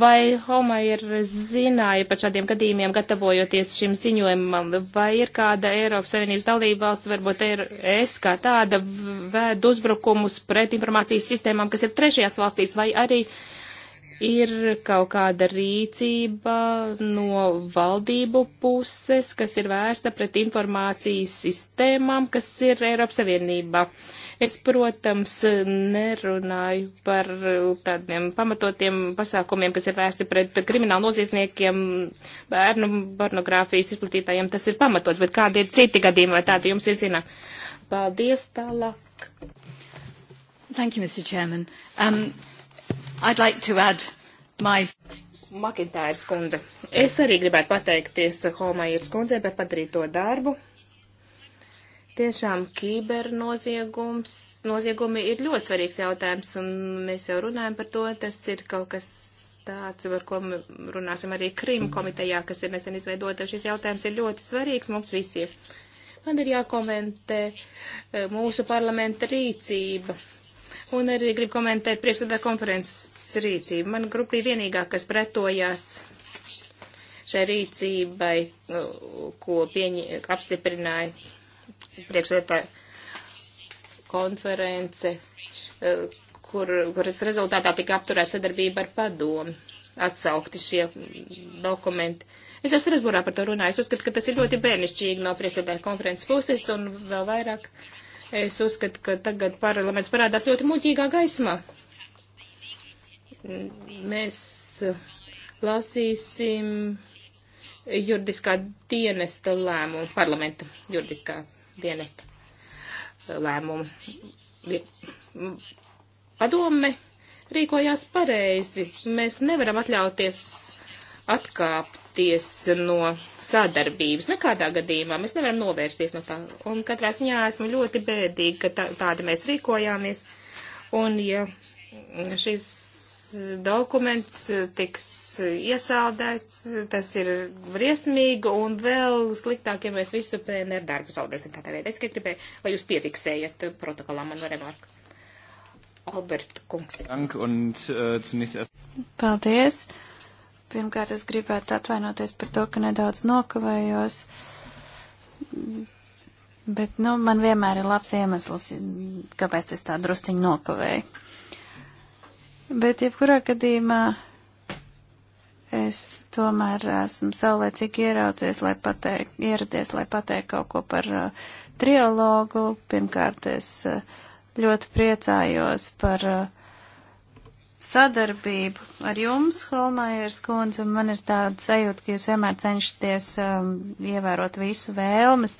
Vai Homa ir zināja par šādiem gadījumiem, gatavojoties šim ziņojumam, vai ir kāda Eiropas Savienības dalība valsts, varbūt ir es kā tāda, vēd uzbrukumus pret informācijas sistēmām, kas ir trešajās valstīs, vai arī uh, ir kaut kāda rīcība no valdību puses, kas ir vērsta pret informācijas sistēmām, kas ir Eiropas Savienībā. Es, protams, nerunāju par tādiem pamatotiem pasākumiem, kas ir vērsti pret kriminālu noziedzniekiem, bērnu pornogrāfijas izplatītājiem. Tas ir pamatots, bet kādi ir citi gadījumi vai tādi jums ir zinām? Paldies tālāk. Thank you, Mr. Chairman. Um, I'd like to add my... Makintājas kundze. Es arī gribētu pateikties Holmajers kundzei par padarīto darbu. Tiešām kibernoziegums, noziegumi ir ļoti svarīgs jautājums, un mēs jau runājam par to, tas ir kaut kas tāds, par ko runāsim arī Krim komitejā, kas ir nesen izveidota. Šis jautājums ir ļoti svarīgs mums visiem. Man ir jākomentē eh, mūsu parlamenta rīcība Un arī gribu komentēt priekšstādā konferences rīcību. Man grupa ir vienīgā, kas pretojās šai rīcībai, ko pieņi, apstiprināja priekšstādā konference, kur, kuras rezultātā tika apturēta sadarbība ar padomu, atsaukti šie dokumenti. Es jau Strasbūrā par to runāju. Es uzskatu, ka tas ir ļoti bērnišķīgi no priekšstādā konferences puses un vēl vairāk Es uzskatu, ka tagad parlaments parādās ļoti muļķīgā gaismā. Mēs eh, lasīsim juridiskā dienesta lēmumu, parlamenta juridiskā dienesta eh, lēmumu. Padome rīkojās pareizi. Mēs nevaram atļauties atkāpties no sadarbības. Nekādā gadījumā mēs nevaram novērsties no tā. Un katrā ziņā esmu ļoti bēdīgi, ka tā, tādi mēs rīkojāmies. Un ja šis dokuments tiks iesaldēts, tas ir briesmīgi un vēl sliktāk, ja mēs visu PNR darbu zaudēsim. Tātad tā es gribēju, lai jūs piefiksējat protokolā manu remarku. Alberta kungs. Äh, Paldies. Pirmkārt, es gribētu atvainoties par to, ka nedaudz nokavējos, bet, nu, man vienmēr ir labs iemesls, kāpēc es tā drusciņu nokavēju. Bet, jebkurā gadījumā, es tomēr esmu saulēcīgi ieraudzies, lai pateik, ieradies, lai pateiktu kaut ko par uh, trialogu. Pirmkārt, es uh, ļoti priecājos par uh, sadarbību ar jums, Holmajers kundze, un man ir tāda sajūta, ka jūs vienmēr cenšaties um, ievērot visu vēlmes,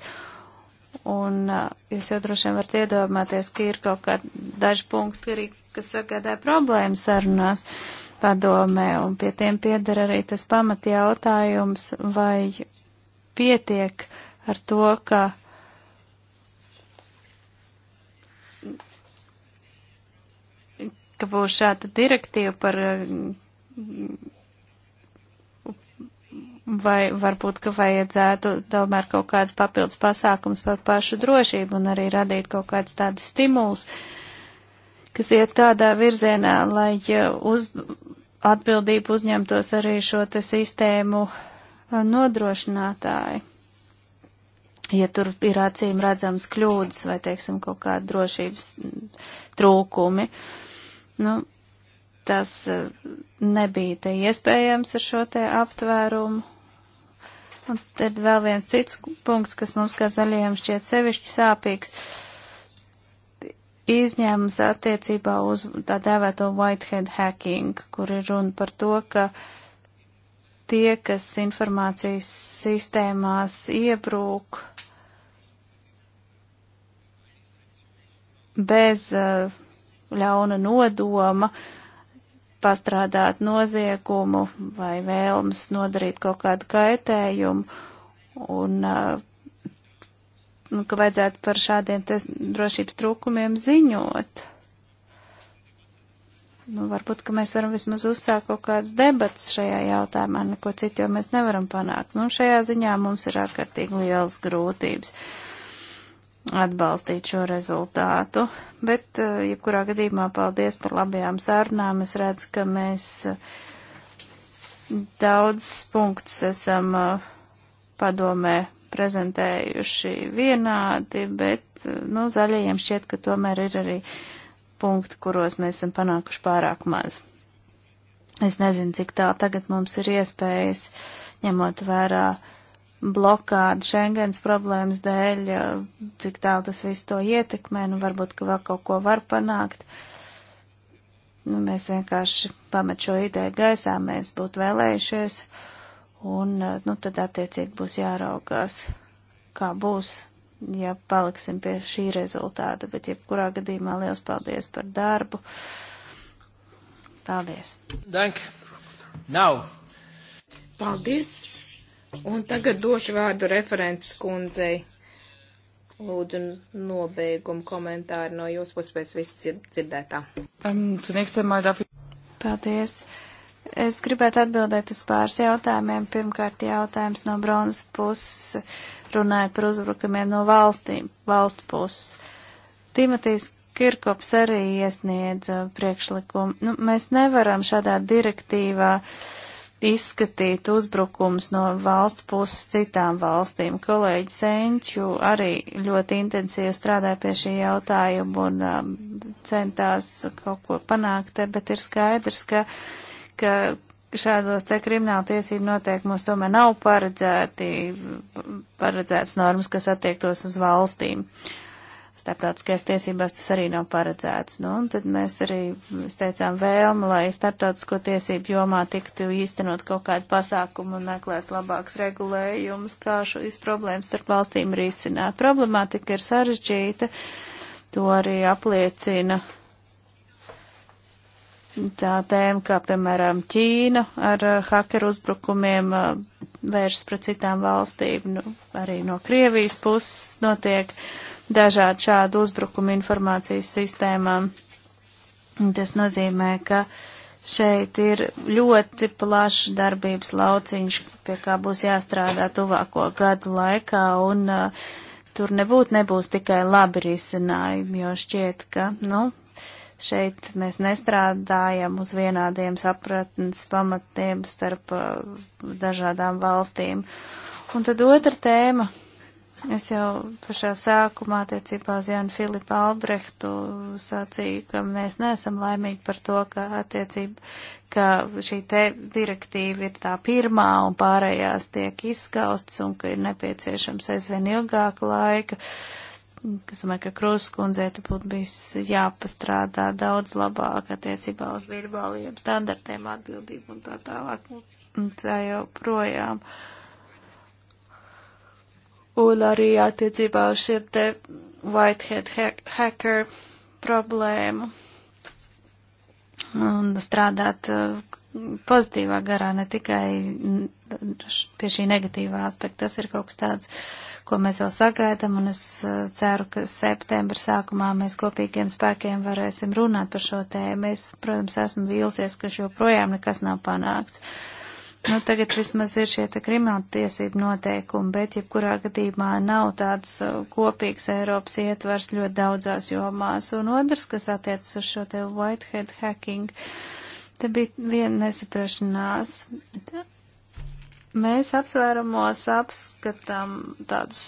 un uh, jūs jau droši vien varat iedomāties, ka ir kaut kādi daži punkti, arī, kas sagādā problēmas sarunās padomē, un pie tiem pieder arī tas pamatjautājums, vai pietiek ar to, ka ka būs šāda direktīva par vai varbūt, ka vajadzētu tomēr kaut kāds papildus pasākums par pašu drošību un arī radīt kaut kāds tāds stimuls, kas iet tādā virzienā, lai uz atbildību uzņemtos arī šo te sistēmu nodrošinātāji. Ja tur ir acīm redzams kļūdas vai, teiksim, kaut kāda drošības trūkumi. Uh, Nu, tas eh, nebija te iespējams ar šo te aptvērumu. Un tad vēl viens cits punkts, kas mums kā zaļajiem šķiet sevišķi sāpīgs. Izņēmums attiecībā uz tā dēvēto Whitehead hacking, kur ir runa par to, ka tie, kas informācijas sistēmās iebrūk bez uh, ļauna nodoma pastrādāt noziegumu vai vēlmes nodarīt kaut kādu kaitējumu un uh, nu, ka vajadzētu par šādiem drošības trūkumiem ziņot. Nu, varbūt, ka mēs varam vismaz uzsākt kaut kādas debatas šajā jautājumā, neko citu jau mēs nevaram panākt. Nu, šajā ziņā mums ir ārkārtīgi lielas grūtības. Uh, atbalstīt šo rezultātu. Bet, eh, jebkurā gadījumā, paldies par labajām sarunām. Es redzu, ka mēs eh, daudz punktus esam eh, padomē prezentējuši vienādi, bet, nu, zaļajiem šķiet, ka tomēr ir arī punkti, kuros mēs esam panākuši pārāk maz. Es nezinu, cik tālu tagad mums ir iespējas, ņemot vērā uh, blokāda Schengens problēmas dēļ, cik tālu tas viss to ietekmē, nu varbūt, ka vēl kaut ko var panākt. Nu, mēs vienkārši pamet šo ideju gaisā, mēs būtu vēlējušies, un, eh, nu, tad attiecīgi būs jāraugās, kā būs, ja paliksim pie šī rezultāta, bet jebkurā gadījumā liels paldies par darbu. Paldies! Dank! Nav! Paldies! Un tagad došu vārdu referents kundzei. Lūdzu, nobeigumu komentāru no jūsu puses pēc viss dzirdētā. Um, Paldies. Es gribētu atbildēt uz pāris jautājumiem. Pirmkārt, jautājums no bronzas puses runājot par uzbrukumiem no valstīm, valstu puses. Timotīs Kirkops arī iesniedza priekšlikumu. Nu, mēs nevaram šādā direktīvā uh, izskatīt uzbrukums no valstu puses citām valstīm. Kolēģis Enču arī ļoti intensīvi strādāja pie šī jautājuma un um, centās kaut ko panākt, bet ir skaidrs, ka, ka šādos te krimināla tiesību noteikumos tomēr nav paredzēti, paredzēts normas, kas attiektos uz valstīm. Uh, starptautiskajās tiesībās tas arī nav paredzēts. Nu, un tad mēs arī izteicām vēlmu, lai starptautisko tiesību jomā tiktu īstenot kaut kādu pasākumu un meklēts labāks regulējums, kā šīs problēmas starp valstīm risināt. Problemātika ir sarežģīta, to arī apliecina tā tēma, kā piemēram Ķīna ar uh, hakeru uzbrukumiem uh, vēršas pret citām valstīm, nu, arī no Krievijas puses notiek dažādu šādu uzbrukumu informācijas sistēmām. Un tas nozīmē, ka šeit ir ļoti plašs darbības lauciņš, pie kā būs jāstrādā tuvāko gadu laikā, un uh, tur nebūt nebūs tikai labi risinājumi, jo šķiet, ka, nu, šeit mēs nestrādājam uz vienādiem sapratnes pamatiem starp uh, dažādām valstīm. Un tad otra tēma Es jau pašā sākumā attiecībā uz Jānu Filipu Albrehtu sacīju, ka mēs neesam laimīgi par to, ka attiecība, ka šī te direktīva ir tā pirmā un pārējās tiek izskaustas un ka ir nepieciešams aizvien ilgāka laika. Es domāju, ka Kruskundzē te būtu bijis jāpastrādā daudz labāk attiecībā uz virbaliem standartiem atbildību un tā tālāk. Un tā jau projām. Uh, un arī attiecībā uz šiem te Whitehead hacker problēmu un strādāt uh, pozitīvā garā, ne tikai pie šī negatīvā aspekta. Tas ir kaut kas tāds, ko mēs vēl sagaidām, un es uh, ceru, ka septembra sākumā mēs kopīgiem spēkiem varēsim runāt par šo tēmu. Es, protams, esmu vīlsies, ka joprojām nekas nav panākts. Uh, Nu, tagad vismaz ir šie te krimināla tiesība noteikumi, bet jebkurā gadījumā nav tāds uh, kopīgs Eiropas ietvars ļoti daudzās jomās. Un otrs, kas attiecas uz šo te Whitehead hacking, te bija viena nesaprašanās. Mēs apsvērumos apskatām tādus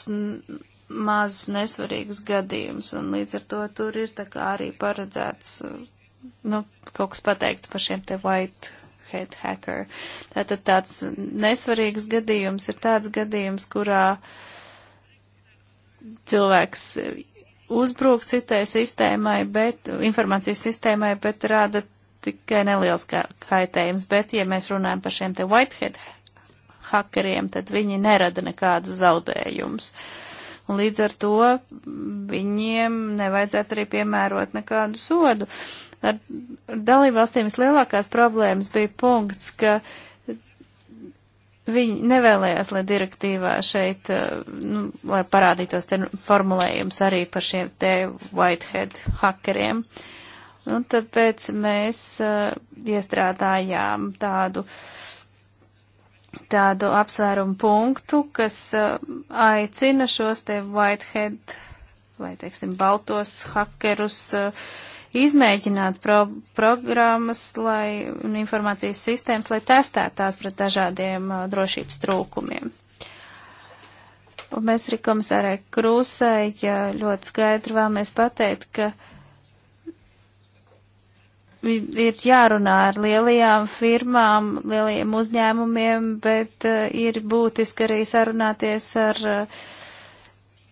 mazus nesvarīgus gadījumus, un līdz ar to tur ir tā kā arī paredzēts, uh, nu, kaut kas pateikts par šiem te Whitehead Hate Hacker. Tātad tāds nesvarīgs gadījums ir tāds gadījums, kurā cilvēks uzbrūk citai sistēmai, bet informācijas sistēmai, bet rada tikai neliels kaitējums. Bet, ja mēs runājam par šiem te Whitehead hakeriem, tad viņi nerada nekādu zaudējumus. Un līdz ar to viņiem nevajadzētu arī piemērot nekādu sodu. Uh, Ar dalībvalstīm vislielākās problēmas bija punkts, ka viņi nevēlējās, lai direktīvā šeit, eh, nu, lai parādītos te formulējums arī par šiem te Whitehead hakeriem. Un nu, tāpēc mēs uh, iestrādājām tādu, tādu apsvērumu punktu, kas uh, aicina šos te Whitehead vai, teiksim, baltos hakerus uh, izmēģināt pro programmas lai, un informācijas sistēmas, lai testētu tās pret dažādiem uh, drošības trūkumiem. Un mēs arī komisārai Krūsai ja ļoti skaidri vēlamies pateikt, ka ir jārunā ar lielajām firmām, lielajiem uzņēmumiem, bet uh, ir būtiski arī sarunāties ar uh,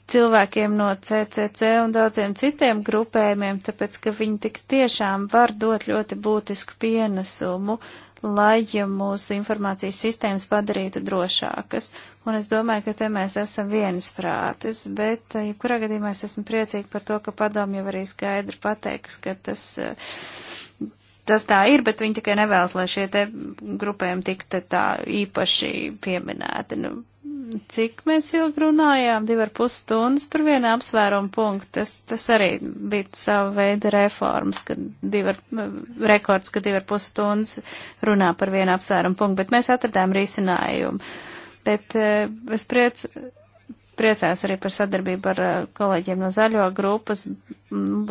cilvēkiem no CCC un daudziem citiem grupējumiem, tāpēc, ka viņi tik tiešām var dot ļoti būtisku pienesumu, lai mūsu informācijas sistēmas padarītu drošākas. Un es domāju, ka te mēs esam vienisprātis, bet, eh, ja kurā gadījumā es esmu priecīgi par to, ka padomu jau arī skaidri pateiks, ka tas, eh, tas tā ir, bet viņi tikai nevēlas, lai šie te grupējumi tiktu tā īpaši pieminēti. Nu, Cik mēs ilgi runājām? Divi ar pus stundas par vienu apsvērumu punktu. Tas, tas arī bija sava veida reformas, kad divi ar, rekords, ka divi ar pus stundas runā par vienu apsvērumu punktu, bet mēs atradām risinājumu. Bet eh, es priec, priecājos arī par sadarbību ar eh, kolēģiem no zaļo grupas.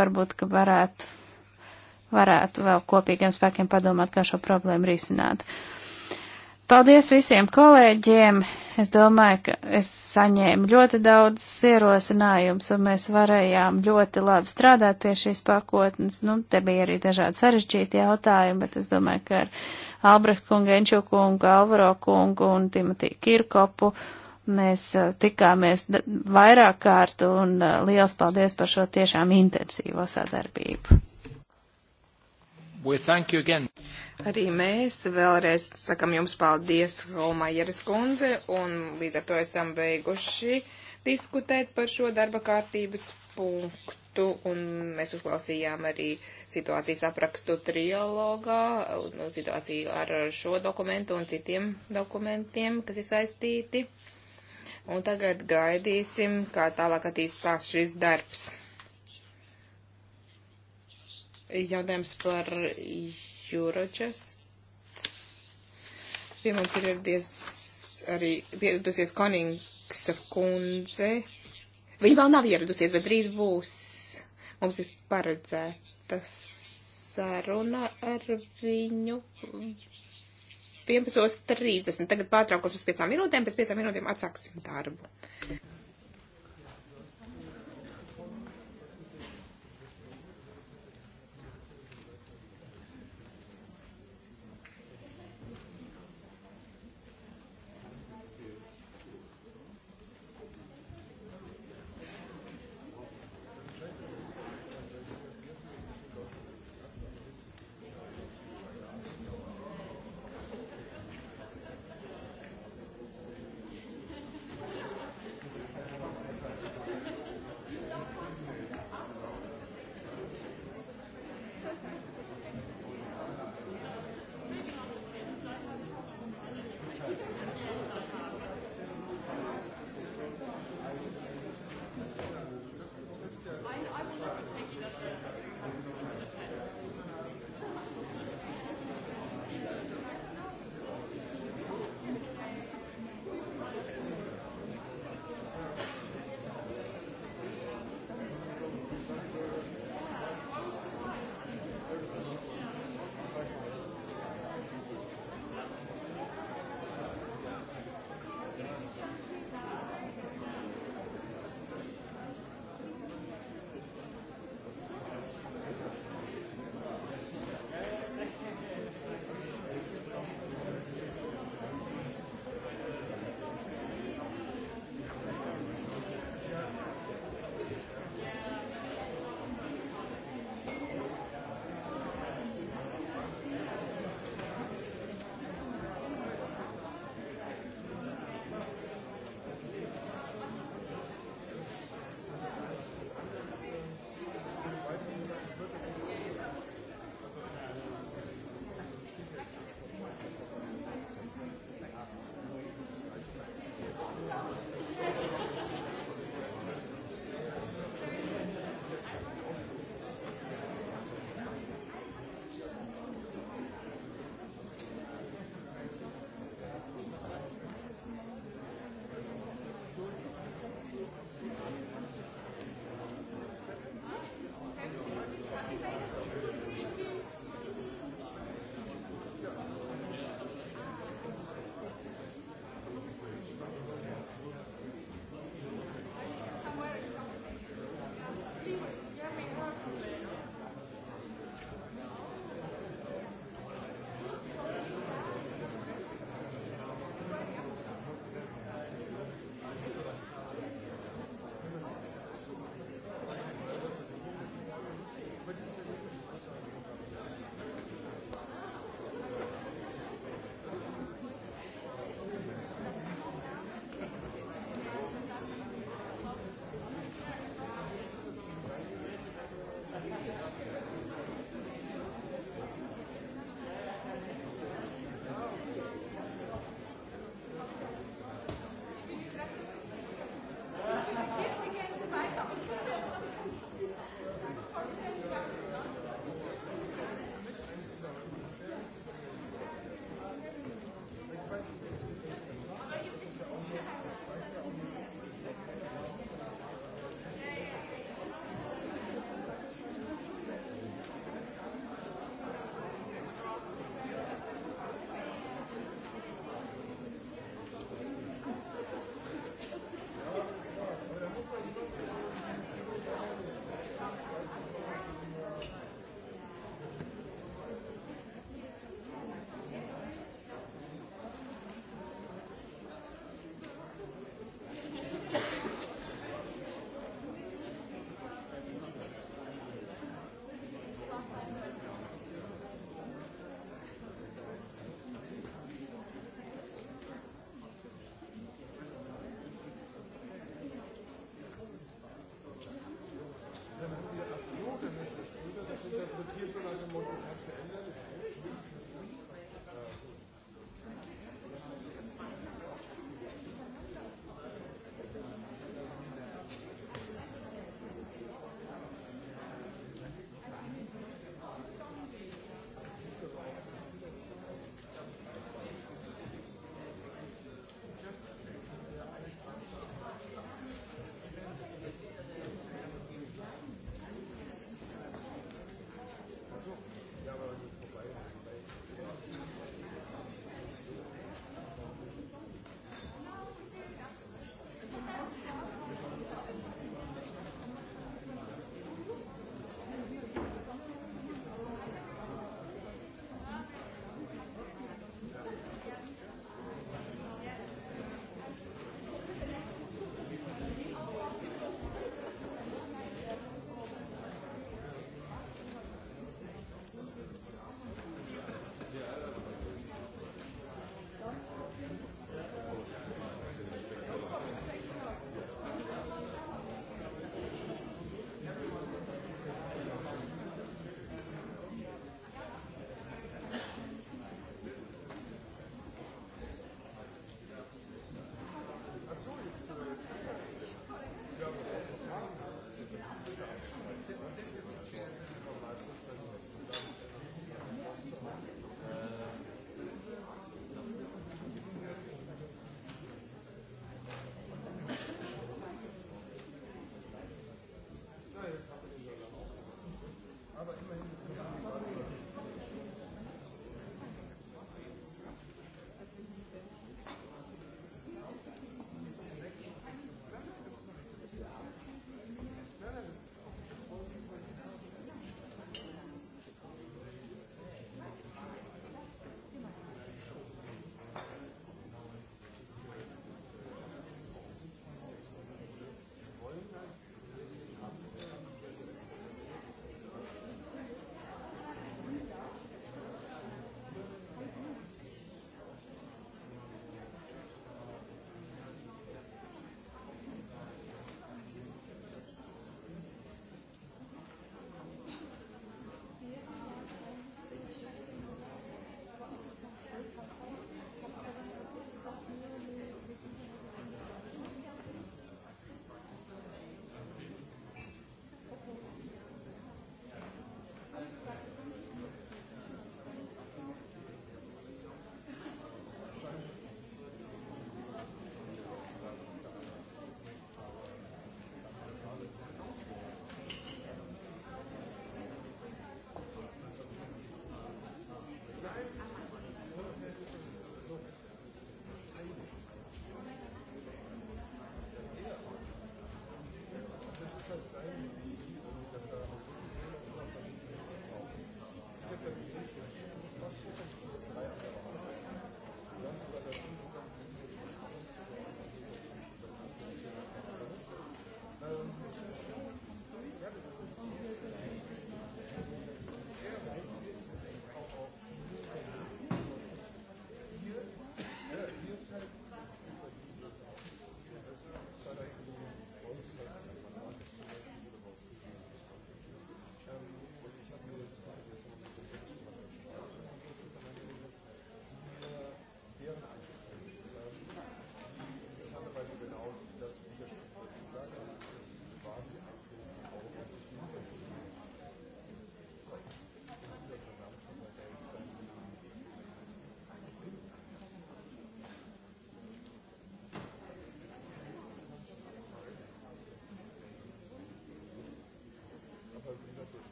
Varbūt, ka varētu, varētu vēl kopīgiem spēkiem padomāt, kā šo problēmu risināt. Uh, Paldies visiem kolēģiem. Es domāju, ka es saņēmu ļoti daudz ierosinājumus, un mēs varējām ļoti labi strādāt pie šīs pakotnes. Nu, te bija arī dažādi sarežģīti jautājumi, bet es domāju, ka ar Albrecht kungu, Enču kungu, Alvaro kungu un Timotiju Kirkopu mēs uh, tikāmies vairāk kārt, un uh, liels paldies par šo tiešām intensīvo sadarbību. Arī mēs vēlreiz sakam jums paldies, Holmajeras kundze, un līdz ar to esam beiguši diskutēt par šo darba kārtības punktu, un mēs uzklausījām arī situācijas aprakstu trialogā, no situāciju ar šo dokumentu un citiem dokumentiem, kas ir saistīti. Un tagad gaidīsim, kā tālāk attīstās šis darbs jautājums par Eurojust. Pie mums ir ieradies arī pieradusies Koningsa kundze. Viņa vēl nav ieradusies, bet drīz būs. Mums ir paredzēta saruna ar viņu 11.30. Tagad pārtraukums uz 5 minūtēm, pēc 5 minūtēm atsāksim darbu.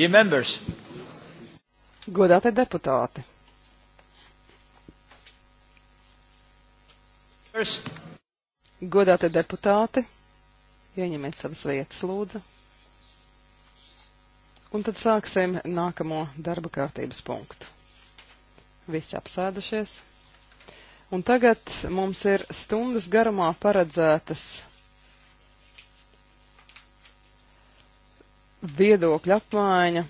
Dear members. Godātie deputāti. Godātie deputāti, ieņemiet savas vietas, lūdzu. Un tad sāksim nākamo darba kārtības punktu. Visi apsēdušies. Un tagad mums ir stundas garumā paredzētas viedokļa apmaiņa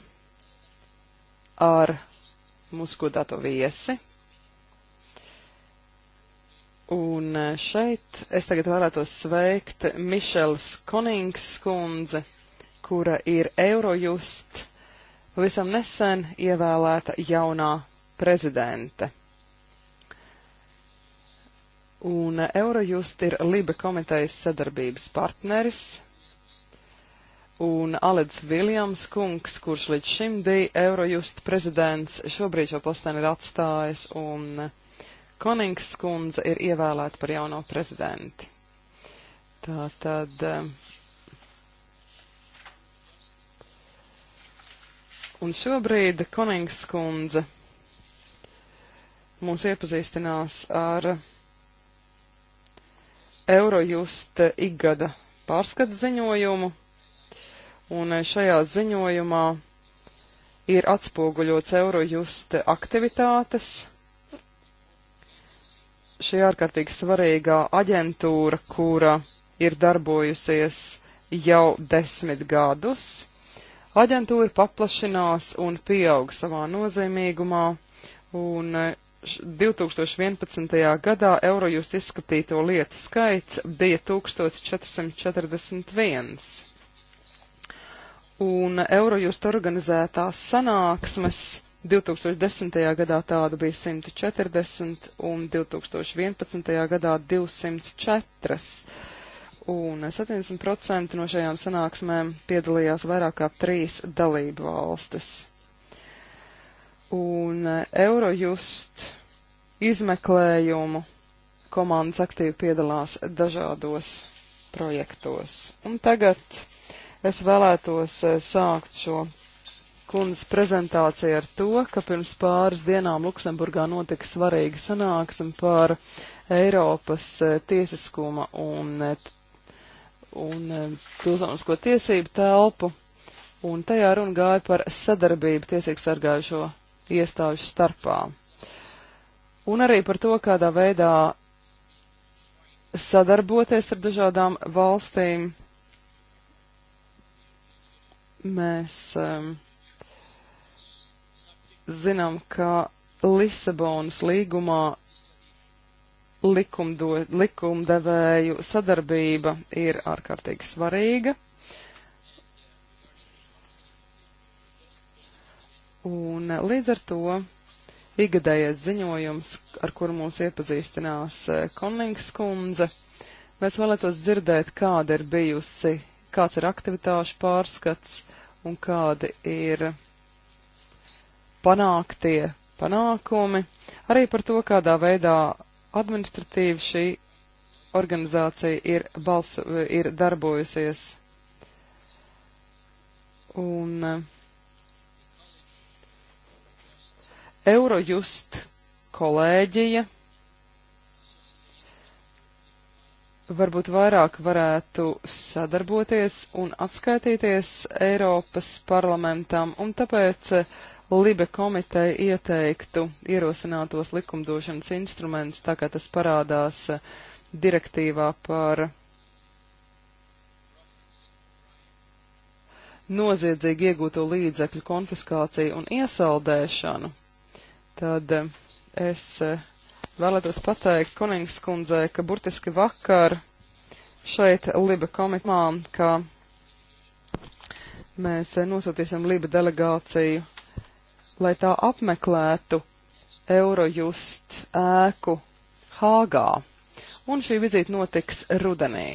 ar mūsu godāto viesi. šeit es tagad vēlētos sveikt Mišels Konings kundze, kura ir Eurojust pavisam nesen ievēlēta jaunā prezidente. Un Eurojust ir Libe komitejas sadarbības partneris, un Aleds Viljams kungs, kurš līdz šim bija Eurojust prezidents, šobrīd šo posteni ir atstājis, un Konings kundze ir ievēlēta par jauno prezidenti. Tā tad. Eh, un šobrīd Konings kundze mūs iepazīstinās ar Eurojust igada pārskats ziņojumu, un šajā ziņojumā ir atspoguļots Eurojust aktivitātes šī ārkārtīgi svarīgā aģentūra, kura ir darbojusies jau desmit gadus. Aģentūra paplašinās un pieaug savā nozīmīgumā, un 2011. gadā Eurojust izskatīto lietu skaits bija 1441. Un Eurojust organizētās sanāksmes 2010. gadā tādu bija 140 un 2011. gadā 204. Un 70% no šajām sanāksmēm piedalījās vairāk kā trīs dalību valstis. Un e, Eurojust izmeklējumu komandas aktīvi piedalās dažādos projektos. Un tagad es vēlētos e, sākt šo kundzes prezentācija ar to, ka pirms pāris dienām Luksemburgā notika svarīga sanāksme par Eiropas eh, tiesiskuma un, eh, un eh, pilsonisko tiesību telpu, un tajā runa gāja par sadarbību tiesību sargājušo iestāžu starpā. Un arī par to, kādā veidā sadarboties ar dažādām valstīm mēs um, zinām, ka Lisabonas līgumā likumdo, likumdevēju sadarbība ir ārkārtīgi svarīga. Un līdz ar to ikgadējais ziņojums, ar kuru mūs iepazīstinās e, Konings kundze, mēs vēlētos dzirdēt, kāda ir bijusi, kāds ir aktivitāšu pārskats un kādi ir panāktie panākumi, arī par to, kādā veidā administratīvi šī organizācija ir, balso, ir darbojusies. Un eh, Eurojust kolēģija varbūt vairāk varētu sadarboties un atskaitīties Eiropas parlamentam, un tāpēc eh, Libe komiteja ieteiktu ierosinātos likumdošanas instrumentus, tā kā tas parādās eh, direktīvā par noziedzīgi iegūto līdzekļu konfiskāciju un iesaldēšanu, tad eh, es eh, vēlētos pateikt Konings kundzē, ka burtiski vakar šeit Liba komitmā, ka mēs nosūtīsim Liba delegāciju lai tā apmeklētu Eurojust ēku Hāgā. Un šī vizīte notiks rudenī.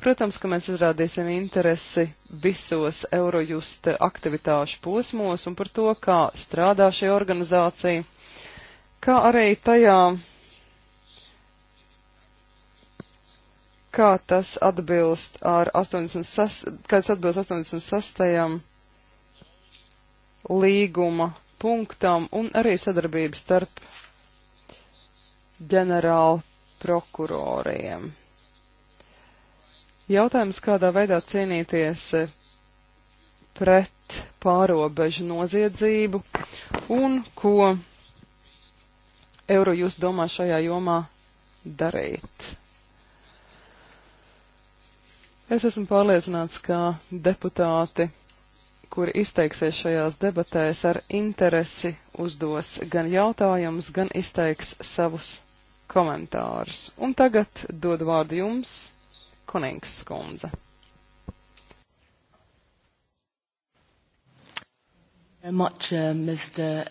Protams, ka mēs izrādīsim interesi visos Eurojust aktivitāšu posmos un par to, kā strādā šī organizācija, kā arī tajā, kā tas atbilst ar 86, kā tas atbilst 86 līguma punktam un arī sadarbību starp ģenerāla prokuroriem. Jautājums, kādā veidā cīnīties pret pārobežu noziedzību un ko eiro jūs domā šajā jomā darīt. Es esmu pārliecināts, ka deputāti kuri izteiksies šajās debatēs ar interesi, uzdos gan jautājumus, gan izteiks savus komentārus. Un tagad dod vārdu jums, Konings skundze. Much, uh, Mr.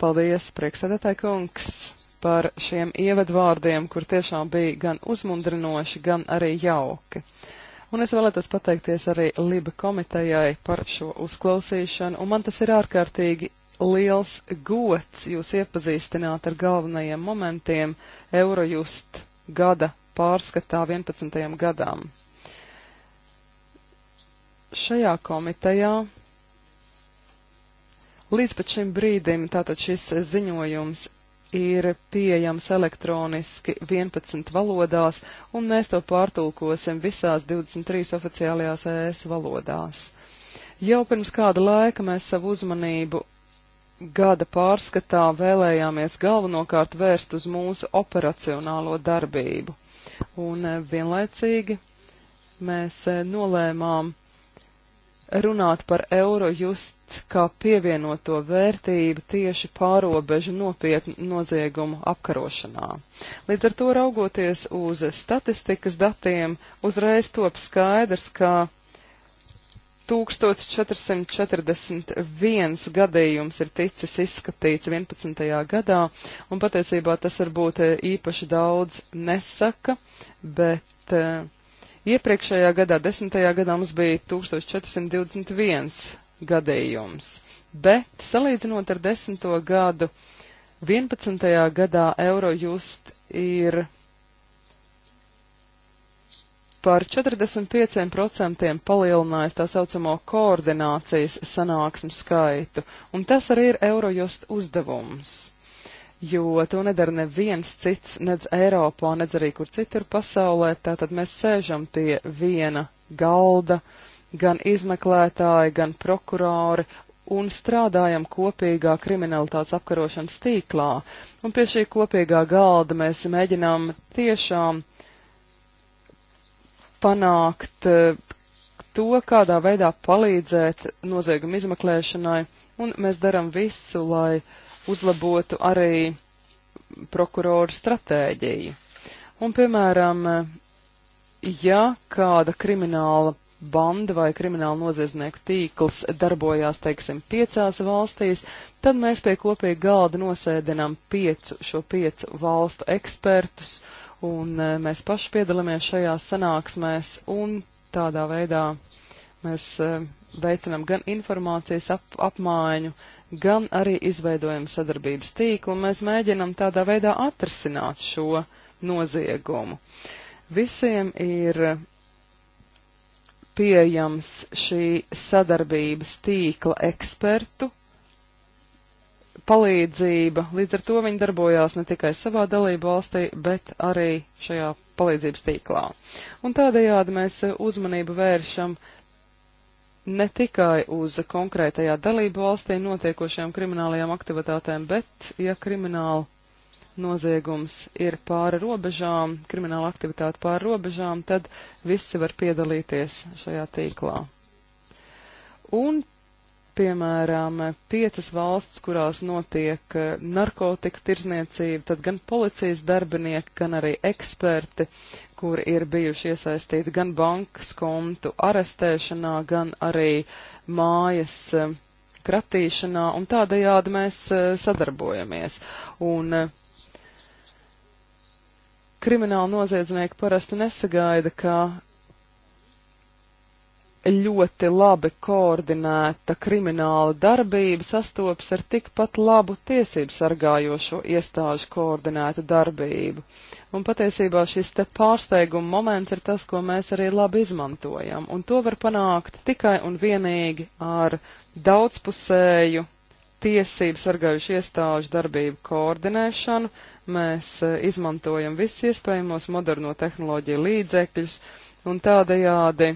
Paldies, priekšsēdētāji kungs, par šiem ievadvārdiem, kur tiešām bija gan uzmundrinoši, gan arī jauki. Uh, un es vēlētos pateikties arī Liba komitejai par šo uzklausīšanu, un man tas ir ārkārtīgi liels gods jūs iepazīstināt ar galvenajiem momentiem Eurojust gada pārskatā 11. gadām. Šajā komitejā līdz pat šim brīdim tātad šis ziņojums ir pieejams elektroniski 11 valodās, un mēs to pārtulkosim visās 23 oficiālajās ES valodās. Jau pirms kāda laika mēs savu uzmanību gada pārskatā vēlējāmies galvenokārt vērst uz mūsu operacionālo darbību, un e, vienlaicīgi mēs e, nolēmām runāt par Eurojust kā pievienoto vērtību tieši pārobežu nopietnu noziegumu apkarošanā. Līdz ar to raugoties uz statistikas datiem, uzreiz top skaidrs, ka 1441 gadījums ir ticis izskatīts 11. gadā, un patiesībā tas varbūt īpaši daudz nesaka, bet uh, iepriekšējā gadā, 10. gadā mums bija 1421 gadījums. Bet, salīdzinot ar desmito gadu, 11. gadā Eurojust ir par 45% palielinājis tā saucamo koordinācijas sanāksmu skaitu, un tas arī ir Eurojust uzdevums jo to nedara neviens cits, nedz Eiropā, nedz arī kur citur pasaulē. Tātad mēs sēžam pie viena galda gan izmeklētāji, gan prokurori un strādājam kopīgā kriminalitātes apkarošanas tīklā. Un pie šī kopīgā galda mēs mēģinām tiešām panākt eh, to, kādā veidā palīdzēt noziegumu izmeklēšanai, un mēs darām visu, lai uzlabotu arī prokuroru stratēģiju. Un, piemēram, eh, ja kāda krimināla banda vai krimināla noziedznieku tīkls darbojās, teiksim, piecās valstīs, tad mēs pie kopīga galda nosēdinām piecu šo piecu valstu ekspertus, un e, mēs paši piedalāmies šajās sanāksmēs, un tādā veidā mēs e, veicinām gan informācijas ap apmaiņu, gan arī izveidojam sadarbības tīklu, un mēs mēģinam tādā veidā atrisināt šo noziegumu. Visiem ir pieejams šī sadarbības tīkla ekspertu palīdzība. Līdz ar to viņi darbojās ne tikai savā dalību valstī, bet arī šajā palīdzības tīklā. Un tādējādi mēs uzmanību vēršam ne tikai uz konkrētajā dalību valstī notiekošajām kriminālajām aktivitātēm, bet, ja krimināla noziegums ir pāri robežām, krimināla aktivitāte pāri robežām, tad visi var piedalīties šajā tīklā. Un, piemēram, piecas valsts, kurās notiek eh, narkotiku tirzniecība, tad gan policijas darbinieki, gan arī eksperti, kuri ir bijuši iesaistīti gan bankas kontu arestēšanā, gan arī mājas eh, kratīšanā, un tādējādi mēs eh, sadarbojamies. Un Krimināli noziedznieki parasti nesagaida, ka ļoti labi koordinēta krimināla darbība sastopas ar tikpat labu tiesību sargājošo iestāžu koordinētu darbību. Un patiesībā šis te pārsteiguma moments ir tas, ko mēs arī labi izmantojam, un to var panākt tikai un vienīgi ar daudzpusēju tiesību sargājušu iestāžu darbību koordinēšanu, Mēs e, izmantojam visus iespējamos moderno tehnoloģiju līdzekļus un tādējādi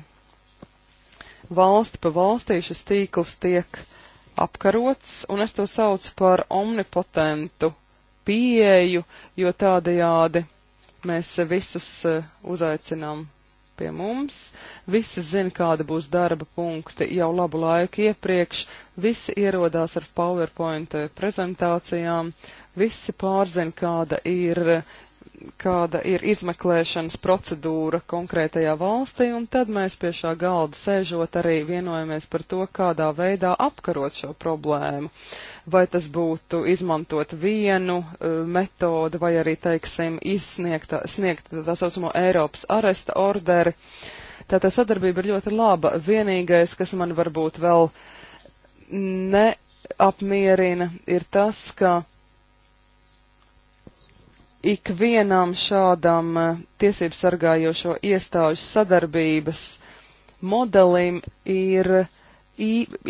valsti pa valstī šis tīkls tiek apkarots, un es to saucu par omnipotentu pieeju, jo tādējādi mēs visus e, uzaicinām pie mums. Visi zina, kāda būs darba punkti jau labu laiku iepriekš. Visi ierodās ar PowerPoint prezentācijām, Visi pārzina, kāda ir kāda ir izmeklēšanas procedūra konkrētajā valstī, un tad mēs pie šā galda sēžot arī vienojamies par to, kādā veidā apkarot šo problēmu. Vai tas būtu izmantot vienu uh, eh, metodu, vai arī, teiksim, izsniegt sniegt, tā saucamo Eiropas aresta orderi. Tātad sadarbība ir ļoti laba. Vienīgais, kas man varbūt vēl neapmierina, ir tas, ka ikvienam šādam eh, tiesību sargājošo iestāžu sadarbības modelim ir,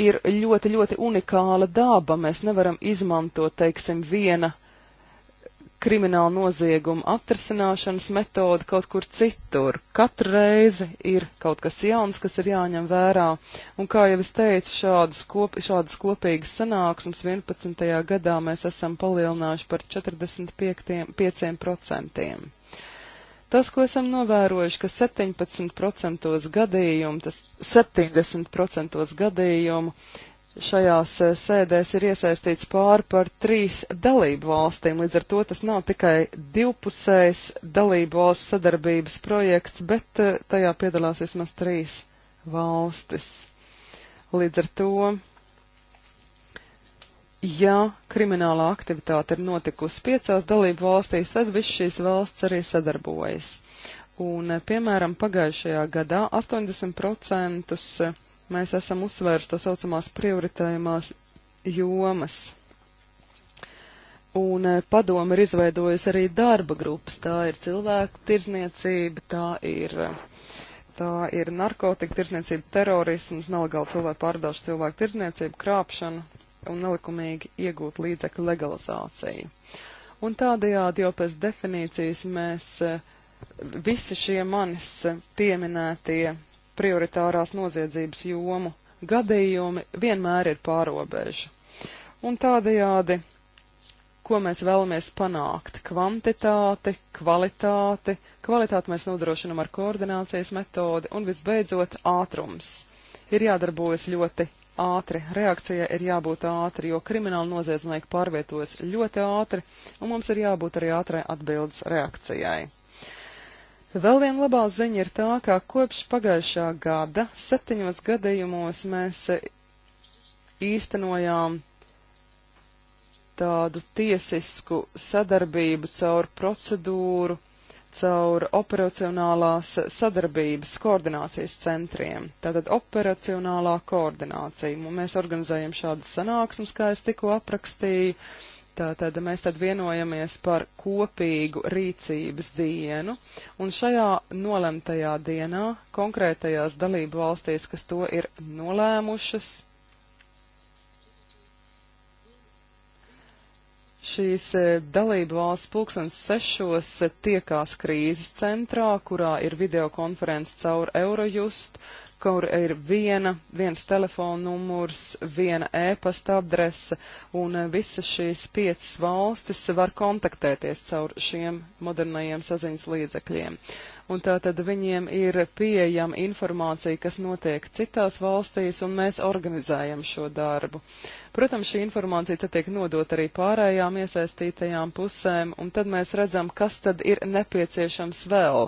ir ļoti, ļoti unikāla daba. Mēs nevaram izmantot, teiksim, viena krimināla nozieguma atrisināšanas metode kaut kur citur. Katru reizi ir kaut kas jauns, kas ir jāņem vērā. Un kā jau es teicu, šādas, kop, šādas kopīgas sanāksmes 11. gadā mēs esam palielinājuši par 45%. Tas, ko esam novērojuši, ka 17% gadījumu, tas 70% gadījumu šajās eh, sēdēs ir iesaistīts pāri par trīs dalību valstīm, līdz ar to tas nav tikai divpusējs dalību valstu sadarbības projekts, bet eh, tajā piedalās vismaz trīs valstis. Līdz ar to, ja kriminālā aktivitāte ir notikusi piecās dalību valstīs, tad viss šīs valsts arī sadarbojas. Un, eh, piemēram, pagājušajā gadā 80% mēs esam uzsvērši tā saucamās prioritējumās jomas. Un e, padomu ir izveidojusi arī darba grupas. Tā ir cilvēku tirzniecība, tā ir, e, tā ir narkotika tirzniecība, terorisms, nelegāla cilvēku pārdošana, cilvēku tirzniecība, krāpšana un nelikumīgi iegūt līdzekļu legalizācija. Un tādējādi jau pēc definīcijas mēs e, visi šie manis pieminētie prioritārās noziedzības jomu gadījumi vienmēr ir pārobežu. Un tādajādi, ko mēs vēlamies panākt? Kvantitāti, kvalitāti, kvalitāti mēs nodrošinam ar koordinācijas metodi un visbeidzot ātrums. Ir jādarbojas ļoti ātri, reakcija ir jābūt ātri, jo krimināli noziedznieki pārvietojas ļoti ātri, un mums ir jābūt arī ātrai atbildes reakcijai. Vēl viena labā ziņa ir tā, ka kopš pagājušā gada septiņos gadījumos mēs īstenojām tādu tiesisku sadarbību caur procedūru, caur operacionālās sadarbības koordinācijas centriem. Tātad operacionālā koordinācija. Mēs organizējam šādas sanāksmes, kā es tikko aprakstīju. Uh, Tātad mēs tad vienojamies par kopīgu rīcības dienu, un šajā nolemtajā dienā konkrētajās dalību valstīs, kas to ir nolēmušas, šīs e, dalību valsts pulkstens sešos e, tiekās krīzes centrā, kurā ir videokonferences caur Eurojust, kur ir viena, viens telefonnumurs, viena ēpasta e adrese, un eh, visas šīs piecas valstis var kontaktēties caur šiem modernajiem saziņas līdzekļiem un tātad viņiem ir pieejama informācija, kas notiek citās valstīs, un mēs organizējam šo darbu. Protams, šī informācija tad tiek nodot arī pārējām iesaistītajām pusēm, un tad mēs redzam, kas tad ir nepieciešams vēl.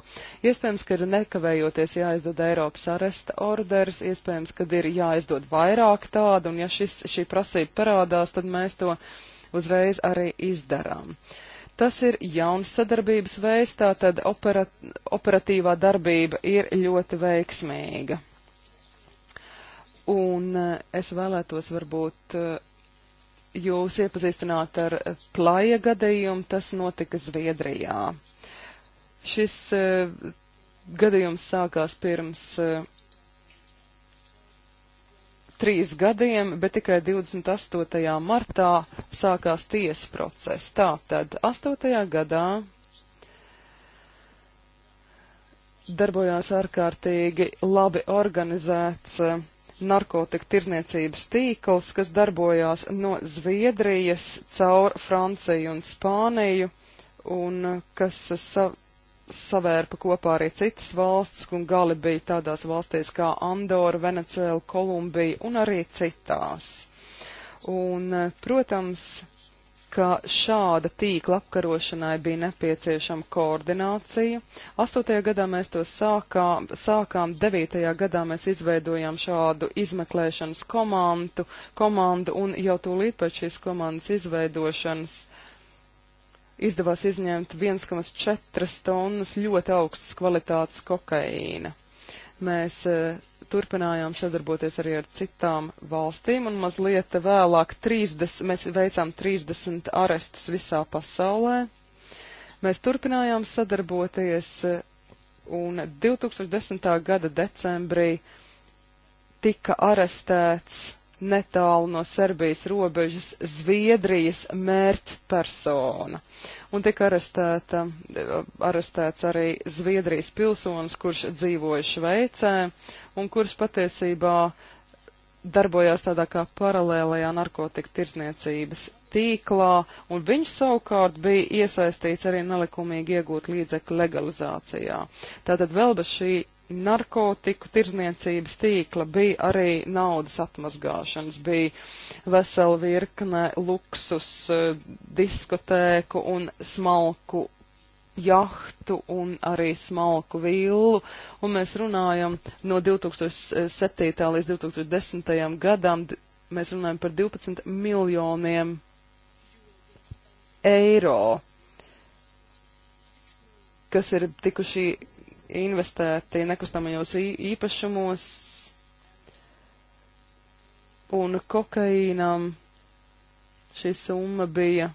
Iespējams, ka ir nekavējoties jāizdod Eiropas aresta orders, iespējams, ka ir jāizdod vairāk tādu, un ja šis, šī prasība parādās, tad mēs to uzreiz arī izdarām. Uh, Tas ir jauns sadarbības veids, tātad operat operatīvā darbība ir ļoti veiksmīga. Un eh, es vēlētos varbūt eh, jūs iepazīstināt ar eh, plāja gadījumu, tas notika Zviedrijā. Šis gadījums sākās pirms trīs gadiem, bet tikai 28. martā sākās tiesa process. Tātad 8. gadā darbojās ārkārtīgi labi organizēts eh, narkotika tirzniecības tīkls, kas darbojās no Zviedrijas caur Franciju un Spāniju, un eh, kas sa savērpa kopā arī citas valsts, un gali bija tādās valstīs kā Andora, Venecuēla, Kolumbija un arī citās. Un, eh, protams, ka šāda tīkla apkarošanai bija nepieciešama koordinācija. 8. gadā mēs to sākām, sākām 9. gadā mēs izveidojām šādu izmeklēšanas komandu, komandu un jau tūlīt pēc šīs komandas izveidošanas uh, izdevās izņemt 1,4 tonnas ļoti augstas kvalitātes kokaīna. Mēs e, turpinājām sadarboties arī ar citām valstīm, un mazliet vēlāk 30, mēs veicām 30 arestus visā pasaulē. Mēs turpinājām sadarboties, e, un 2010. gada decembrī tika arestēts netālu no Serbijas robežas Zviedrijas mērķpersona. Un tika arestēta, arestēts arī Zviedrijas pilsonis, kurš dzīvoja Šveicē un kurš patiesībā darbojās tādā kā paralēlajā narkotika tirzniecības tīklā, un viņš savukārt bija iesaistīts arī nelikumīgi iegūt līdzekļu legalizācijā. Tātad vēl bez šī narkotiku tirzniecības tīkla, bija arī naudas atmazgāšanas, bija vesela virkne luksus, eh, diskotēku un smalku jahtu un arī smalku villu, un mēs runājam no 2007. līdz 2010. gadam, mēs runājam par 12 miljoniem eiro kas ir tikuši investēti nekustamajos īpašumos un kokaīnam šī summa bija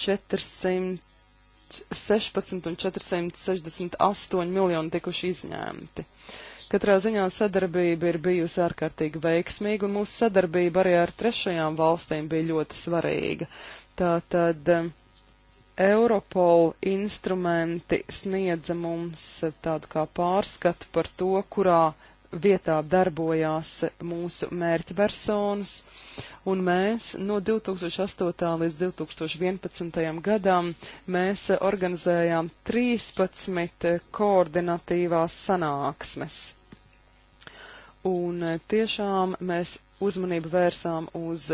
416 un 468 miljoni tikuši izņemti. Katrā ziņā sadarbība ir bijusi ārkārtīgi veiksmīga, un mūsu sadarbība arī ar trešajām valstīm bija ļoti svarīga. Tātad Europol instrumenti sniedza mums tādu kā pārskatu par to, kurā vietā darbojās mūsu mērķpersonas, un mēs no 2008. līdz 2011. gadam mēs organizējām 13 koordinatīvās sanāksmes. Un tiešām mēs uzmanību vērsām uz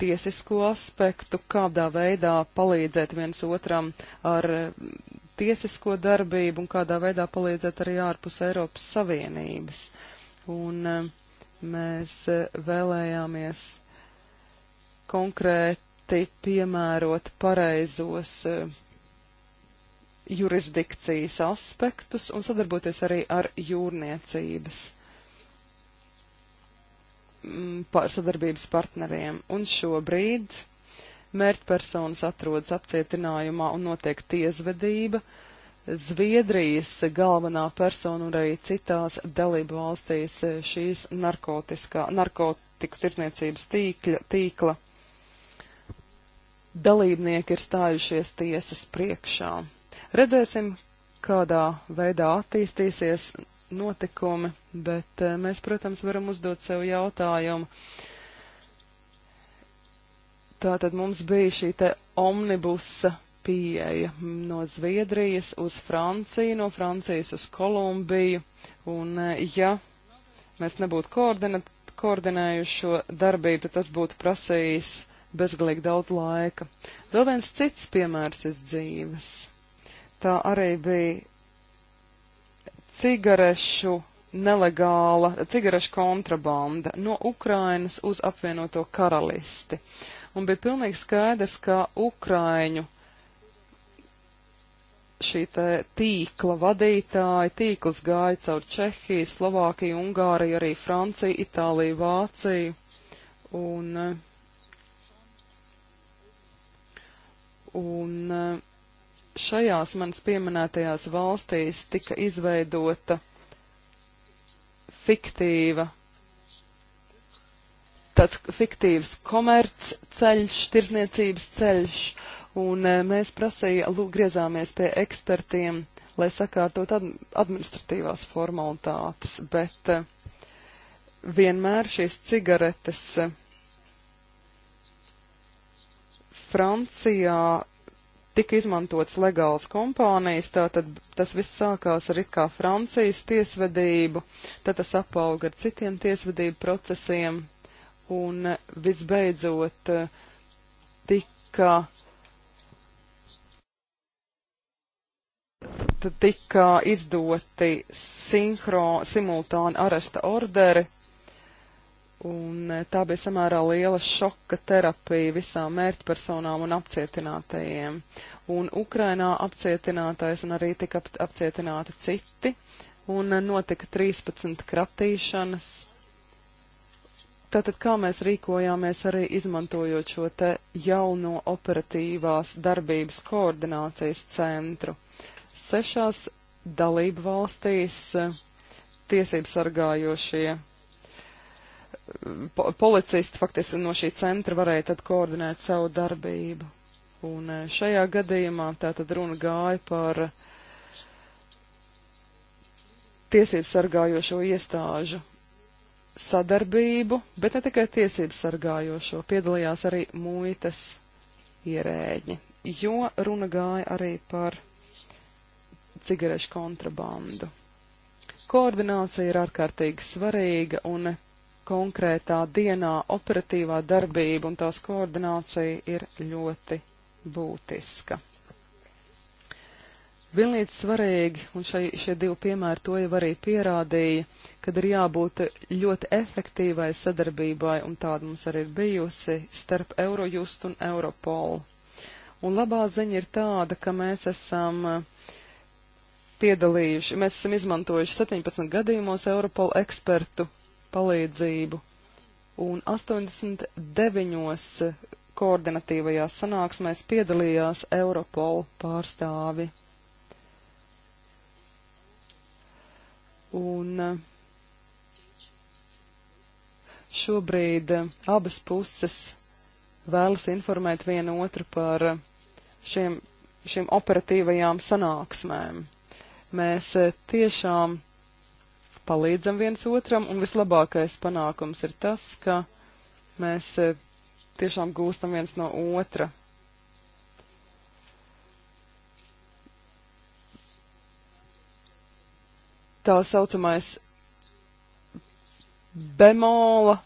tiesisko aspektu, kādā veidā palīdzēt viens otram ar mm, tiesisko darbību un kādā veidā palīdzēt arī ārpus Eiropas Savienības. Un mm, mēs eh, vēlējāmies konkrēti piemērot pareizos eh, jurisdikcijas aspektus un sadarboties arī ar jūrniecības Mm, par sadarbības partneriem. Un šobrīd mērķpersonas atrodas apcietinājumā un notiek tiesvedība. Zviedrijas galvenā persona un arī citās dalību valstīs šīs narkotiku tirsniecības tīkļa, tīkla dalībnieki ir stājušies tiesas priekšā. Redzēsim, kādā veidā attīstīsies notikumi, bet eh, mēs, protams, varam uzdot sev jautājumu. Tātad mums bija šī te omnibusa pieeja no Zviedrijas uz Franciju, no Francijas uz Kolumbiju, un eh, ja mēs nebūtu koordinējuši šo darbību, tad tas būtu prasījis bezgalīgi daudz laika. Vēl viens cits piemērs iz dzīves. Tā arī bija cigarešu nelegāla cigarešu kontrabanda no Ukrainas uz apvienoto karalisti. Un bija pilnīgi skaidrs, ka Ukraiņu šī tīkla vadītāji, tīkls gāja caur Čehiju, Slovākiju, Ungāriju, arī Franciju, Itāliju, Vāciju. Un, un šajās manas pieminētajās valstīs tika izveidota fiktīva, tāds fiktīvs komerc ceļš, tirzniecības ceļš, un eh, mēs prasīja, lūk, griezāmies pie ekspertiem, lai sakārtot administratīvās formalitātes, bet eh, vienmēr šīs cigaretes eh, Francijā tika izmantotas legālas kompānijas, tātad tas viss sākās ar it kā Francijas tiesvedību, tad tas apauga ar citiem tiesvedību procesiem, un eh, visbeidzot eh, tika, tika izdoti sinhro, simultāni aresta orderi Un eh, tā bija samērā liela šoka terapija visām mērķpersonām un apcietinātajiem. Un Ukrainā apcietinātais un arī tika ap, apcietināti citi. Un eh, notika 13 kratīšanas. Tātad kā mēs rīkojāmies arī izmantojot šo te jauno operatīvās darbības koordinācijas centru. Sešās dalību valstīs eh, tiesības sargājošie po policisti faktiski no šī centra varēja tad koordinēt savu darbību. Un e, šajā gadījumā tātad runa gāja par tiesību sargājošo iestāžu sadarbību, bet ne tikai tiesību sargājošo, piedalījās arī muitas ierēģi, jo runa gāja arī par cigarešu kontrabandu. Koordinācija ir ārkārtīgi svarīga, un konkrētā dienā operatīvā darbība un tās koordinācija ir ļoti būtiska. Vienlīdz svarīgi, un šai, šie divi piemēri to jau arī pierādīja, kad ir jābūt ļoti efektīvai sadarbībai, un tāda mums arī ir bijusi, starp Eurojust un Europolu. Un labā ziņa ir tāda, ka mēs esam uh, piedalījuši, mēs esam izmantojuši 17 gadījumos Europolu ekspertu palīdzību, un 89 koordinatīvajās sanāksmēs piedalījās Europol pārstāvi. Un šobrīd eh, abas puses vēlas informēt vienu otru par eh, šiem, šiem operatīvajām sanāksmēm. Mēs eh, tiešām palīdzam viens otram, un vislabākais panākums ir tas, ka mēs eh, tiešām gūstam viens no otra. Tā saucamais bemola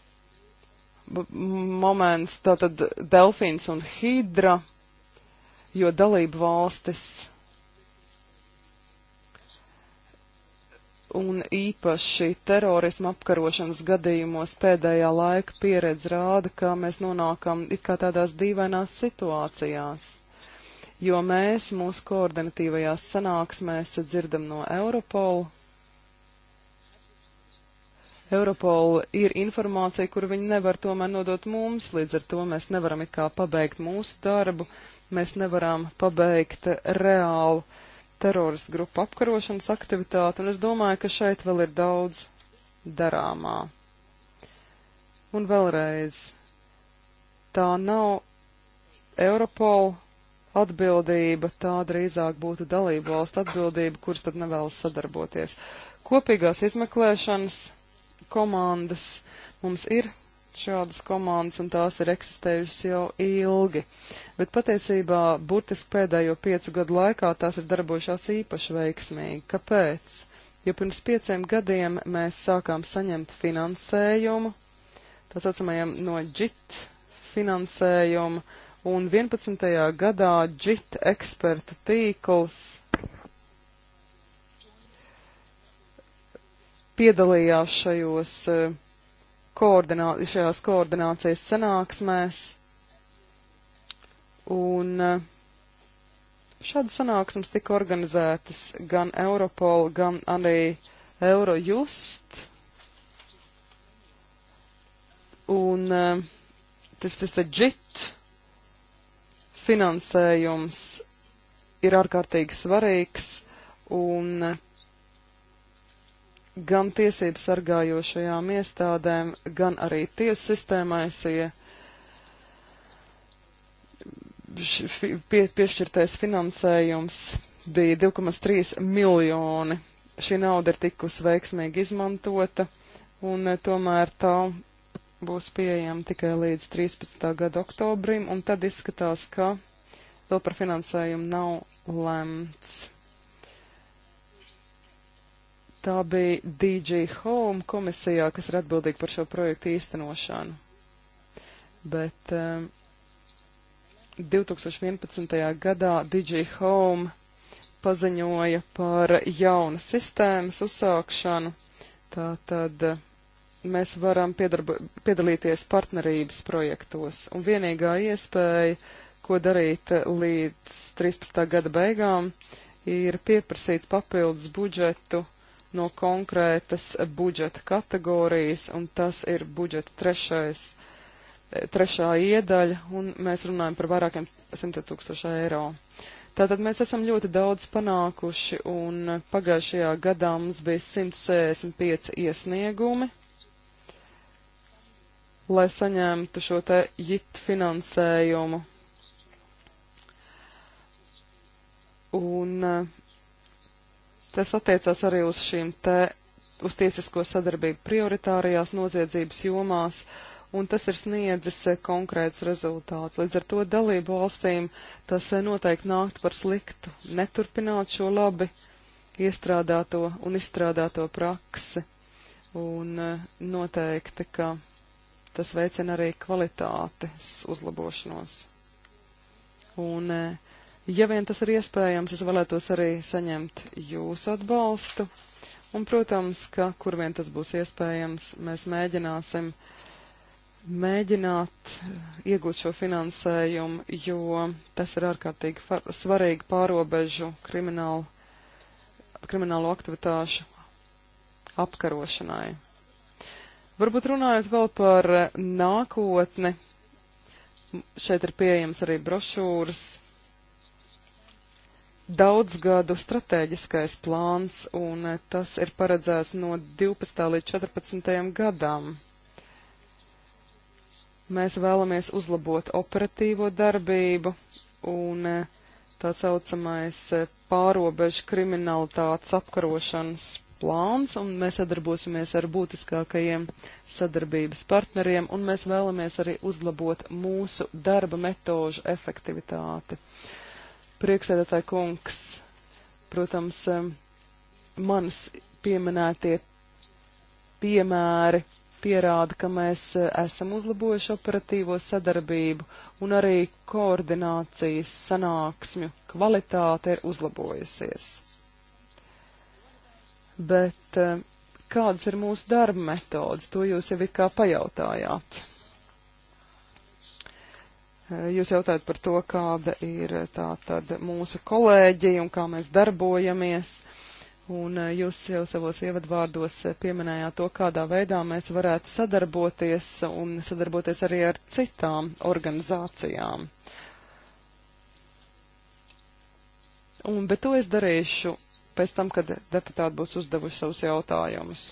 moments, tātad delfīns un hidra, jo dalību valstis un īpaši terorismu apkarošanas gadījumos pēdējā laika pieredze rāda, ka mēs nonākam it kā tādās dīvainās situācijās. Jo mēs mūsu koordinatīvajās sanāksmēs dzirdam no Europolu. Europol ir informācija, kuru viņi nevar tomēr nodot mums, līdz ar to mēs nevaram it kā pabeigt mūsu darbu, mēs nevaram pabeigt reālu uh, teroristu grupu apkarošanas aktivitāti, un es domāju, ka šeit vēl ir daudz darāmā. Un vēlreiz, tā nav Europol atbildība, tā drīzāk būtu dalību valstu atbildība, kuras tad nevēlas sadarboties. Kopīgās izmeklēšanas komandas mums ir Šādas komandas un tās ir eksistējušas jau ilgi, bet patiesībā burtiski pēdējo piecu gadu laikā tās ir darbojušās īpaši veiksmīgi. Kāpēc? Jo pirms pieciem gadiem mēs sākām saņemt finansējumu, tā saucamajam no JIT finansējumu, un 11. gadā JIT ekspertu tīkls piedalījās šajos uh, koordinā, šajās koordinācijas sanāksmēs. Un eh, šādas sanāksmes tika organizētas gan Europol, gan arī Eurojust. Un eh, tas, tas ir džit finansējums ir ārkārtīgi svarīgs un gan tiesību sargājošajām iestādēm, gan arī tiesu sistēmai sie pie, piešķirtais finansējums bija 2,3 miljoni. Šī nauda ir tikusi veiksmīgi izmantota, un eh, tomēr tā būs pieejama tikai līdz 13. gada oktobrim, un tad izskatās, ka vēl par finansējumu nav lemts. Tā bija DG Home komisijā, kas ir atbildīga par šo projektu īstenošanu. Bet um, 2011. gadā DG Home paziņoja par jaunu sistēmas uzsākšanu. Tātad uh, mēs varam piedarba, piedalīties partnerības projektos. Un vienīgā iespēja, ko darīt uh, līdz 13. gada beigām, ir pieprasīt papildus budžetu no konkrētas budžeta kategorijas, un tas ir budžeta trešais, trešā iedaļa, un mēs runājam par vairākiem simtiem tūkstošu eiro. Tātad mēs esam ļoti daudz panākuši, un pagājušajā gadā mums bija 165 iesniegumi, lai saņemtu šo te JIT finansējumu. Un Tas attiecās arī uz šīm te, uz tiesisko sadarbību prioritārajās noziedzības jomās, un tas ir sniedzis eh, konkrēts rezultāts. Līdz ar to dalību valstīm tas eh, noteikti nākt par sliktu, neturpināt šo labi iestrādāto un izstrādāto praksi, un eh, noteikti, ka tas veicina arī kvalitātes uzlabošanos. Un, eh, Ja vien tas ir iespējams, es vēlētos arī saņemt jūsu atbalstu. Un, protams, ka kur vien tas būs iespējams, mēs mēģināsim mēģināt eh, iegūt šo finansējumu, jo tas ir ārkārtīgi svarīgi pārobežu kriminālu, kriminālu aktivitāšu apkarošanai. Varbūt runājot vēl par nākotni, šeit ir pieejams arī brošūras daudzgadu stratēģiskais plāns, un tas ir paredzēts no 12. līdz 14. gadam. Mēs vēlamies uzlabot operatīvo darbību un tā saucamais pārobežu kriminalitātes apkarošanas plāns, un mēs sadarbosimies ar būtiskākajiem sadarbības partneriem, un mēs vēlamies arī uzlabot mūsu darba metožu efektivitāti. Uh, Prieksēdētāji kungs, protams, manas pieminētie piemēri pierāda, ka mēs eh, esam uzlabojuši operatīvo sadarbību un arī koordinācijas sanāksmju kvalitāte ir uzlabojusies. Bet kādas ir mūsu darba metodas, to jūs jau it kā pajautājāt. Jūs jautājat par to, kāda ir tā tad mūsu kolēģija un kā mēs darbojamies. Un eh, jūs jau savos ievadvārdos eh, pieminējāt to, kādā veidā mēs varētu sadarboties un sadarboties arī ar citām organizācijām. Un, bet to es darīšu pēc tam, kad deputāti būs uzdevuši savus jautājumus.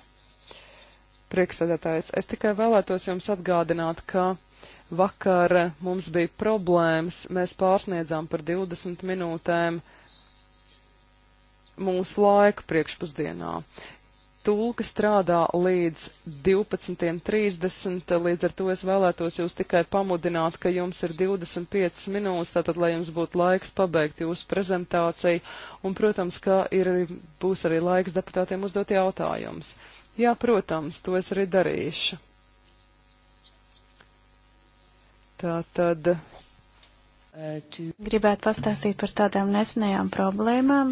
Prieksēdētājs, es tikai vēlētos jums atgādināt, ka Vakar mums bija problēmas, mēs pārsniedzām par 20 minūtēm mūsu laiku priekšpusdienā. Tulka strādā līdz 12.30, līdz ar to es vēlētos jūs tikai pamudināt, ka jums ir 25 minūtes, tātad, lai jums būtu laiks pabeigt jūsu prezentāciju, un, protams, ka ir, būs arī laiks deputātiem uzdot jautājumus. Jā, protams, to es arī darīšu. Tā tad. Gribētu pastāstīt par tādām nesenajām problēmām.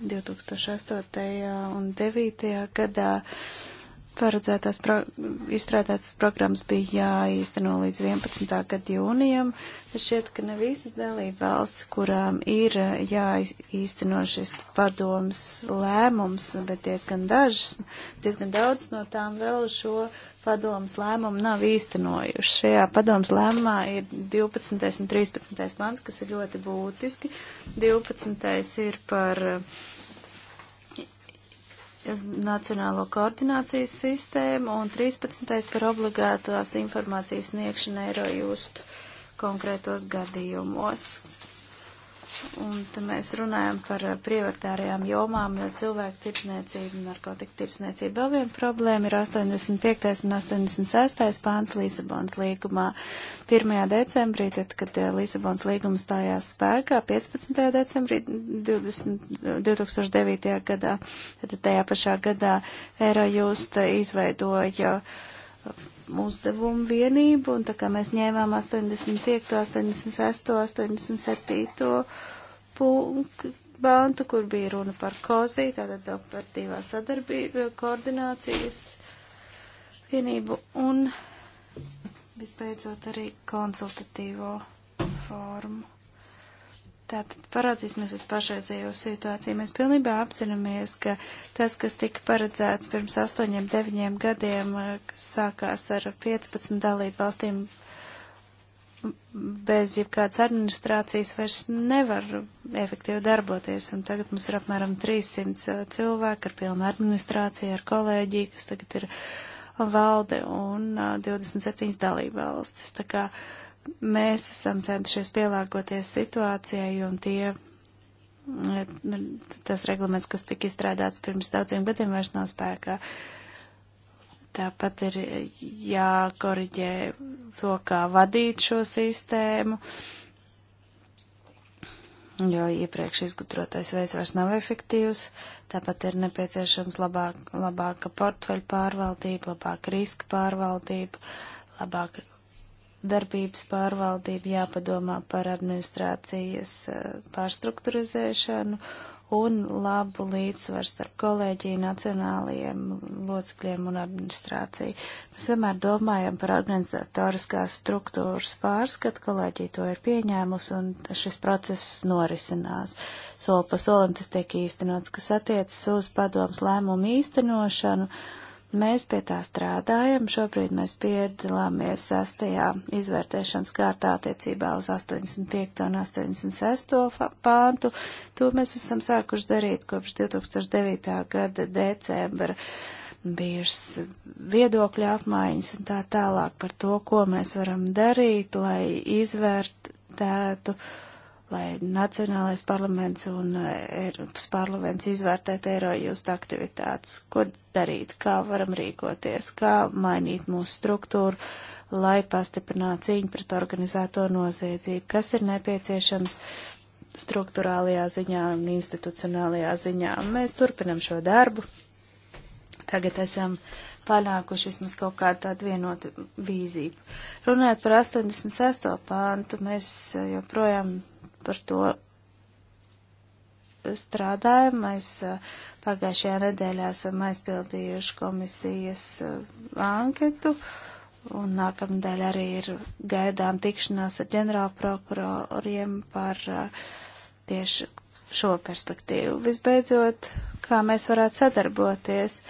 2008. un 2009. gadā paredzētās pro izstrādātas programmas bija jāīsteno līdz 11. gada jūnijam. Es šķiet, ka ne visas dalība valsts, kurām ir jāīsteno šis padomas lēmums, bet diezgan dažas, diezgan daudz no tām vēl šo padomas lēmumu nav īstenojuši. Šajā padomas lēmumā ir 12. un 13. pants, kas ir ļoti būtiski. 12. ir par eh, Nacionālo koordinācijas sistēmu un 13. par obligātās informācijas sniegšanu Eirojust konkrētos gadījumos. Un te mēs runājam par eh, prioritārajām jomām eh, - cilvēku tirsniecību, narkotika tirsniecību. Vēl viena problēma ir 85. un 86. pāns Lisabons līgumā. 1. decembrī, tad, kad eh, Lisabons līgums stājās spēkā, 15. decembrī 20, 2009. gadā, tad tajā pašā gadā Eirojust izveidoja. Uh, uzdevumu vienību, un tā kā mēs ņēmām 85, 86, 87 punktu, bantu, kur bija runa par kozī, tātad operatīvā sadarbība, koordinācijas vienību un visbeidzot arī konsultatīvo formu. Tātad paraudzīsimies uz pašreizējo situāciju. Mēs pilnībā apzināmies, ka tas, kas tika paredzēts pirms 8-9 gadiem, eh, kas sākās ar 15 dalību valstīm bez jebkādas administrācijas, vairs nevar efektīvi darboties. Un tagad mums ir apmēram 300 eh, cilvēki ar pilnu administrāciju, ar kolēģiju, kas tagad ir valde un 27 eh, dalību valstis. Tā kā uh, Mēs esam centušies pielāgoties situācijai un tie, eh, tas reglaments, kas tika izstrādāts pirms daudziem gadiem, vairs nav spēkā. Tāpat ir jākoriģē to, kā vadīt šo sistēmu, jo iepriekš izgudrotais veids vairs nav efektīvs. Tāpat ir nepieciešams labāk, labāka portfeļa pārvaldība, labāka riska pārvaldība, labāka darbības pārvaldību, jāpadomā par administrācijas eh, pārstrukturizēšanu un labu līdzsvaru starp kolēģiju, nacionālajiem locekļiem un administrāciju. Mēs vienmēr domājam par organizatoriskās struktūras pārskatu, kolēģija to ir pieņēmusi un šis process norisinās. Soli pa solim tas tiek īstenots, kas attiecas uz padoms lēmumu īstenošanu. Uh, Mēs pie tā strādājam, šobrīd mēs piedalāmies sastajā izvērtēšanas kārtā attiecībā uz 85. un 86. pāntu. To mēs esam sākuši darīt kopš 2009. gada decembra bijušas viedokļu apmaiņas un tā tālāk par to, ko mēs varam darīt, lai izvērtētu uh, lai Nacionālais parlaments un e, Eiropas parlaments izvērtētu Eirojust aktivitātes, ko darīt, kā varam rīkoties, kā mainīt mūsu struktūru, lai pastiprinātu cīņu pret organizēto noziedzību, kas ir nepieciešams struktūrālajā ziņā un institucionālajā ziņā. Mēs turpinam šo darbu. Tagad esam panākuši vismaz kaut kādu tādu vienotu vīzību. Runājot par 86. pāntu, mēs e, joprojām par to strādājam. Mēs eh, pagājušajā nedēļā esam aizpildījuši komisijas eh, anketu. Un nākamnedēļ arī ir gaidām tikšanās ar ģenerālprokuroriem par eh, tieši šo perspektīvu. Visbeidzot, kā mēs varētu sadarboties,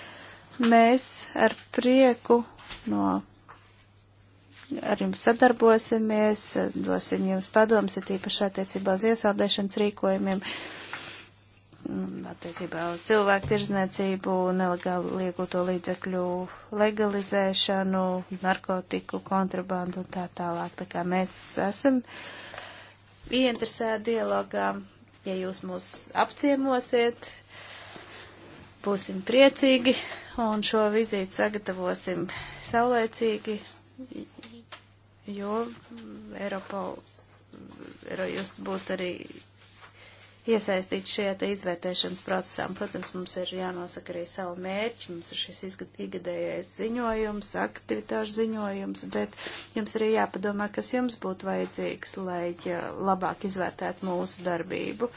mēs ar prieku no ar jums sadarbosimies, dosim jums padomus, ir tīpaši attiecībā uz iesaldēšanas rīkojumiem, mm, attiecībā uz cilvēku tirzniecību, nelegālu iegūto līdzekļu legalizēšanu, narkotiku, kontrabandu un tā tālāk. Tā kā mēs esam ieinteresēti dialogā, ja jūs mūs apciemosiet, būsim priecīgi un šo vizīti sagatavosim saulēcīgi, jo mm, Eiropā mm, just būtu arī iesaistīts šajā te izvērtēšanas procesā. Protams, mums ir jānosaka arī savu mērķi, mums ir šis ikgadējais ziņojums, aktivitāšu ziņojums, bet jums arī jāpadomā, kas jums būtu vajadzīgs, lai labāk izvērtētu mūsu darbību.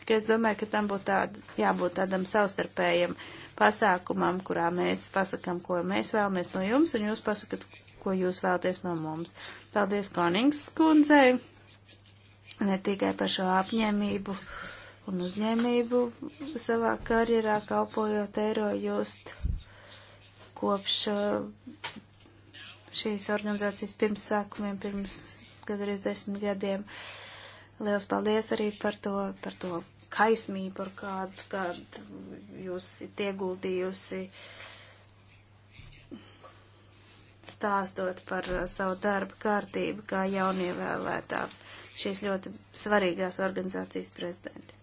Tikai es domāju, ka tam būtu tāda, jābūt tādam savstarpējam pasākumam, kurā mēs pasakam, ko mēs vēlamies no jums, un jūs pasakat, ko jūs vēlaties no mums. Paldies Konings kundzei, ne tikai par šo apņēmību un uzņēmību savā karjerā, kalpojot eiro just kopš uh, šīs organizācijas pirmsākumiem, pirms gadarīs desmit gadiem. Liels paldies arī par to, par to kaismību, ar kādu, kādu jūs ieguldījusi uh, stāstot par uh, savu darbu kārtību kā jaunievēlētā šīs ļoti svarīgās organizācijas prezidenti,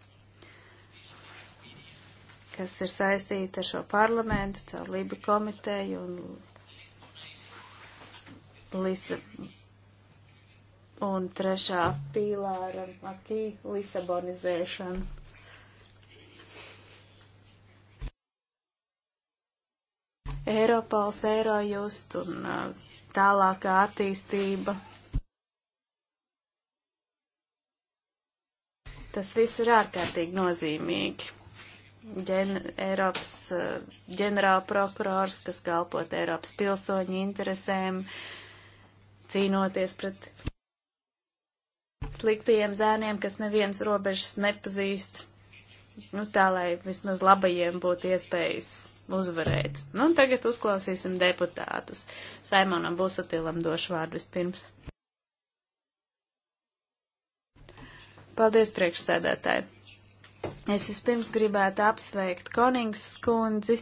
kas ir saistīta ar šo parlamentu, caur Libu komiteju un, Lisa, un trešā pīlāra akī Lisabonizēšanu. Eiropals, Eirojust un uh, tālākā attīstība. Tas viss ir ārkārtīgi nozīmīgi. Gen Eiropas uh, ģenerāla prokurors, kas kalpot Eiropas pilsoņu interesēm, cīnoties pret sliktajiem zēniem, kas neviens robežas nepazīst. Nu tā, lai vismaz labajiem būtu iespējas uzvarēt. Nu, un tagad uzklausīsim deputātus. Saimonam Busatilam došu vārdu vispirms. Paldies, priekšsēdētāji. Es vispirms gribētu apsveikt Konings skundzi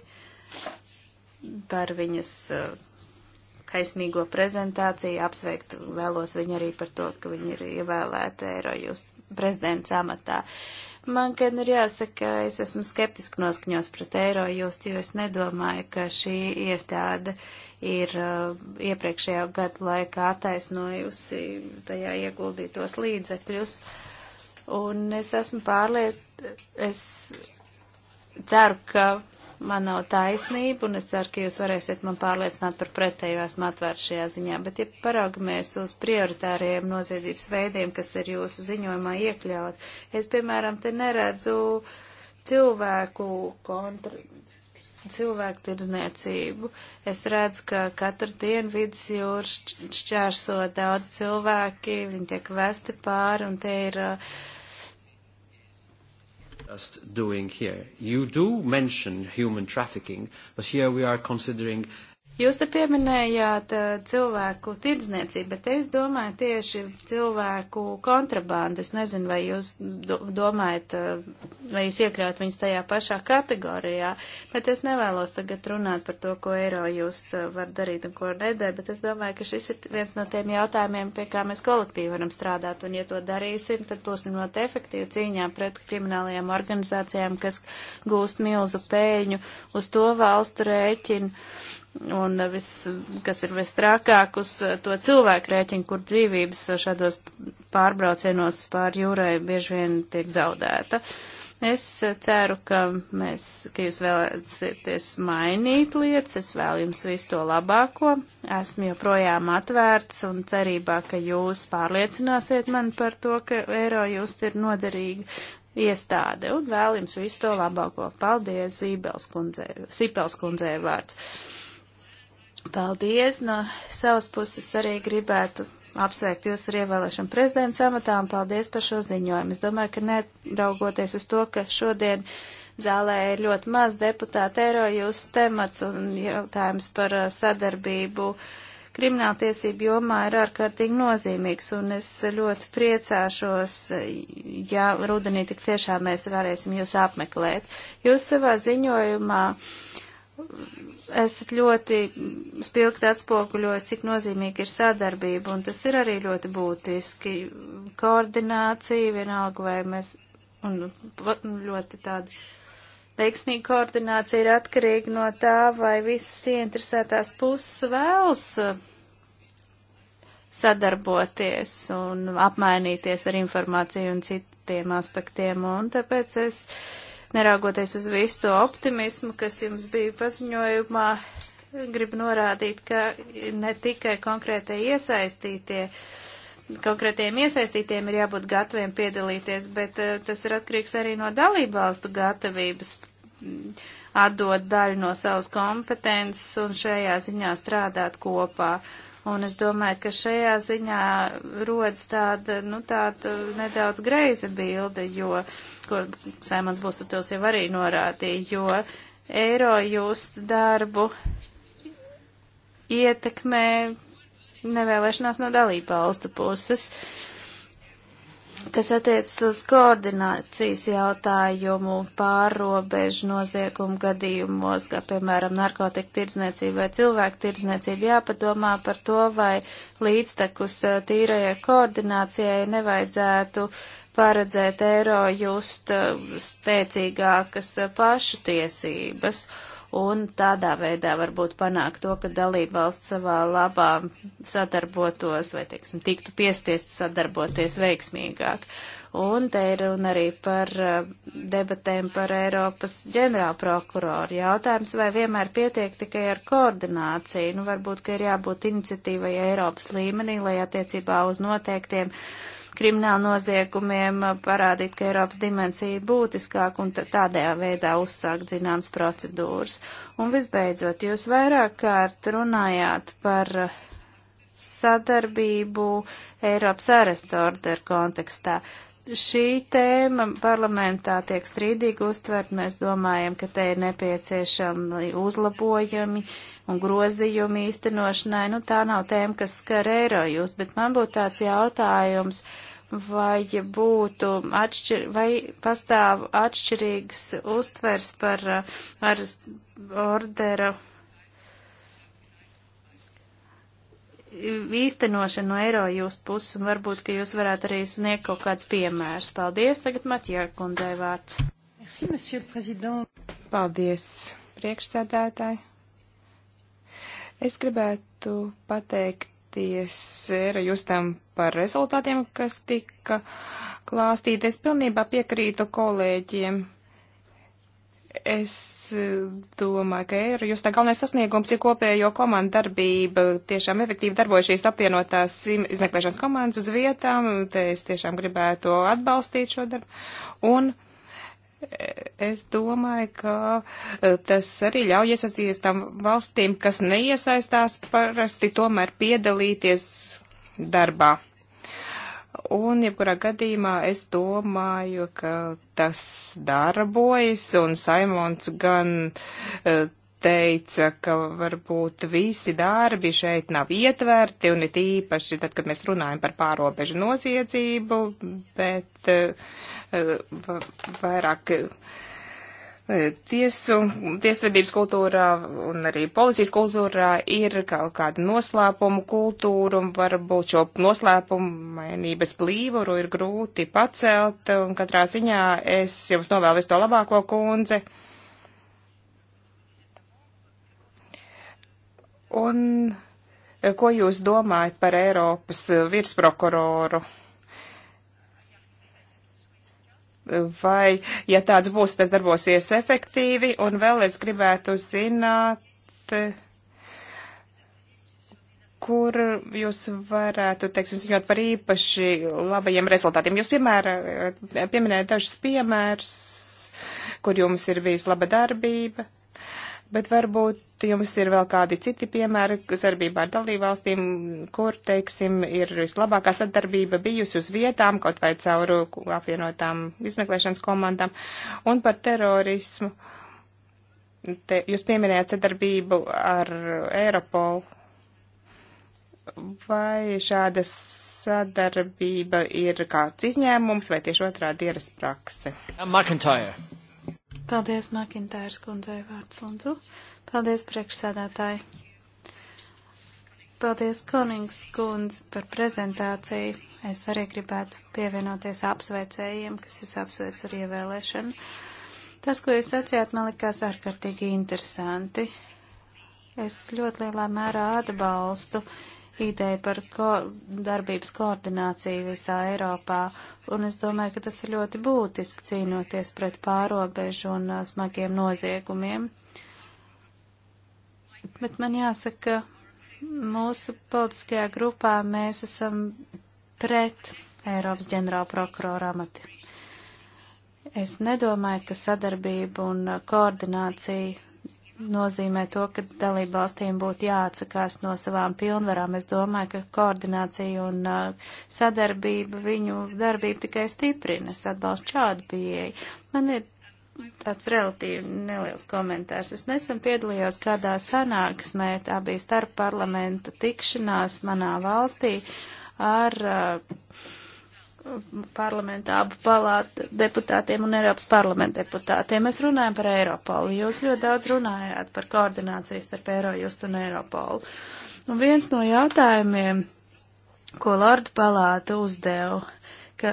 par viņas uh, kaismīgo prezentāciju, apsveikt vēlos viņu arī par to, ka viņa ir ievēlēta Eirojust prezidents amatā. Uh, Man gan ir jāsaka, es esmu skeptiski noskaņos pret eiro, jūs, jo es nedomāju, ka šī iestāde ir uh, iepriekšējā gadu laikā attaisnojusi tajā ieguldītos līdzekļus. Un es esmu pārliet, es ceru, ka man nav taisnība, un es ceru, ka jūs varēsiet man pārliecināt par pretējo esmu atvērts šajā ziņā. Bet, ja paraugamies uz prioritāriem noziedzības veidiem, kas ir jūsu ziņojumā iekļaut, es, piemēram, te neredzu cilvēku kontra cilvēku tirdzniecību. Es redzu, ka katru dienu vidus jūras šķērso daudz cilvēki, viņi tiek vesti pāri, un te ir uh, us doing here. You do mention human trafficking, but here we are considering Jūs te pieminējāt eh, cilvēku tirdzniecību, bet es domāju tieši cilvēku kontrabandu. Es nezinu, vai jūs domājat, eh, vai jūs iekļaut viņus tajā pašā kategorijā, bet es nevēlos tagad runāt par to, ko eiro jūs eh, var darīt un ko nedara, bet es domāju, ka šis ir viens no tiem jautājumiem, pie kā mēs kolektīvi varam strādāt, un ja to darīsim, tad būsim ļoti efektīvi cīņā pret kriminālajām organizācijām, kas gūst milzu pēļņu uz to valstu rēķinu un vis, kas ir vistrākāk uz eh, to cilvēku rēķinu, kur dzīvības šādos pārbraucienos pār jūrai bieži vien tiek zaudēta. Es eh, ceru, ka, mēs, ka jūs vēlēsieties mainīt lietas, es vēlu jums visu to labāko, esmu joprojām atvērts un cerībā, ka jūs pārliecināsiet mani par to, ka eiro just ir noderīga iestāde un vēl jums visu to labāko. Paldies, Zīpels kundzē, kundzē vārds. Paldies! No savas puses arī gribētu apsveikt jūs ar ievēlēšanu prezidenta amatā un paldies par šo ziņojumu. Es domāju, ka neraugoties uz to, ka šodien zālē ir ļoti maz deputāta eiro, jūs temats un jautājums par uh, sadarbību krimināltiesību jomā ir ārkārtīgi nozīmīgs un es ļoti priecāšos, ja rudenī tik tiešām mēs varēsim jūs apmeklēt. Jūs savā ziņojumā. Uh, esat ļoti spilgti atspoguļojis, cik nozīmīgi ir sadarbība, un tas ir arī ļoti būtiski. Koordinācija vienalga, vai mēs, un nu, ļoti tāda veiksmīga koordinācija ir atkarīga no tā, vai visas ieinteresētās puses vēlas uh, sadarboties un apmainīties ar informāciju un citiem aspektiem, un tāpēc es. Uh, neraugoties uz visu to optimismu, kas jums bija paziņojumā, gribu norādīt, ka ne tikai konkrētai iesaistītie, konkrētiem iesaistītiem ir jābūt gataviem piedalīties, bet eh, tas ir atkarīgs arī no dalībvalstu gatavības mm, atdot daļu no savas kompetences un šajā ziņā strādāt kopā. Un es domāju, ka šajā ziņā rodas tāda, nu, tāda nedaudz greiza bilde, jo uh, ko Sēmans Busatils jau arī norādīja, jo eiro just darbu ietekmē nevēlēšanās no dalība valstu puses, kas attiecas uz koordinācijas jautājumu pārrobežu noziegumu gadījumos, kā piemēram narkotika tirdzniecība vai cilvēku tirdzniecība, jāpadomā par to, vai līdztekus tīrajai koordinācijai nevajadzētu uh, paredzēt eiro just eh, spēcīgākas eh, pašu tiesības un tādā veidā varbūt panākt to, ka dalība valsts savā labā sadarbotos vai, teiksim, tiktu piespiest sadarboties veiksmīgāk. Un te ir runa arī par eh, debatēm par Eiropas ģenerālprokuroru. Jautājums, vai vienmēr pietiek tikai ar koordināciju? Nu, varbūt, ka ir jābūt iniciatīvai Eiropas līmenī, lai attiecībā uz noteiktiem uh, krimināla noziegumiem, parādīt, ka Eiropas dimensija ir būtiskāka un tādā veidā uzsākt zināmas procedūras. Un visbeidzot, jūs vairāk kārt runājāt par sadarbību Eiropas arestorderu kontekstā šī tēma parlamentā tiek strīdīgi uztvert. Mēs domājam, ka te ir nepieciešami uzlabojumi un grozījumi īstenošanai. Nu, tā nav tēma, kas skar eirojus, bet man būtu tāds jautājums, vai būtu atšķir, vai pastāv atšķirīgs uztvers par uh, ar ordera īstenošanu no eiro jūs puses, un varbūt, ka jūs varētu arī sniegt kaut kāds piemērs. Paldies, tagad Matjā kundzei vārds. Merci, monsieur le président. Paldies, priekšsēdētāji. Es gribētu pateikties eiro justam par rezultātiem, kas tika klāstīti. Es pilnībā piekrītu kolēģiem Es e, domāju, ka ir jūs tā galvenais sasniegums ir kopējo komandu darbība. Tiešām efektīvi darbojušies apvienotās izmeklēšanas komandas uz vietām. Te es tiešām gribētu atbalstīt šo darbu. Un e, es domāju, ka e, tas arī ļauj iesaistīties tam valstīm, kas neiesaistās parasti tomēr piedalīties darbā. Un, jebkurā gadījumā, es domāju, ka tas darbojas, un Saimons gan e, teica, ka varbūt visi darbi šeit nav ietverti, un it īpaši tad, kad mēs runājam par pārobežu noziedzību, bet e, e, vairāk E, tiesu, tiesvedības kultūrā un arī policijas kultūrā ir kaut kāda noslēpuma kultūra, un varbūt šo noslēpumu mainības plīvuru ir grūti pacelt, un katrā ziņā es jums novēlu visu to labāko kundze. Un e, ko jūs domājat par Eiropas e, virsprokuroru? vai, ja tāds būs, tas darbosies efektīvi, un vēl es gribētu zināt, kur jūs varētu, teiksim, ziņot par īpaši labajiem rezultātiem. Jūs, piemēram, pieminējat dažus piemērus, kur jums ir bijusi laba darbība. Uh, bet varbūt jums ir vēl kādi citi piemēri sadarbībā ar dalībvalstīm, kur, teiksim, ir vislabākā sadarbība bijusi uz vietām, kaut vai caur apvienotām izmeklēšanas komandām, un par terorismu. Te, jūs pieminējāt sadarbību ar Eiropolu. Vai šāda sadarbība ir kāds izņēmums vai tieši otrādi ierast prakse? McIntyre. Paldies, Makintārs kundzei vārds lūdzu. Paldies, priekšsēdētāji. Paldies, Konings kundze, par prezentāciju. Es arī gribētu pievienoties apsveicējiem, kas jūs apsveic ar ievēlēšanu. Tas, ko jūs sacījāt, man likās ārkārtīgi interesanti. Es ļoti lielā mērā atbalstu uh, ideja par ko darbības koordināciju visā Eiropā, un es domāju, ka tas ir ļoti būtiski cīnoties pret pārobežu un uh, smagiem noziegumiem. Bet man jāsaka, mūsu politiskajā grupā mēs esam pret Eiropas ģenerāla prokurora amati. Es nedomāju, ka sadarbība un koordinācija nozīmē to, ka dalību valstīm būtu jāatsakās no savām pilnvarām. Es domāju, ka koordinācija un uh, sadarbība viņu darbību tikai stiprina. Es atbalstu šādu pieeju. Man ir tāds relatīvi neliels komentārs. Es nesen piedalījos kādā sanāksmē, tā bija starp parlamenta tikšanās manā valstī ar uh, parlamentā abu palātu deputātiem un Eiropas parlamenta deputātiem. Mēs runājam par Eiropolu. Jūs ļoti daudz runājāt par koordināciju starp Eirojust un Eiropolu. Un viens no jautājumiem, ko Lordu palāta uzdeva, ka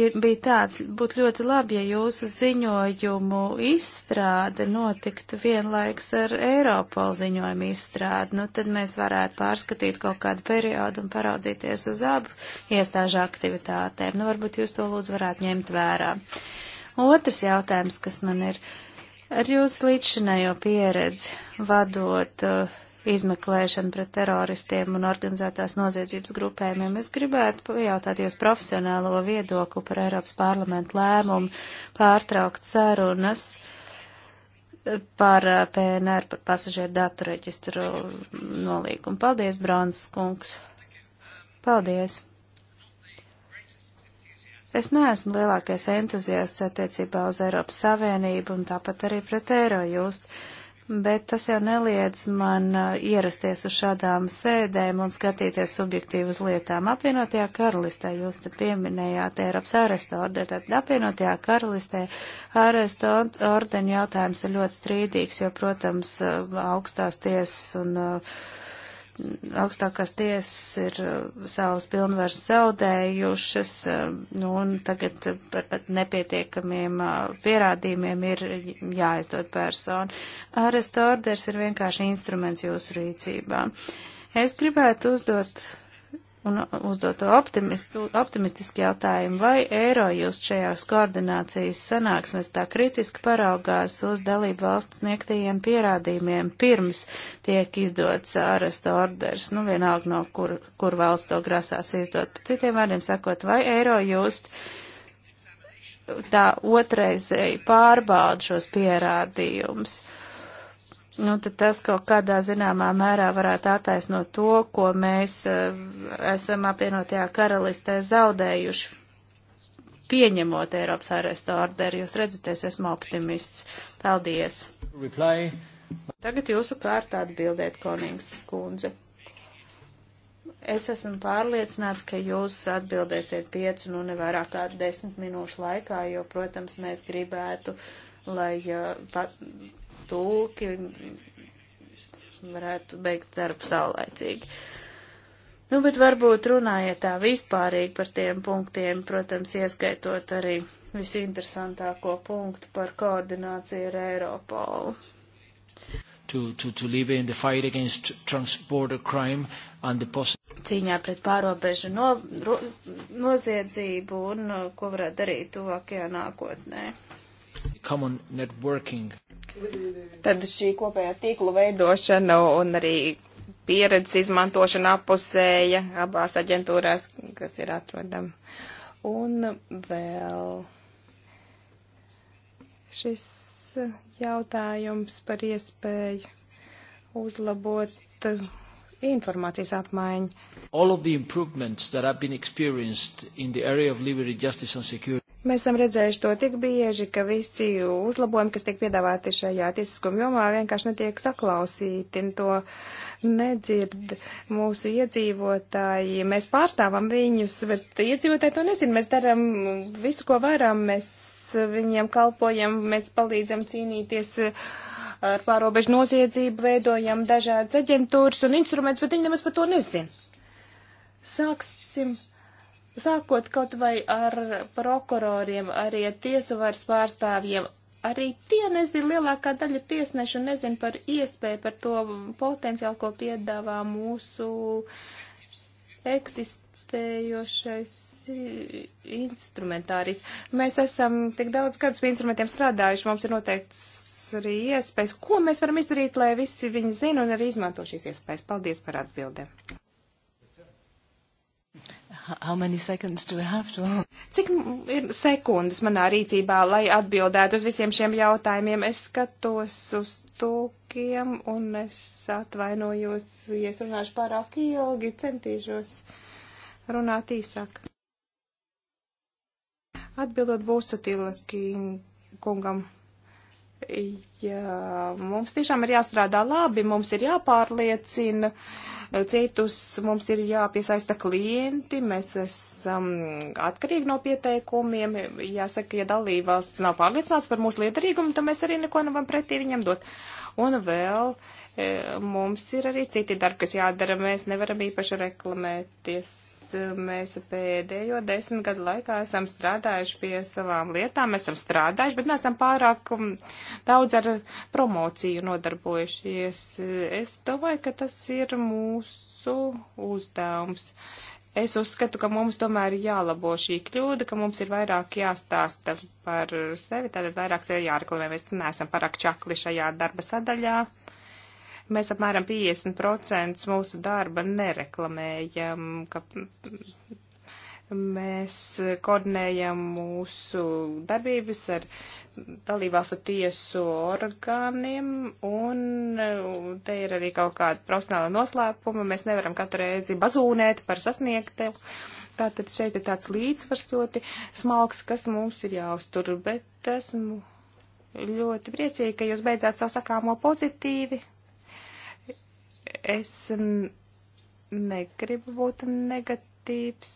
ir, bija tāds, būtu ļoti labi, ja jūsu ziņojumu izstrāde notiktu vienlaiks ar Eiropol ziņojumu izstrādi. Nu, tad mēs varētu pārskatīt kaut kādu periodu un paraudzīties uz abu iestāžu aktivitātēm. Nu, varbūt jūs to lūdzu varētu ņemt vērā. Otrs jautājums, kas man ir ar jūsu līdzšinējo pieredzi vadot uh, izmeklēšanu pret teroristiem un organizētās noziedzības grupējumiem. Es gribētu pajautāt jūs profesionālo viedokli par Eiropas parlamentu lēmumu pārtraukt sarunas par eh, PNR, par pasažieru datu reģistru nolīgumu. Paldies, Brāns kungs! Paldies! Es neesmu lielākais entuziasts attiecībā uz Eiropas Savienību un tāpat arī pret Eiro just. Uh, bet tas jau neliedz man uh, ierasties uz šādām sēdēm un skatīties subjektīvi uz lietām. Apvienotajā karalistē, jūs te pieminējāt Eiropas arestu ordeni, tad apvienotajā karalistē arestu ordeni jautājums ir ļoti strīdīgs, jo, protams, uh, augstās tiesas un uh, augstākās tiesas ir uh, savus pilnvars zaudējušas, uh, nu, un tagad par nepietiekamiem uh, pierādījumiem ir jāizdod personu. Arest orders ir vienkārši instruments jūsu rīcībā. Es gribētu uzdot un uzdot optimistisku jautājumu, vai eiro jūs šajās koordinācijas sanāksmēs tā kritiski paraugās uz dalību valstu sniegtajiem pierādījumiem pirms tiek izdots aresta orders, nu vienalga no kur, kur valsts to grasās izdot. Pa citiem vārdiem sakot, vai eiro jūs tā otraizēji pārbauda šos pierādījumus? Uh, nu, tad tas kaut kādā zināmā mērā varētu attaisnot to, ko mēs uh, esam apvienotajā karalistē zaudējuši, pieņemot Eiropas arestu orderu. Jūs redzat, es esmu optimists. Paldies! Reply. Tagad jūsu kārtā atbildēt, Konings skundze. Es esmu pārliecināts, ka jūs atbildēsiet piecu, nu ne vairāk kā desmit minūšu laikā, jo, protams, mēs gribētu, lai uh, eh, pat, tulki varētu beigt darbu saulēcīgi. Nu, bet varbūt runājiet tā vispārīgi par tiem punktiem, protams, ieskaitot arī visinteresantāko punktu par koordināciju ar Eiropolu. To, to, to Libya in the fight against transborder crime and the possible cīņā pret pārobežu no, ro, noziedzību un uh, ko varētu darīt tuvākajā nākotnē. Common networking. Tad šī kopējā tīklu veidošana un arī pieredzes izmantošana apusēja abās aģentūrās, kas ir atrodama. Un vēl šis jautājums par iespēju uzlabot informācijas apmaiņu. All of the improvements that have been experienced in the area of liberty, justice and security. Mēs esam redzējuši to tik bieži, ka visi uzlabojumi, kas tiek piedāvāti šajā tiesiskuma jomā, vienkārši netiek saklausīti un to nedzird mūsu iedzīvotāji. Mēs pārstāvam viņus, bet iedzīvotāji to nezin. Mēs darām visu, ko varam. Mēs viņiem kalpojam, mēs palīdzam cīnīties ar pārobežu noziedzību, veidojam dažādas aģentūras un instrumentus, bet viņi nemaz par to nezin. Sāksim sākot kaut vai ar prokuroriem, arī ar tiesu varas pārstāvjiem, arī tie nezina, lielākā daļa tiesnešu nezina par iespēju, par to potenciālu, ko piedāvā mūsu eksistējošais instrumentāris. Mēs esam tik daudz gadus pie instrumentiem strādājuši, mums ir noteikts arī iespējas, ko mēs varam izdarīt, lai visi viņi zina un arī izmanto šīs iespējas. Paldies par atbildēm! How many seconds do I have to answer? Cik ir sekundes manā rīcībā, lai atbildētu uz visiem šiem jautājumiem? Es skatos uz tūkiem un es atvainojos, ja es runāšu pārāk ilgi, centīšos runāt īsāk. Atbildot būsatila kungam. Jā, mums tiešām ir jāstrādā labi, mums ir jāpārliecina citus, mums ir jāpiesaista klienti, mēs esam atkarīgi no pieteikumiem. Jāsaka, ja dalībvalsts nav pārliecināts par mūsu lietarīgumu, tad mēs arī neko nevaram pretī viņam dot. Un vēl e, mums ir arī citi darbi, kas jādara, mēs nevaram īpaši reklamēties mēs pēdējo desmit gadu laikā esam strādājuši pie savām lietām, mēs esam strādājuši, bet neesam pārāk um, daudz ar promociju nodarbojušies. Es domāju, ka tas ir mūsu uzdevums. Es uzskatu, ka mums tomēr ir jālabo šī kļūda, ka mums ir vairāk jāstāsta par sevi, tātad vairāk sevi jāreklamē. Mēs neesam pārāk čakli šajā darba sadaļā. Uh, Mēs apmēram 50% mūsu darba nereklamējam, ka mēs koordinējam mūsu darbības ar dalībvalstu tiesu orgāniem, un te ir arī kaut kāda profesionāla noslēpuma. Mēs nevaram katru reizi bazūnēt par sasniegtu. Tātad šeit ir tāds līdzsvars ļoti smalks, kas mums ir jāuztur, bet esmu ļoti priecīga, ka jūs beidzāt savu sakāmo pozitīvi. Es negribu būt negatīvs,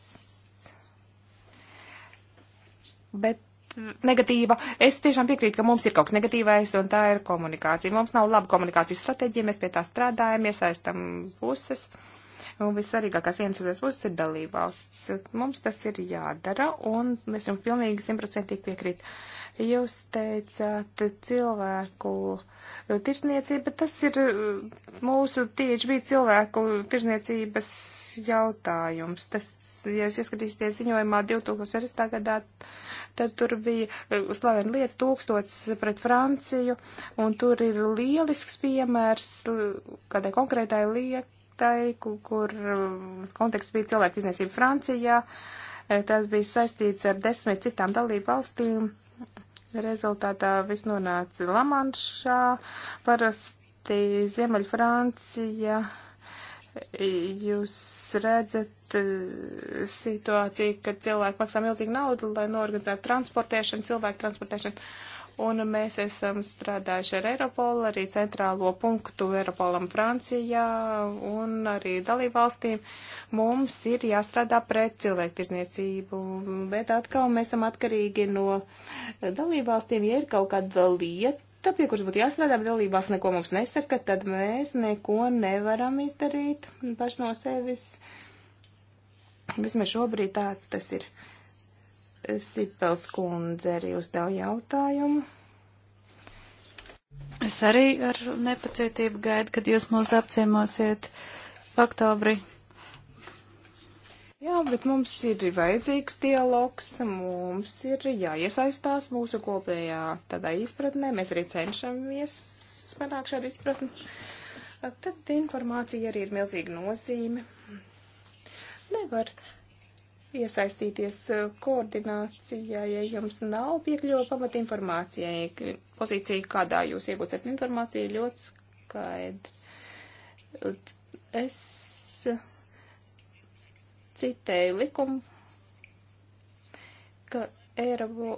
bet negatīva. Es tiešām piekrītu, ka mums ir kaut kas negatīvais, un tā ir komunikācija. Mums nav laba komunikācijas stratēģija, mēs pie tā strādājam, iesaistam puses. Uh, Un vissvarīgākās iemeslotās puses ir dalībvalsts. Mums tas ir jādara, un mēs jums pilnīgi simtprocentīgi piekrīt. Jūs teicāt cilvēku tirsniecība, bet tas ir uh, mūsu tieši bija cilvēku tirsniecības jautājums. Tas, ja jūs ieskatīsieties ziņojumā 2006. gadā, tad tur bija uh, slavena lieta tūkstots pret Franciju, un tur ir lielisks piemērs uh, kādai konkrētai lietai pateiku, kur um, konteksts bija cilvēku izniecība Francijā. E, tas bija saistīts ar desmit citām dalību valstīm. Rezultātā viss nonāca Lamanšā. Parasti Ziemeļ Francija e, jūs redzat e, situāciju, kad cilvēki maksā milzīgu naudu, lai norganizētu transportēšanu, cilvēku transportēšanu. Un mēs esam strādājuši ar Eiropolu, arī centrālo punktu Eiropolam Francijā un arī dalībvalstīm. Mums ir jāstrādā pret cilvēktirzniecību, bet atkal mēs esam atkarīgi no dalībvalstīm. Ja ir kaut kāda lieta, pie kuras būtu jāstrādā, bet dalībvalsts neko mums nesaka, tad mēs neko nevaram izdarīt paši no sevis. Vismaz šobrīd tā tas ir. Uh, Sipels kundze arī uzdev jautājumu. Es arī ar nepacietību gaidu, kad jūs mūs apciemosiet oktobrī. Jā, bet mums ir vajadzīgs dialogs, mums ir jāiesaistās mūsu kopējā tādā izpratnē, mēs arī cenšamies panākt šādu izpratni. Tad informācija arī ir milzīga nozīme. Nevar iesaistīties eh, koordinācijā, ja jums nav piekļuva pamatinformācijai. Pozīcija, kādā jūs iegūsiet informāciju, ir ļoti skaidra. Es citēju likumu, ka Eiropu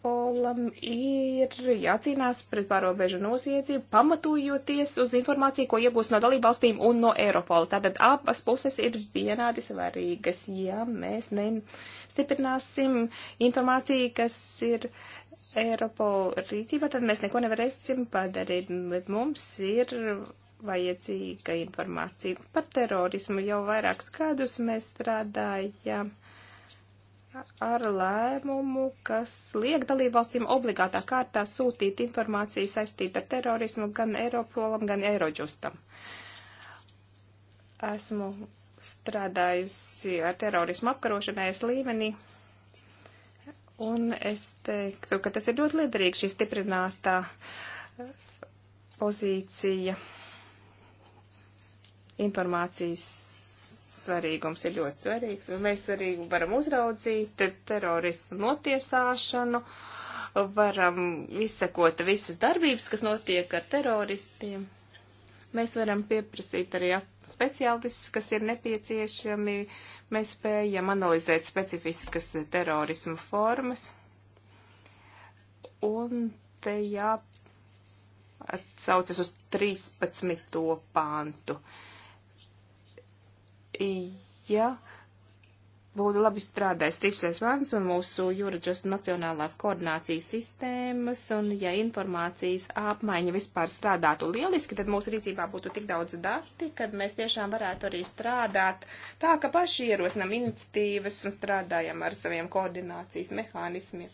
Eiropolam ir jācīnās pret pārobežu noziedzību, pamatojoties uz informāciju, ko iegūs no dalībvalstīm un no Eiropola. Tātad abas puses ir vienādi svarīgas, ja mēs nestiprināsim informāciju, kas ir Eiropola rīcībā, tad mēs neko nevarēsim padarīt, bet mums ir vajadzīga informācija par terorismu. Jau vairākus gadus mēs strādājam ar lēmumu, kas liek dalībvalstīm obligātā kārtā sūtīt informāciju saistīt ar terorismu gan Eiropolam, gan Eirodžustam. Esmu strādājusi ar terorismu apkarošanais līmenī, un es teiktu, ka tas ir ļoti liederīgi šī stiprinātā pozīcija informācijas svarīgums ir ļoti svarīgs. Mēs arī varam uzraudzīt terorismu notiesāšanu, varam izsekot visas darbības, kas notiek ar teroristiem. Mēs varam pieprasīt arī speciālistus, kas ir nepieciešami. Mēs spējam analizēt specifiskas terorismu formas. Un te jā atsaucas uz 13. pāntu. Uh, ja būtu labi strādājis 13. vārds un mūsu jūraģas nacionālās koordinācijas sistēmas, un ja informācijas apmaiņa vispār strādātu lieliski, tad mūsu rīcībā būtu tik daudz dati, kad mēs tiešām varētu arī strādāt tā, ka paši ierosinam iniciatīvas un strādājam ar saviem koordinācijas mehānismiem.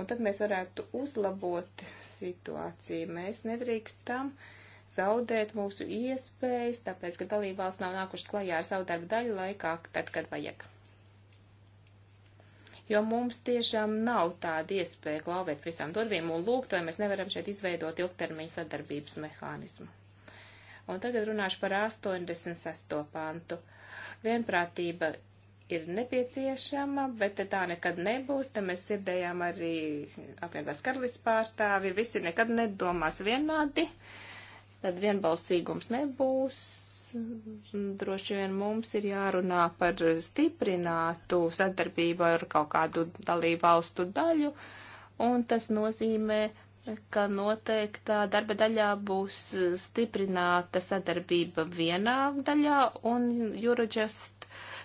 Un tad mēs varētu uzlabot situāciju. Mēs nedrīkstam. Uh, zaudēt mūsu iespējas, tāpēc, ka dalībvalsts nav nākušas klajā ar savu darbu daļu laikā, tad, kad vajag. Jo mums tiešām nav tāda iespēja klauvēt visām durvīm un lūgt, vai mēs nevaram šeit izveidot ilgtermiņa sadarbības mehānismu. Un tagad runāšu par 86. pantu. Vienprātība ir nepieciešama, bet tā nekad nebūs. Te mēs dzirdējām arī apvienotās karalists pārstāvi, visi nekad nedomās vienādi. Uh, tad vienbalsīgums nebūs. Droši vien mums ir jārunā par stiprinātu sadarbību ar kaut kādu dalību valstu daļu, un tas nozīmē, ka noteiktā darba daļā būs stiprināta sadarbība vienā daļā, un Eurojust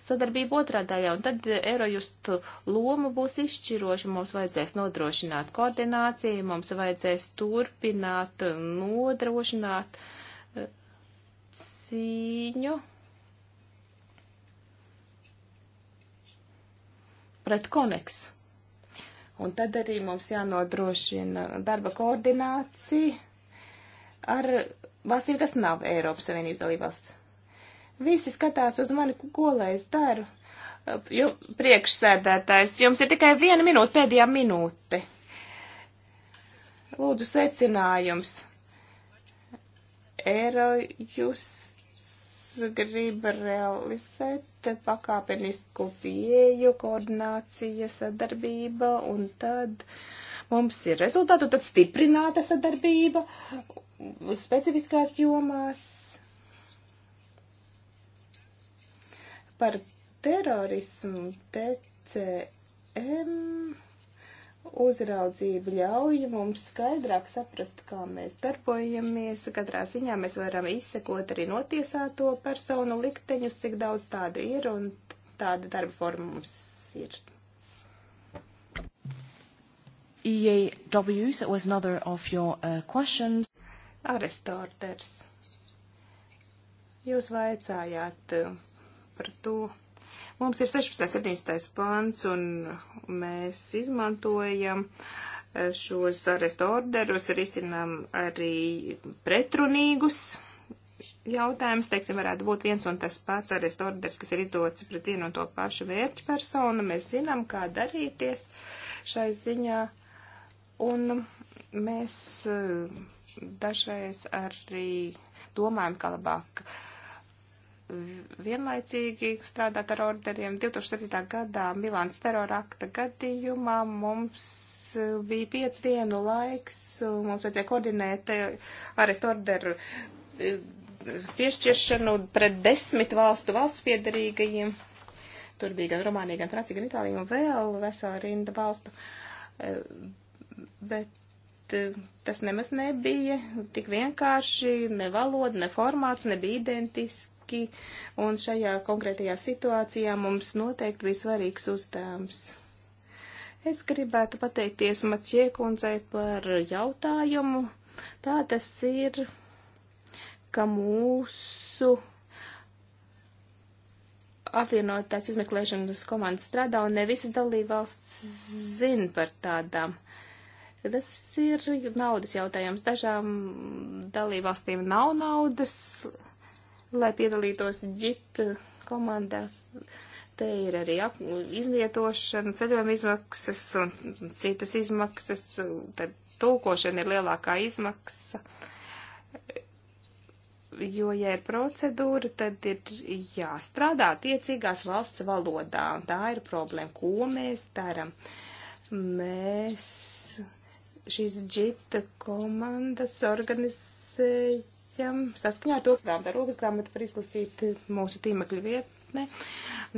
sadarbību otrā daļā, un tad eh, Eurojustu loma būs izšķiroša, mums vajadzēs nodrošināt koordināciju, mums vajadzēs turpināt, eh, nodrošināt eh, cīņu pret koneks. Un tad arī mums jānodrošina darba koordinācija ar valstīm, kas nav Eiropas Savienības dalībvalsts. Visi skatās uz mani, ko lai es daru. Jum, priekšsēdētājs, jums ir tikai viena minūte, pēdējā minūte. Lūdzu, secinājums. Eiro jūs grib realizēt pakāpenisku pieju, koordinācija, sadarbība, un tad mums ir rezultāti, un tad stiprināta sadarbība specifiskās jomās Par terorismu TCM uzraudzība ļauj mums skaidrāk saprast, kā mēs darbojamies. Katrā ziņā mēs varam izsekot arī notiesāto personu likteņus, cik daudz tādu ir un tāda darba forma mums ir. EAWs was another of your uh, questions. Arestorders. Jūs vaicājāt, uh, par to. Mums ir 16. 17. pants, un mēs izmantojam eh, šos arestu orderus, risinām arī pretrunīgus jautājums, teiksim, varētu būt viens un tas pats arestu orders, kas ir izdots pret vienu un to pašu vērķu personu. Mēs zinām, kā darīties šai ziņā, un mēs eh, dažreiz arī domājam, kā labāk vienlaicīgi strādāt ar orderiem. 2007. gadā Milāns terorakta gadījumā mums bija piec dienu laiks, mums vajadzēja koordinēt eh, arestu orderu eh, piešķiršanu pret desmit valstu valsts piedarīgajiem. Tur bija gan Rumānija, gan Francija, gan Itālija un vēl vesela rinda valstu. Eh, bet tas nemaz nebija tik vienkārši, ne valoda, ne formāts nebija identiski lieki, un šajā konkrētajā situācijā mums noteikti bija svarīgs uzdevums. Es gribētu pateikties Maķie kundzei par jautājumu. Tā tas ir, ka mūsu apvienotās izmeklēšanas komandas strādā, un ne visas dalībvalsts zina par tādām. Tas ir naudas jautājums. Dažām dalībvalstīm nav naudas, lai piedalītos ģit komandās. Te ir arī izvietošana, ceļojuma izmaksas un citas izmaksas, tad tulkošana ir lielākā izmaksa. Jo, ja ir procedūra, tad ir jāstrādā tiecīgās valsts valodā, un tā ir problēma, ko mēs daram. Mēs šīs džita komandas organizējam kolēģiem. Saskaņā to grāmatā rokas grāmatu var izlasīt mūsu tīmekļa vietnē.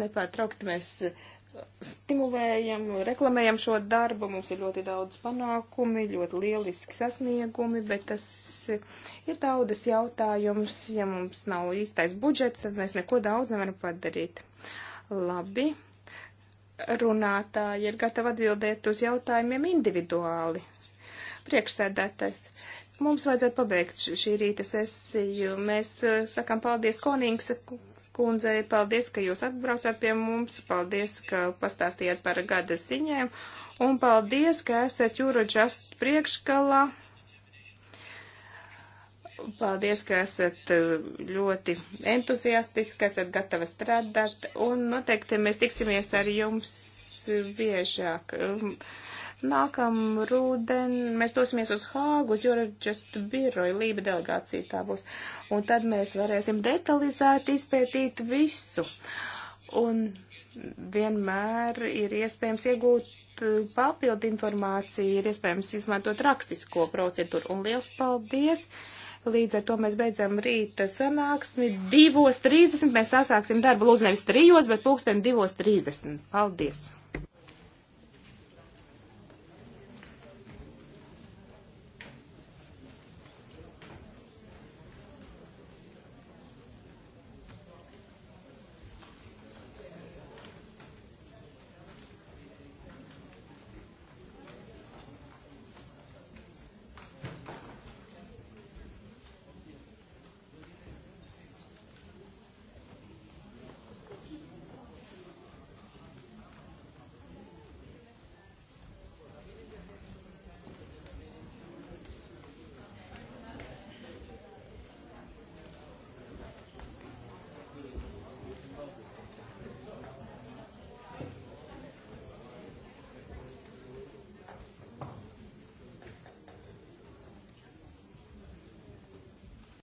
Nepārtraukti mēs uh, stimulējam, reklamējam šo darbu, mums ir ļoti daudz panākumi, ļoti lieliski sasniegumi, bet tas uh, ir daudzas jautājums, ja mums nav īstais budžets, tad mēs neko daudz nevaram padarīt. Labi, runātāji ir gatavi atbildēt uz jautājumiem individuāli. Priekšsēdētais. Uh, Mums vajadzētu pabeigt šī rīta sesiju. Mēs uh, sakām paldies Konings kundzei, paldies, ka jūs atbraucāt pie mums, paldies, ka pastāstījāt par gada ziņām, un paldies, ka esat Eurojust priekškalā. Paldies, ka esat uh, ļoti entuziastiski, ka esat gatava strādāt, un noteikti mēs tiksimies ar jums biežāk. Um, Nākam rūden mēs dosimies uz Hāgu, uz Jurģest biroju, Lība delegācija tā būs. Un tad mēs varēsim detalizēt izpētīt visu. Un vienmēr ir iespējams iegūt papildu informāciju, ir iespējams izmantot rakstisko procedūru. Un liels paldies! Līdz ar to mēs beidzam rīta sanāksmi. 2.30 mēs sāksim darbu, lūdzu, nevis 3, bet pulksten 2.30. Paldies!